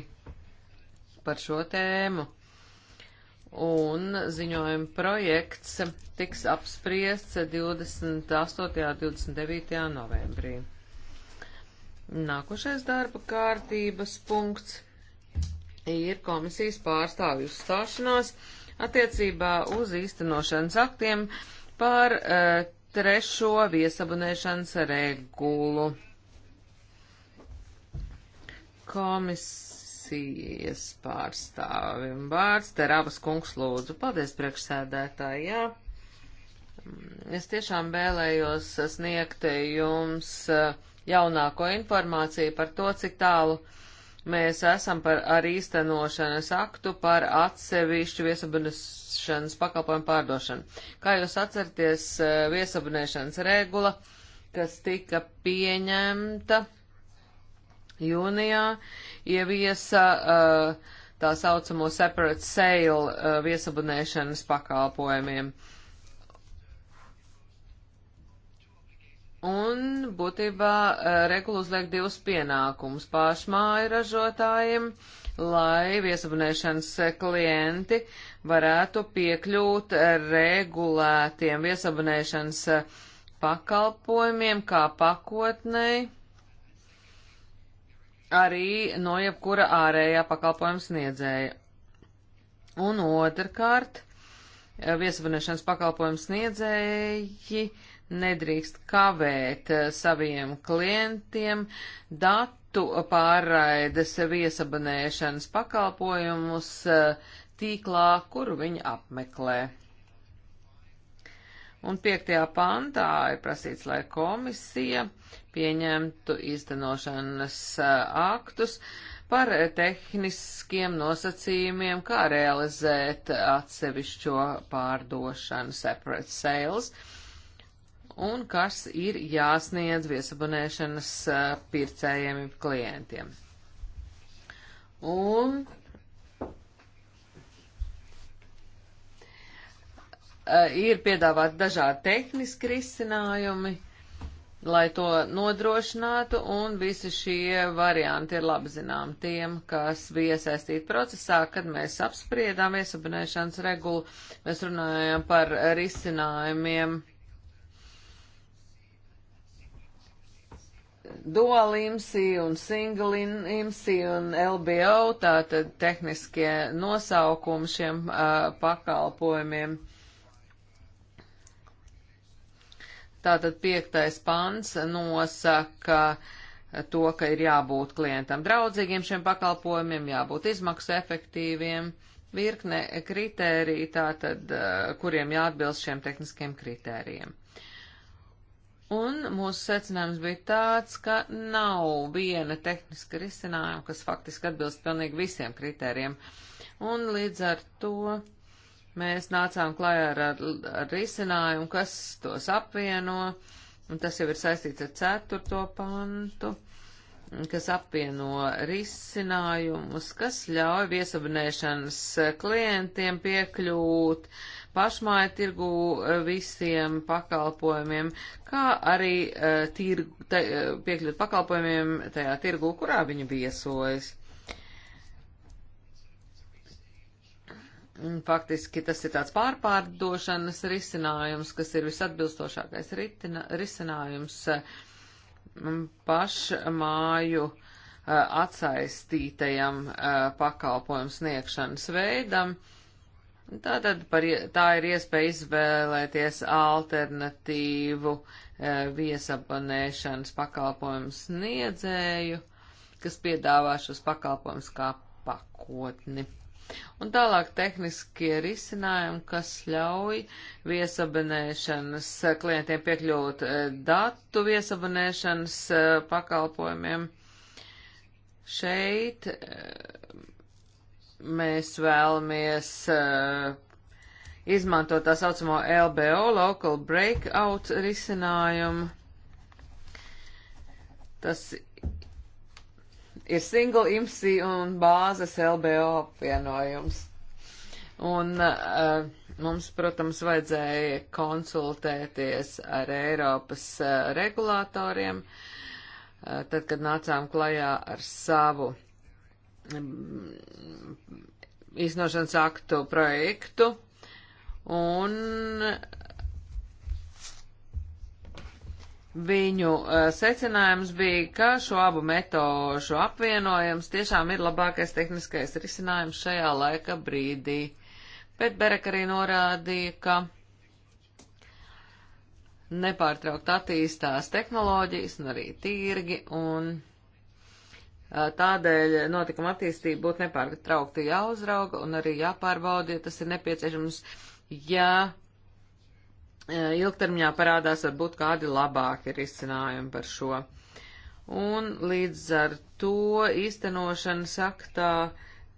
par šo tēmu un ziņojuma projekts tiks apspriests 28. un 29. novembrī. Nākošais darba kārtības punkts ir komisijas pārstāvju uzstāšanās attiecībā uz īstenošanas aktiem par uh, trešo viesabunēšanas regulu. Komis komisijas pārstāvim vārds. Terabas kungs lūdzu. Paldies, priekšsēdētāji. Jā. Es tiešām vēlējos sniegt jums eh, jaunāko informāciju par to, cik tālu mēs esam par, ar īstenošanas aktu par atsevišķu viesabunēšanas pakalpojumu pārdošanu. Kā jūs atceraties, eh, viesabunēšanas regula, kas tika pieņemta Jūnijā ieviesa uh, tā saucamo separate sale uh, viesabunēšanas pakalpojumiem. Un būtībā uh, regula uzliek divus pienākumus pašmāju ražotājiem, lai viesabunēšanas klienti varētu piekļūt uh, regulētiem viesabunēšanas uh, pakalpojumiem kā pakotnei arī no jebkura ārējā pakalpojuma sniedzēja. Un otrkārt, viesabunēšanas pakalpojumu sniedzēji nedrīkst kavēt eh, saviem klientiem datu pārraides viesabunēšanas pakalpojumus eh, tīklā, kuru viņi apmeklē. Un piektajā pantā ir prasīts, lai komisija uh, pieņemtu īstenošanas aktus par tehniskiem nosacījumiem, kā realizēt atsevišķo pārdošanu separate sales un kas ir jāsniedz viesabunēšanas pircējiem klientiem. Un ir piedāvāti dažādi tehniski risinājumi lai to nodrošinātu, un visi šie varianti ir labi zinām tiem, kas bija iesaistīti procesā, kad mēs apspriedām iesabinēšanas regulu, mēs runājām par risinājumiem. Dual IMSI un Single IMSI un LBO, tātad tehniskie nosaukumi šiem uh, pakalpojumiem. Uh, Tātad piektais pants nosaka to, ka ir jābūt klientam draudzīgiem šiem pakalpojumiem, jābūt izmaksu efektīviem, virkne kritēriju, tātad, eh, kuriem jāatbilst šiem tehniskiem kritērijiem. Un mūsu secinājums bija tāds, ka nav viena tehniska risinājuma, kas faktiski atbilst pilnīgi visiem kritērijiem. Un līdz ar to Mēs nācām klajā ar, ar, ar risinājumu, kas tos apvieno, un tas jau ir saistīts ar ceturto pantu, kas apvieno risinājumus, kas ļauj viesabunēšanas klientiem piekļūt pašmāja tirgu eh, visiem pakalpojumiem, kā arī uh, tirgu, te, eh, piekļūt pakalpojumiem tajā tirgu, kurā viņi viesojas. Faktiski tas ir tāds pārpārdošanas risinājums, kas ir visatbilstošākais ritina, risinājums mm, pašmāju eh, atsaistītajam eh, pakalpojumu sniegšanas veidam. Tātad par, tā ir iespēja izvēlēties alternatīvu eh, viesabonēšanas pakalpojumu sniedzēju, kas piedāvā šos pakalpojumus kā pakotni. Un tālāk tehniskie risinājumi, kas ļauj viesabinēšanas klientiem piekļūt eh, datu viesabinēšanas eh, pakalpojumiem. Šeit eh, mēs vēlamies izmantot tā saucamo LBO, Local Breakout risinājumu. Tas ir single IMSI un bāzes LBO apvienojums. Un uh, mums, protams, vajadzēja konsultēties ar Eiropas uh, regulātoriem, uh, tad, kad nācām klajā ar savu um, mm, īstenošanas aktu projektu. Un uh, Viņu uh, secinājums bija, ka šo abu metožu apvienojums tiešām ir labākais tehniskais risinājums šajā laika brīdī. Bet Berek arī norādīja, ka nepārtraukt attīstās tehnoloģijas un arī tīrgi, un uh, tādēļ notikuma attīstība būtu nepārtraukti jāuzrauga un arī jāpārbauda, ja tas ir nepieciešams, ja Eh, ilgtermiņā parādās varbūt kādi labāki risinājumi par šo. Un līdz ar to īstenošanas aktā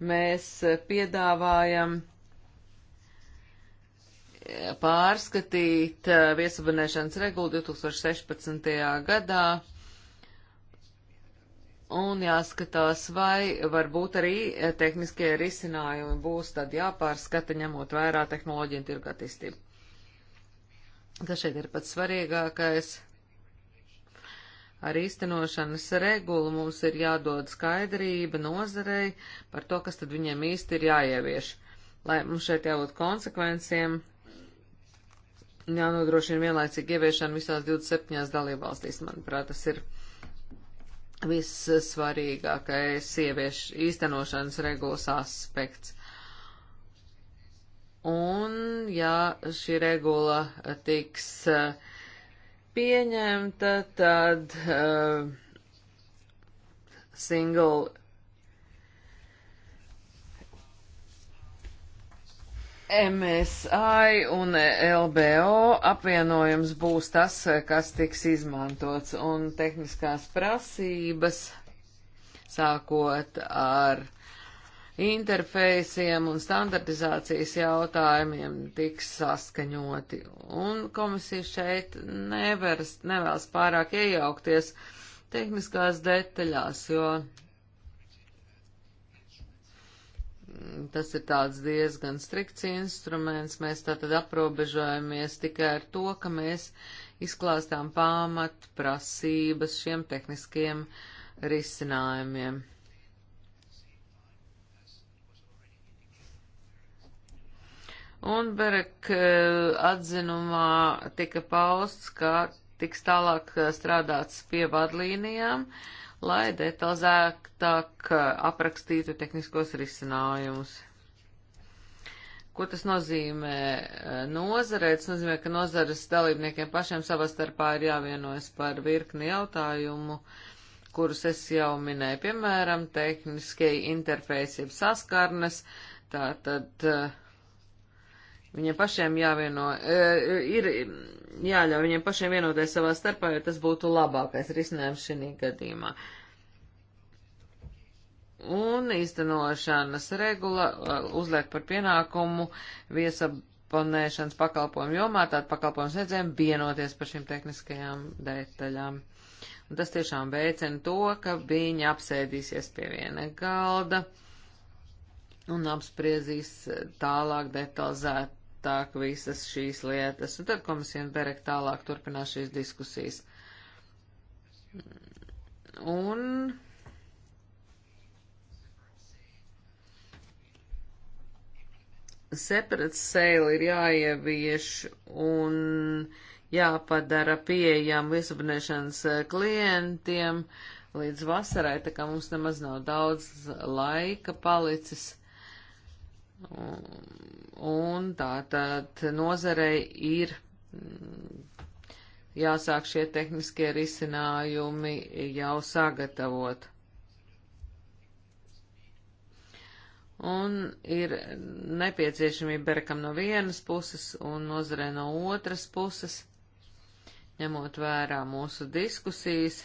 mēs piedāvājam eh, pārskatīt eh, viesabunēšanas regulu 2016. gadā un jāskatās, vai varbūt arī tehniskie risinājumi būs tad jāpārskata ņemot vērā tehnoloģiju un tirgu attīstību kas šeit ir pats svarīgākais. Ar īstenošanas regulu mums ir jādod skaidrība nozarei par to, kas tad viņiem īsti ir jāievieš. Lai mums šeit jābūt konsekvenciem, jānodrošina vienlaicīgi ieviešana visās 27 dalībvalstīs. Manuprāt, tas ir vissvarīgākais ievieš īstenošanas regulas aspekts. Un, ja šī regula tiks eh, pieņemta, tad uh, single MSI un LBO apvienojums būs tas, kas tiks izmantots, un tehniskās prasības, sākot ar interfeisiem un standartizācijas jautājumiem tiks saskaņoti. Un komisija šeit nevēlas, nevēlas pārāk iejaukties tehniskās detaļās, jo tas ir tāds diezgan strikts instruments. Mēs tātad aprobežojamies tikai ar to, ka mēs izklāstām pamat prasības šiem tehniskiem risinājumiem. Un Berek eh, atzinumā tika pausts, ka tiks tālāk eh, strādāts pie vadlīnijām, lai detalizētāk eh, aprakstītu tehniskos risinājumus. Ko tas nozīmē nozarē? Tas nozīmē, ka nozares dalībniekiem pašiem savā starpā ir jāvienojas par virkni jautājumu, kurus es jau minēju, piemēram, tehniskie interfeisi, jeb saskarnes, tātad uh, Viņiem pašiem jāvieno, e, ir jāļauj viņiem pašiem vienoties savā starpā, jo tas būtu labākais risinājums šī gadījumā. Un īstenošanas regula e, uzliek par pienākumu viesabonēšanas pakalpojumu jomā, tātad pakalpojumu sniedzējiem vienoties par šīm tehniskajām detaļām. Un tas tiešām veicina to, ka viņi apsēdīsies pie viena galda un apspriezīs e, tālāk detalizēt kārtāk visas šīs lietas, un tad komisija un Berek tālāk turpinās šīs diskusijas. Un separate sale ir jāievieš un jāpadara pieejam viesabunēšanas eh, klientiem līdz vasarai, tā kā mums nemaz nav daudz laika palicis Un tā tad nozarei ir mm, jāsāk šie tehniskie risinājumi jau sagatavot. Un ir nepieciešamība berekam no vienas puses un nozarē no otras puses, ņemot vērā mūsu diskusijas.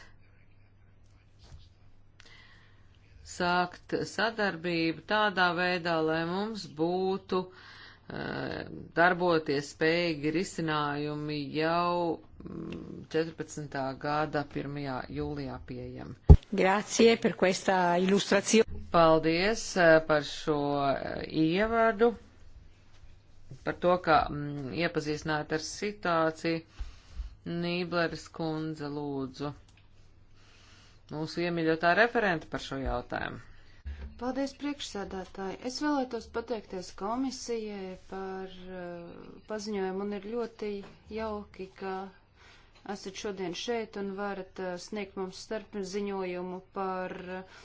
sākt sadarbību tādā veidā, lai mums būtu uh, darboties spējīgi risinājumi jau 14. Mm, gada 1. jūlijā pieejami. Grazie par questa ilustrāciju. Paldies eh, par šo eh, ievadu, par to, ka mm, iepazīstināt ar situāciju. Nībleres kundze lūdzu mūsu iemīļotā referenta par šo jautājumu. Paldies priekšsēdētāji. Es vēlētos pateikties komisijai par uh, paziņojumu un ir ļoti jauki, ka esat šodien šeit un varat uh, sniegt mums starpziņojumu par uh,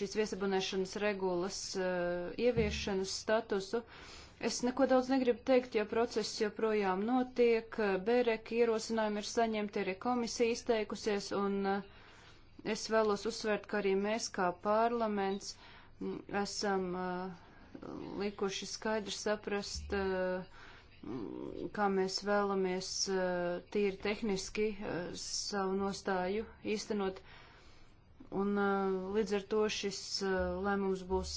šīs viesabunēšanas regulas uh, ieviešanas statusu. Es neko daudz negribu teikt, jo process joprojām notiek. Bērek ierosinājumi ir saņemti, arī komisija izteikusies un uh, Es vēlos uzsvērt, ka arī mēs kā parlaments esam likuši skaidri saprast, kā mēs vēlamies tīri tehniski savu nostāju īstenot. Un līdz ar to šis lēmums būs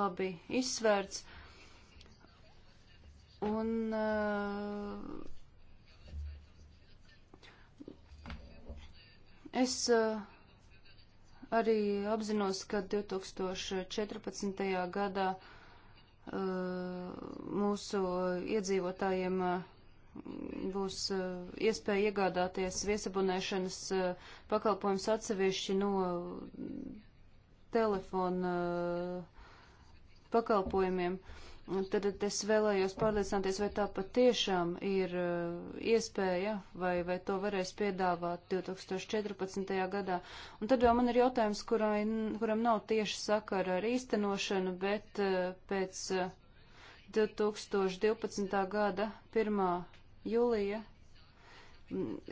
labi izsvērts. Un es uh, arī apzinos, ka 2014. gadā uh, mūsu iedzīvotājiem uh, būs uh, iespēja iegādāties viesabunēšanas pakalpojums atsevišķi no telefona pakalpojumiem. Uh, Tad es vēlējos pārliecināties, vai tā patiešām ir uh, iespēja, vai, vai to varēs piedāvāt 2014. gadā. Un tad jau man ir jautājums, kurai, kuram nav tieši sakara ar īstenošanu, bet uh, pēc 2012. Uh, gada 1. jūlija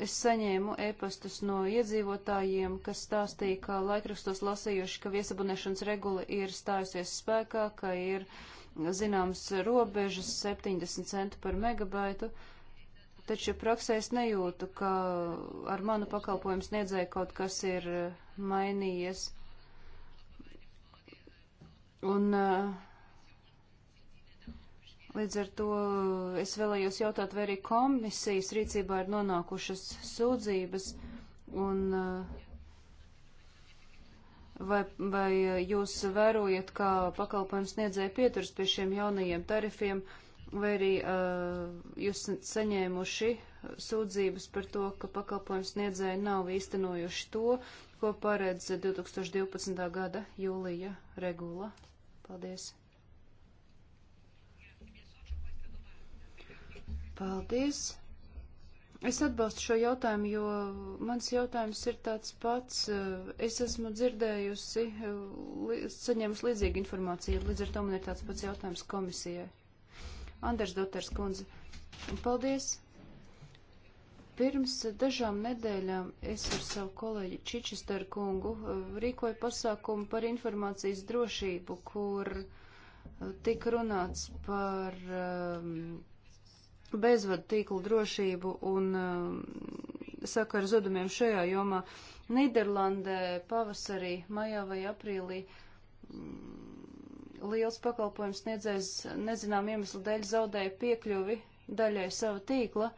es saņēmu ēpastus no iedzīvotājiem, kas stāstīja, ka laikrakstos lasījuši, ka viesabunēšanas regula ir stājusies spēkā, ka ir. Uh, zināmas robežas 70 centu par megabaitu, taču praksē es nejūtu, ka ar manu pakalpojumu sniedzēju kaut kas ir eh, mainījies. Un eh, līdz ar to es vēlējos jautāt, vai arī komisijas rīcībā ir nonākušas sūdzības un uh, Vai, vai jūs vērojat, kā pakalpojums sniedzēja pieturas pie šiem jaunajiem tarifiem, vai arī uh, jūs saņēmuši sūdzības par to, ka pakalpojums sniedzēja nav īstenojuši to, ko paredz 2012. gada jūlija regula? Paldies! Paldies! Es atbalstu šo jautājumu, jo mans jautājums ir tāds pats. Es esmu dzirdējusi, saņēmusi līdzīgu informāciju, līdz ar to man ir tāds pats jautājums komisijai. Anders Doters kundze, paldies! Pirms dažām nedēļām es ar savu kolēģi Čičesteru kungu eh, rīkoju pasākumu par informācijas drošību, kur eh, tika runāts par um, bezvadu tīklu drošību un um, sakaru zudumiem šajā jomā. Nīderlandē pavasarī, maijā vai aprīlī mm, liels pakalpojums sniedzējs nezinām iemeslu dēļ zaudēja piekļuvi daļai sava tīkla,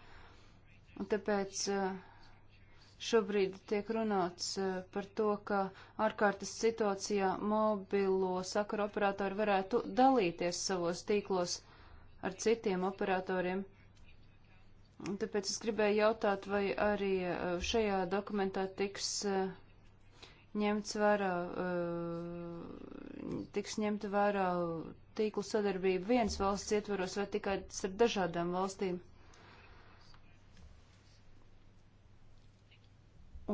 un tāpēc uh, šobrīd tiek runāts uh, par to, ka ārkārtas situācijā mobilo sakaru operatori varētu dalīties savos tīklos ar citiem operatoriem. Un tāpēc es gribēju jautāt, vai arī eh, šajā dokumentā tiks eh, ņemts vērā, eh, tiks ņemta vērā tīklu sadarbība viens valsts ietvaros vai tikai starp dažādām valstīm.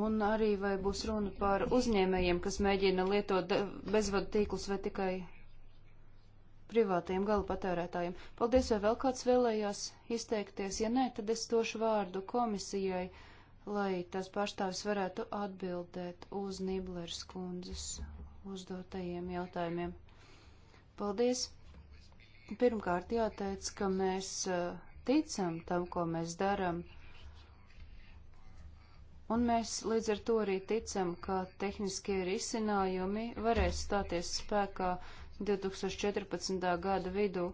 Un arī vai būs runa par uzņēmējiem, kas mēģina lietot bezvadu tīklus vai tikai privātajiem gala patērētājiem. Paldies, vai vēl kāds vēlējās izteikties? Ja nē, tad es došu vārdu komisijai, lai tās pārstāvis varētu atbildēt uz Niblers kundzes uzdotajiem jautājumiem. Paldies! Pirmkārt jāteic, ka mēs eh, ticam tam, ko mēs daram, un mēs līdz ar to arī ticam, ka tehniskie risinājumi varēs stāties spēkā 1 2014. gada vidū,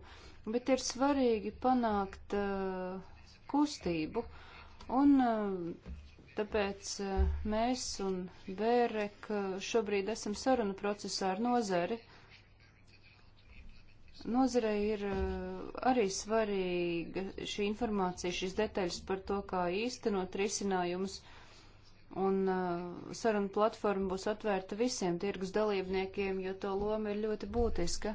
bet ir svarīgi panākt uh, kustību, un uh, tāpēc uh, mēs un Bērek šobrīd esam sarunu procesā ar nozari. Nozarē ir arī svarīga šī informācija, šīs detaļas par to, kā īstenot risinājumus. Uh, Un uh, saruna platforma būs atvērta visiem tirgus dalībniekiem, jo to loma ir ļoti būtiska.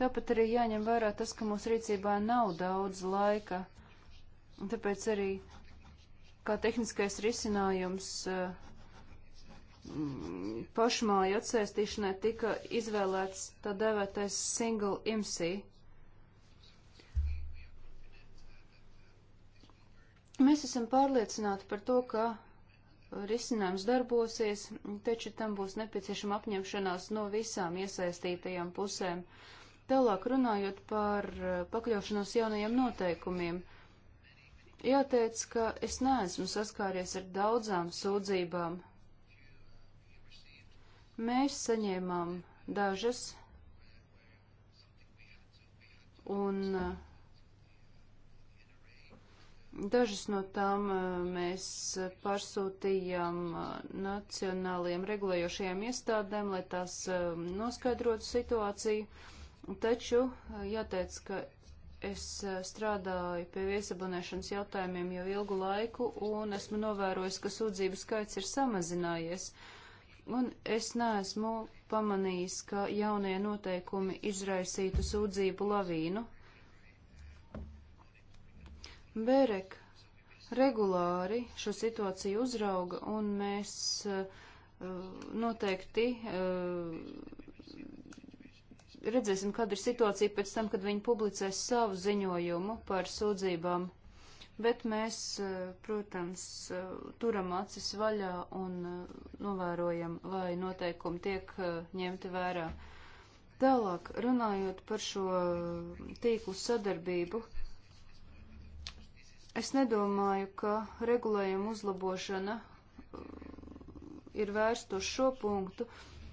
Tāpat arī jāņem vērā tas, ka mūsu rīcībā nav daudz laika. Un tāpēc arī kā tehniskais risinājums uh, pašmāju atsēstīšanai tika izvēlēts tā dēvētais single IMSI. Mēs esam pārliecināti par to, ka risinājums darbosies, taču tam būs nepieciešama apņemšanās no visām iesaistītajām pusēm. Tālāk runājot par eh, pakļaušanos jaunajiem noteikumiem, jāteic, ka es neesmu saskāries ar daudzām sūdzībām. Mēs saņēmām dažas, un uh, Dažas no tām eh, mēs pārsūtījām eh, nacionālajiem regulējošajiem iestādēm, lai tās eh, noskaidrotu situāciju, taču jāteic, ka es strādāju pie viesabunēšanas jautājumiem jau ilgu laiku un esmu novērojis, ka sūdzību skaits ir samazinājies. Un es neesmu pamanījis, ka jaunie noteikumi izraisītu sūdzību lavīnu, Berek regulāri šo situāciju uzrauga, un mēs eh, noteikti eh, redzēsim, kāda ir situācija pēc tam, kad viņi publicēs savu ziņojumu par sūdzībām. Bet mēs, eh, protams, turam acis vaļā un novērojam, vai noteikumi tiek ņemti vērā. Tālāk, runājot par šo tīklu sadarbību, Es nedomāju, ka regulējuma uzlabošana uh, ir vērsta uz šo punktu,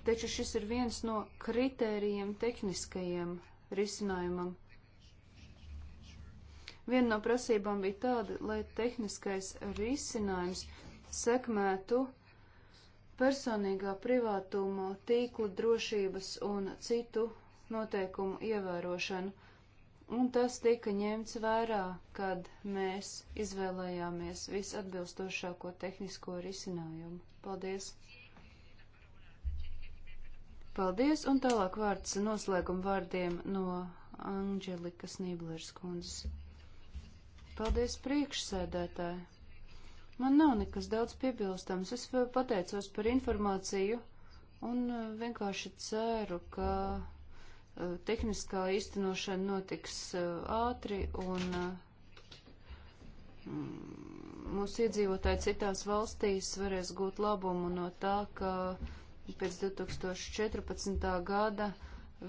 taču šis ir viens no kritērijiem tehniskajiem risinājumam. Viena no prasībām bija tāda, lai tehniskais risinājums sekmētu personīgā privātuma, tīklu drošības un citu noteikumu ievērošanu un tas tika ņemts vērā, kad mēs izvēlējāmies visatbilstošāko tehnisko risinājumu. Paldies! Paldies, un tālāk vārds noslēguma vārdiem no Anģelikas Nīblers kundzes. Paldies priekšsēdētāji! Man nav nekas daudz piebilstams, es pateicos par informāciju un uh, vienkārši ceru, ka Eh, tehniskā īstenošana notiks eh, ātri un eh, mm, mūsu iedzīvotāji citās valstīs varēs gūt labumu no tā, ka pēc 2014. gada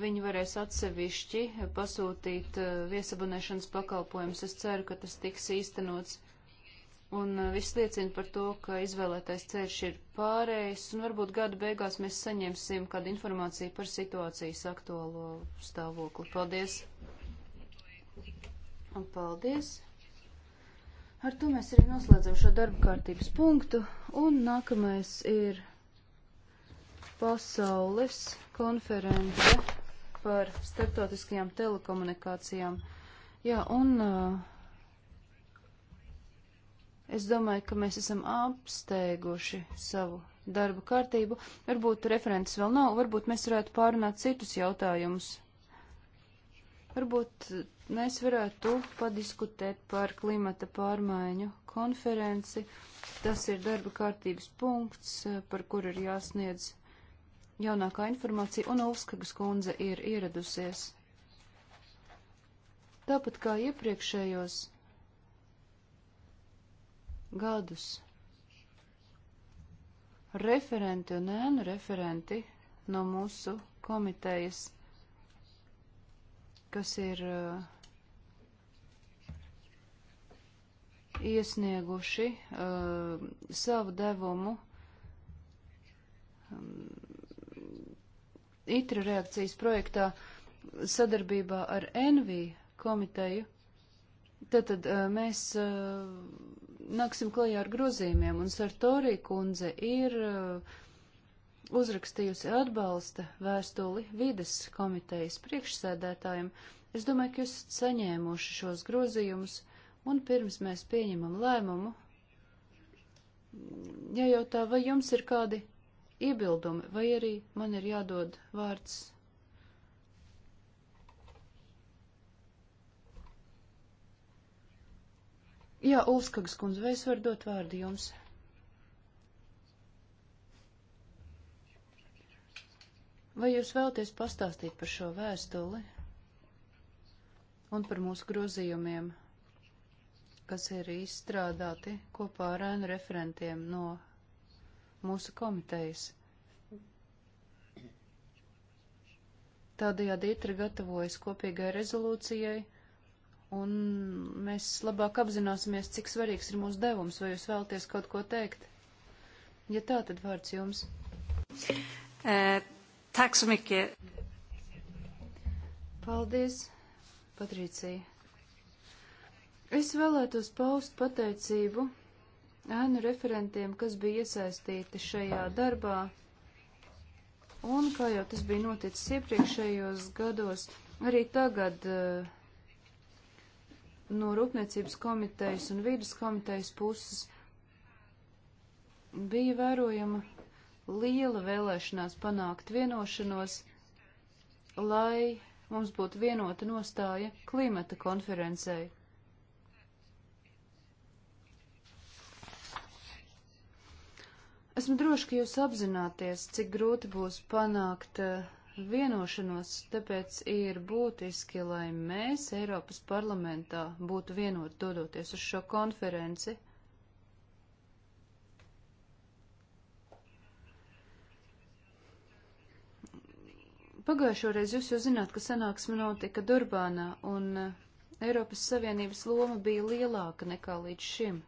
viņi varēs atsevišķi pasūtīt viesabunēšanas pakalpojumus. Es ceru, ka tas tiks īstenots. Un eh, viss liecina par to, ka izvēlētais ceļš ir pārējais, un varbūt gada beigās mēs saņemsim kādu informāciju par situācijas aktuālo stāvokli. Paldies! Un paldies! Ar to mēs arī noslēdzam šo darba kārtības punktu, un nākamais ir pasaules konference par starptautiskajām telekomunikācijām. Jā, un uh, Es domāju, ka mēs esam apsteiguši savu darbu kārtību. Varbūt referents vēl nav, varbūt mēs varētu pārunāt citus jautājumus. Varbūt mēs varētu padiskutēt par klimata pārmaiņu konferenci. Tas ir darba kārtības punkts, par kur ir jāsniedz jaunākā informācija, un Ulskagas kundze ir ieradusies. Tāpat kā iepriekšējos gadus. Referenti un ēnu referenti no mūsu komitejas, kas ir uh, iesnieguši uh, savu devumu um, itra reakcijas projektā sadarbībā ar NV komiteju. Tātad uh, mēs uh, nāksim klajā ar grozījumiem, un Sartorī kundze ir uh, uzrakstījusi atbalsta vēstuli vides komitejas priekšsēdētājiem. Es domāju, ka jūs saņēmuši šos grozījumus, un pirms mēs pieņemam lēmumu, jājautā, vai jums ir kādi iebildumi, vai arī man ir jādod vārds Jā, Ulskagas kundze, vai es varu dot vārdu jums? Vai jūs vēlaties pastāstīt par šo vēstuli un par mūsu grozījumiem, kas ir izstrādāti kopā ar ēnu referentiem no mūsu komitejas? Tādējādi itra gatavojas kopīgai rezolūcijai un mēs labāk apzināsimies, cik svarīgs ir mūsu devums, vai jūs vēlaties kaut ko teikt. Ja tā, tad vārds jums. E, eh, Taksumikie. Paldies, Patricija. Es vēlētos paust pateicību ēnu referentiem, kas bija iesaistīti šajā darbā. Un, kā jau tas bija noticis iepriekšējos gados, arī tagad uh, no Rūpniecības komitejas un vīdas komitejas puses bija vērojama liela vēlēšanās panākt vienošanos, lai mums būtu vienota nostāja klimata konferencei. Esmu droši, ka jūs apzināties, cik grūti būs panākt uh, vienošanos, tāpēc ir būtiski, lai mēs Eiropas parlamentā būtu vienoti dodoties uz šo konferenci. Pagājušo reizi jūs jau zināt, ka sanāksme notika Durbānā, un Eiropas Savienības loma bija lielāka nekā līdz šim.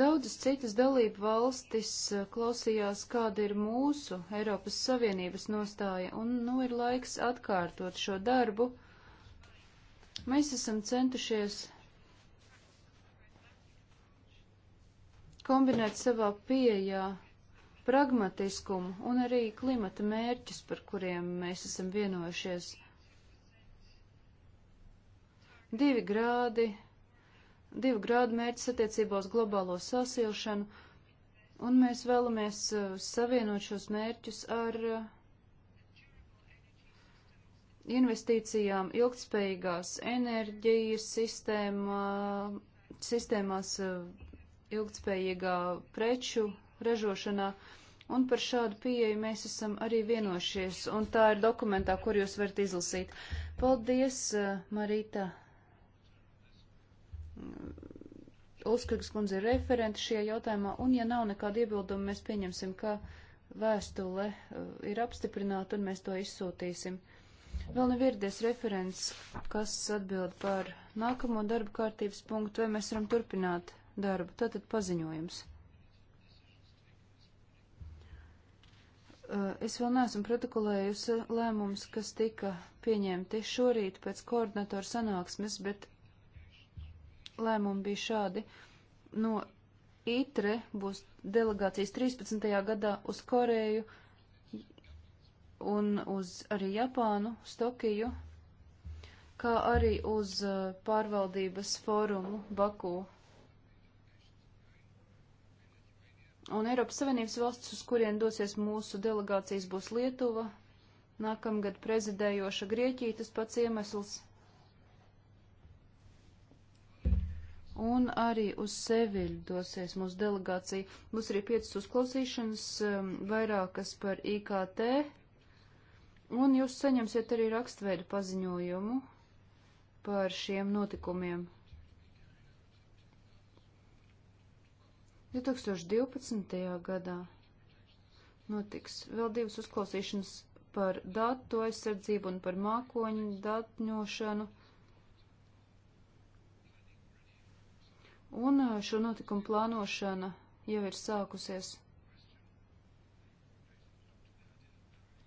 Daudzas citas dalību valstis eh, klausījās, kāda ir mūsu Eiropas Savienības nostāja, un nu ir laiks atkārtot šo darbu. Mēs esam centušies kombinēt savā pieejā pragmatiskumu un arī klimata mērķus, par kuriem mēs esam vienojušies. Divi grādi divu grādu mērķis attiecībā uz globālo sasilšanu, un mēs vēlamies uh, savienot šos mērķus ar uh, investīcijām ilgtspējīgās enerģijas sistēmā, sistēmās uh, ilgtspējīgā preču ražošanā. Un par šādu pieeju mēs esam arī vienojušies, un tā ir dokumentā, kur jūs varat izlasīt. Paldies, Marita Ulskargas kundze ir referenti šajā jautājumā, un ja nav nekāda iebilduma, mēs pieņemsim, ka vēstule uh, ir apstiprināta un mēs to izsūtīsim. Vēl nav ieradies referents, kas atbild par nākamo darba kārtības punktu, vai mēs varam turpināt darbu. Tātad paziņojums. Uh, es vēl neesmu protokolējusi lēmumus, kas tika pieņemti šorīt pēc koordinatoru sanāksmes, bet lēmumi bija šādi. No ITRE būs delegācijas 13. gadā uz Koreju un uz arī Japānu, uz Tokiju, kā arī uz uh, pārvaldības fórumu Bakū. Un Eiropas Savienības valsts, uz kurien dosies mūsu delegācijas, būs Lietuva, nākamgad prezidējoša Grieķija, tas pats iemesls un arī uz Seviļu dosies mūsu delegācija. Būs arī piecas uzklausīšanas, um, vairākas par IKT, un jūs saņemsiet arī rakstveidu paziņojumu par šiem notikumiem. 2012. gadā notiks vēl divas uzklausīšanas par datu aizsardzību un par mākoņu datņošanu. un šo notikumu plānošana jau ir sākusies.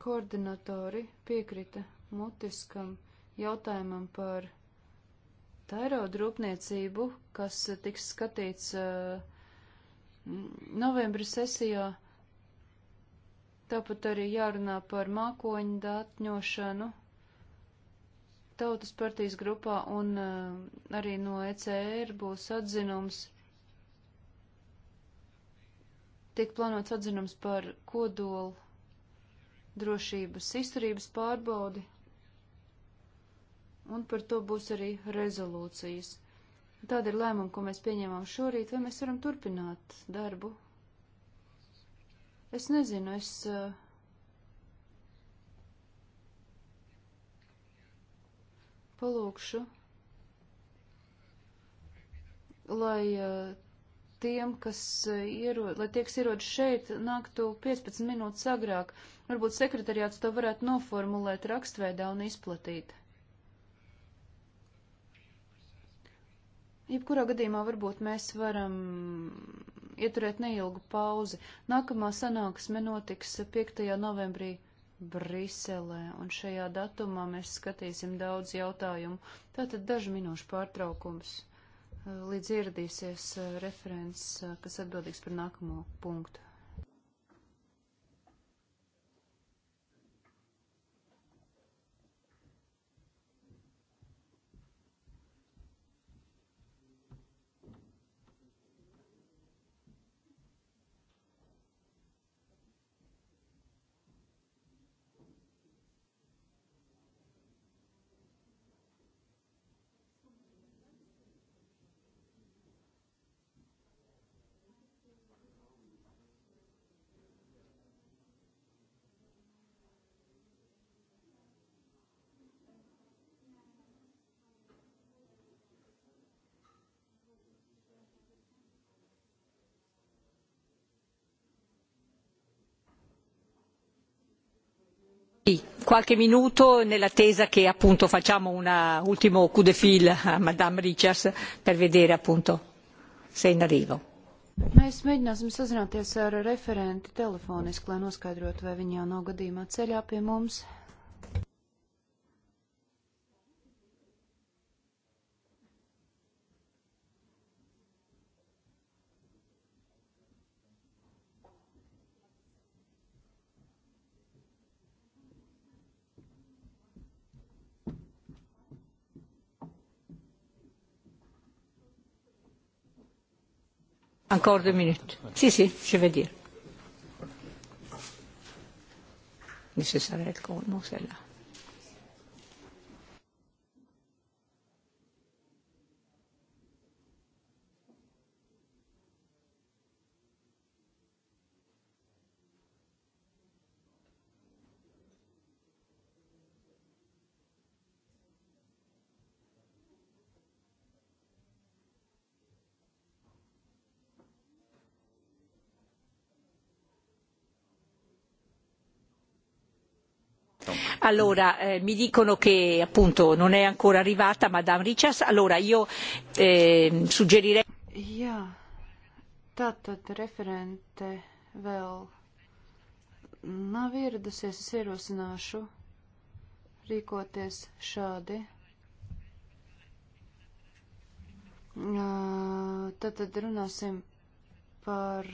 Koordinatori piekrita mutiskam jautājumam par tairodu rūpniecību, kas tiks skatīts uh, novembra sesijā. Tāpat arī jārunā par mākoņu datņošanu. Tautas partijas grupā un eh, arī no ECR būs atzinums. Tiek plānots atzinums par kodolu drošības izturības pārbaudi, un par to būs arī rezolūcijas. Tāda ir lēmuma, ko mēs pieņēmām šorīt, vai mēs varam turpināt darbu. Es nezinu, es uh, palūkšu, lai eh, tiem, kas eh, ierod, lai tie, kas ierod šeit, nāktu 15 minūtes agrāk. Varbūt sekretariāts to varētu noformulēt rakstveidā un izplatīt. Jebkurā gadījumā varbūt mēs varam ieturēt neilgu pauzi. Nākamā sanāksme notiks 5. novembrī. Briselē, un šajā datumā mēs skatīsim daudz jautājumu. Tātad dažu minūšu pārtraukums, līdz ieradīsies eh, referents, eh, kas atbildīgs par nākamo punktu. qualche minuto nell'attesa che appunto facciamo un ultimo coup de fil a Madame Richards per vedere appunto se è in arrivo. Mēs mēģināsim sazināties ar referenti telefoniski, lai noskaidrotu, vai viņi jau nav gadījumā ceļā pie mums. Encore deux minutes. Si, si, je vais dire. Mais ce serait le con, non celle-là. Allora, eh, mi dicono che appunto non è ancora arrivata Madame Richards, allora io eh, suggerirei. Jā, tātad referente vēl nav ieradusies, es ierosināšu rīkoties šādi. Tātad runāsim par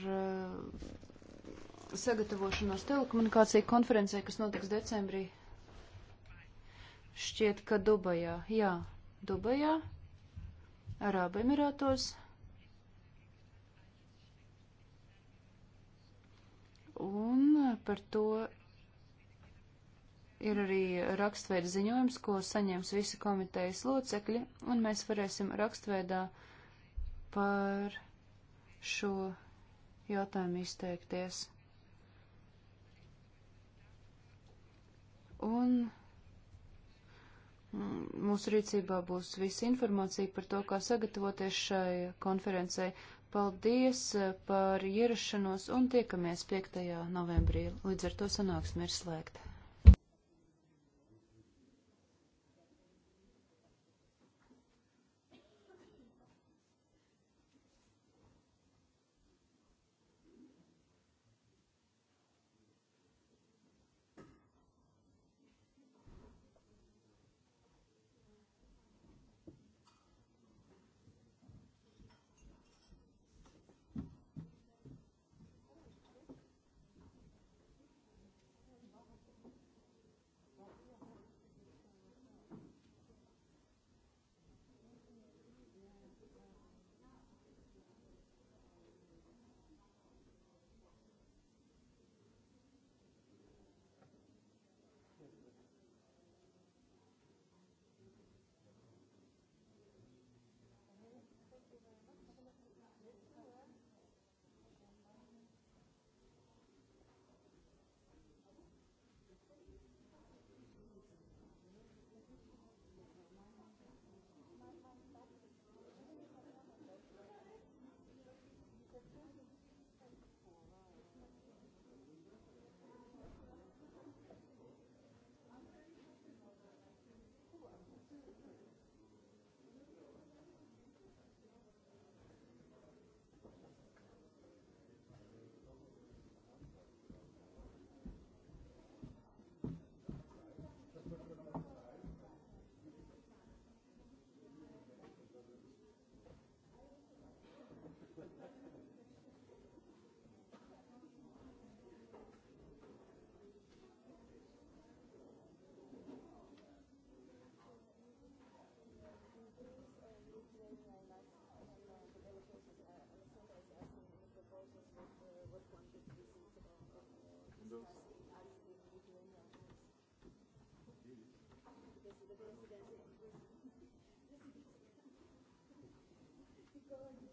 sagatavošanos telekomunikāciju konferencē, kas notiks decembrī Šķiet, ka Dubajā, jā, Dubajā, Arābu Emirātos. Un par to ir arī rakstveida ziņojums, ko saņems visi komitejas locekļi, un mēs varēsim rakstveidā par šo jautājumu izteikties. Un Mm, mūsu rīcībā būs visa informācija par to, kā sagatavoties šai konferencei. Paldies eh, par ierašanos un tiekamies 5. novembrī. Līdz ar to sanāksme ir slēgta. Thank you.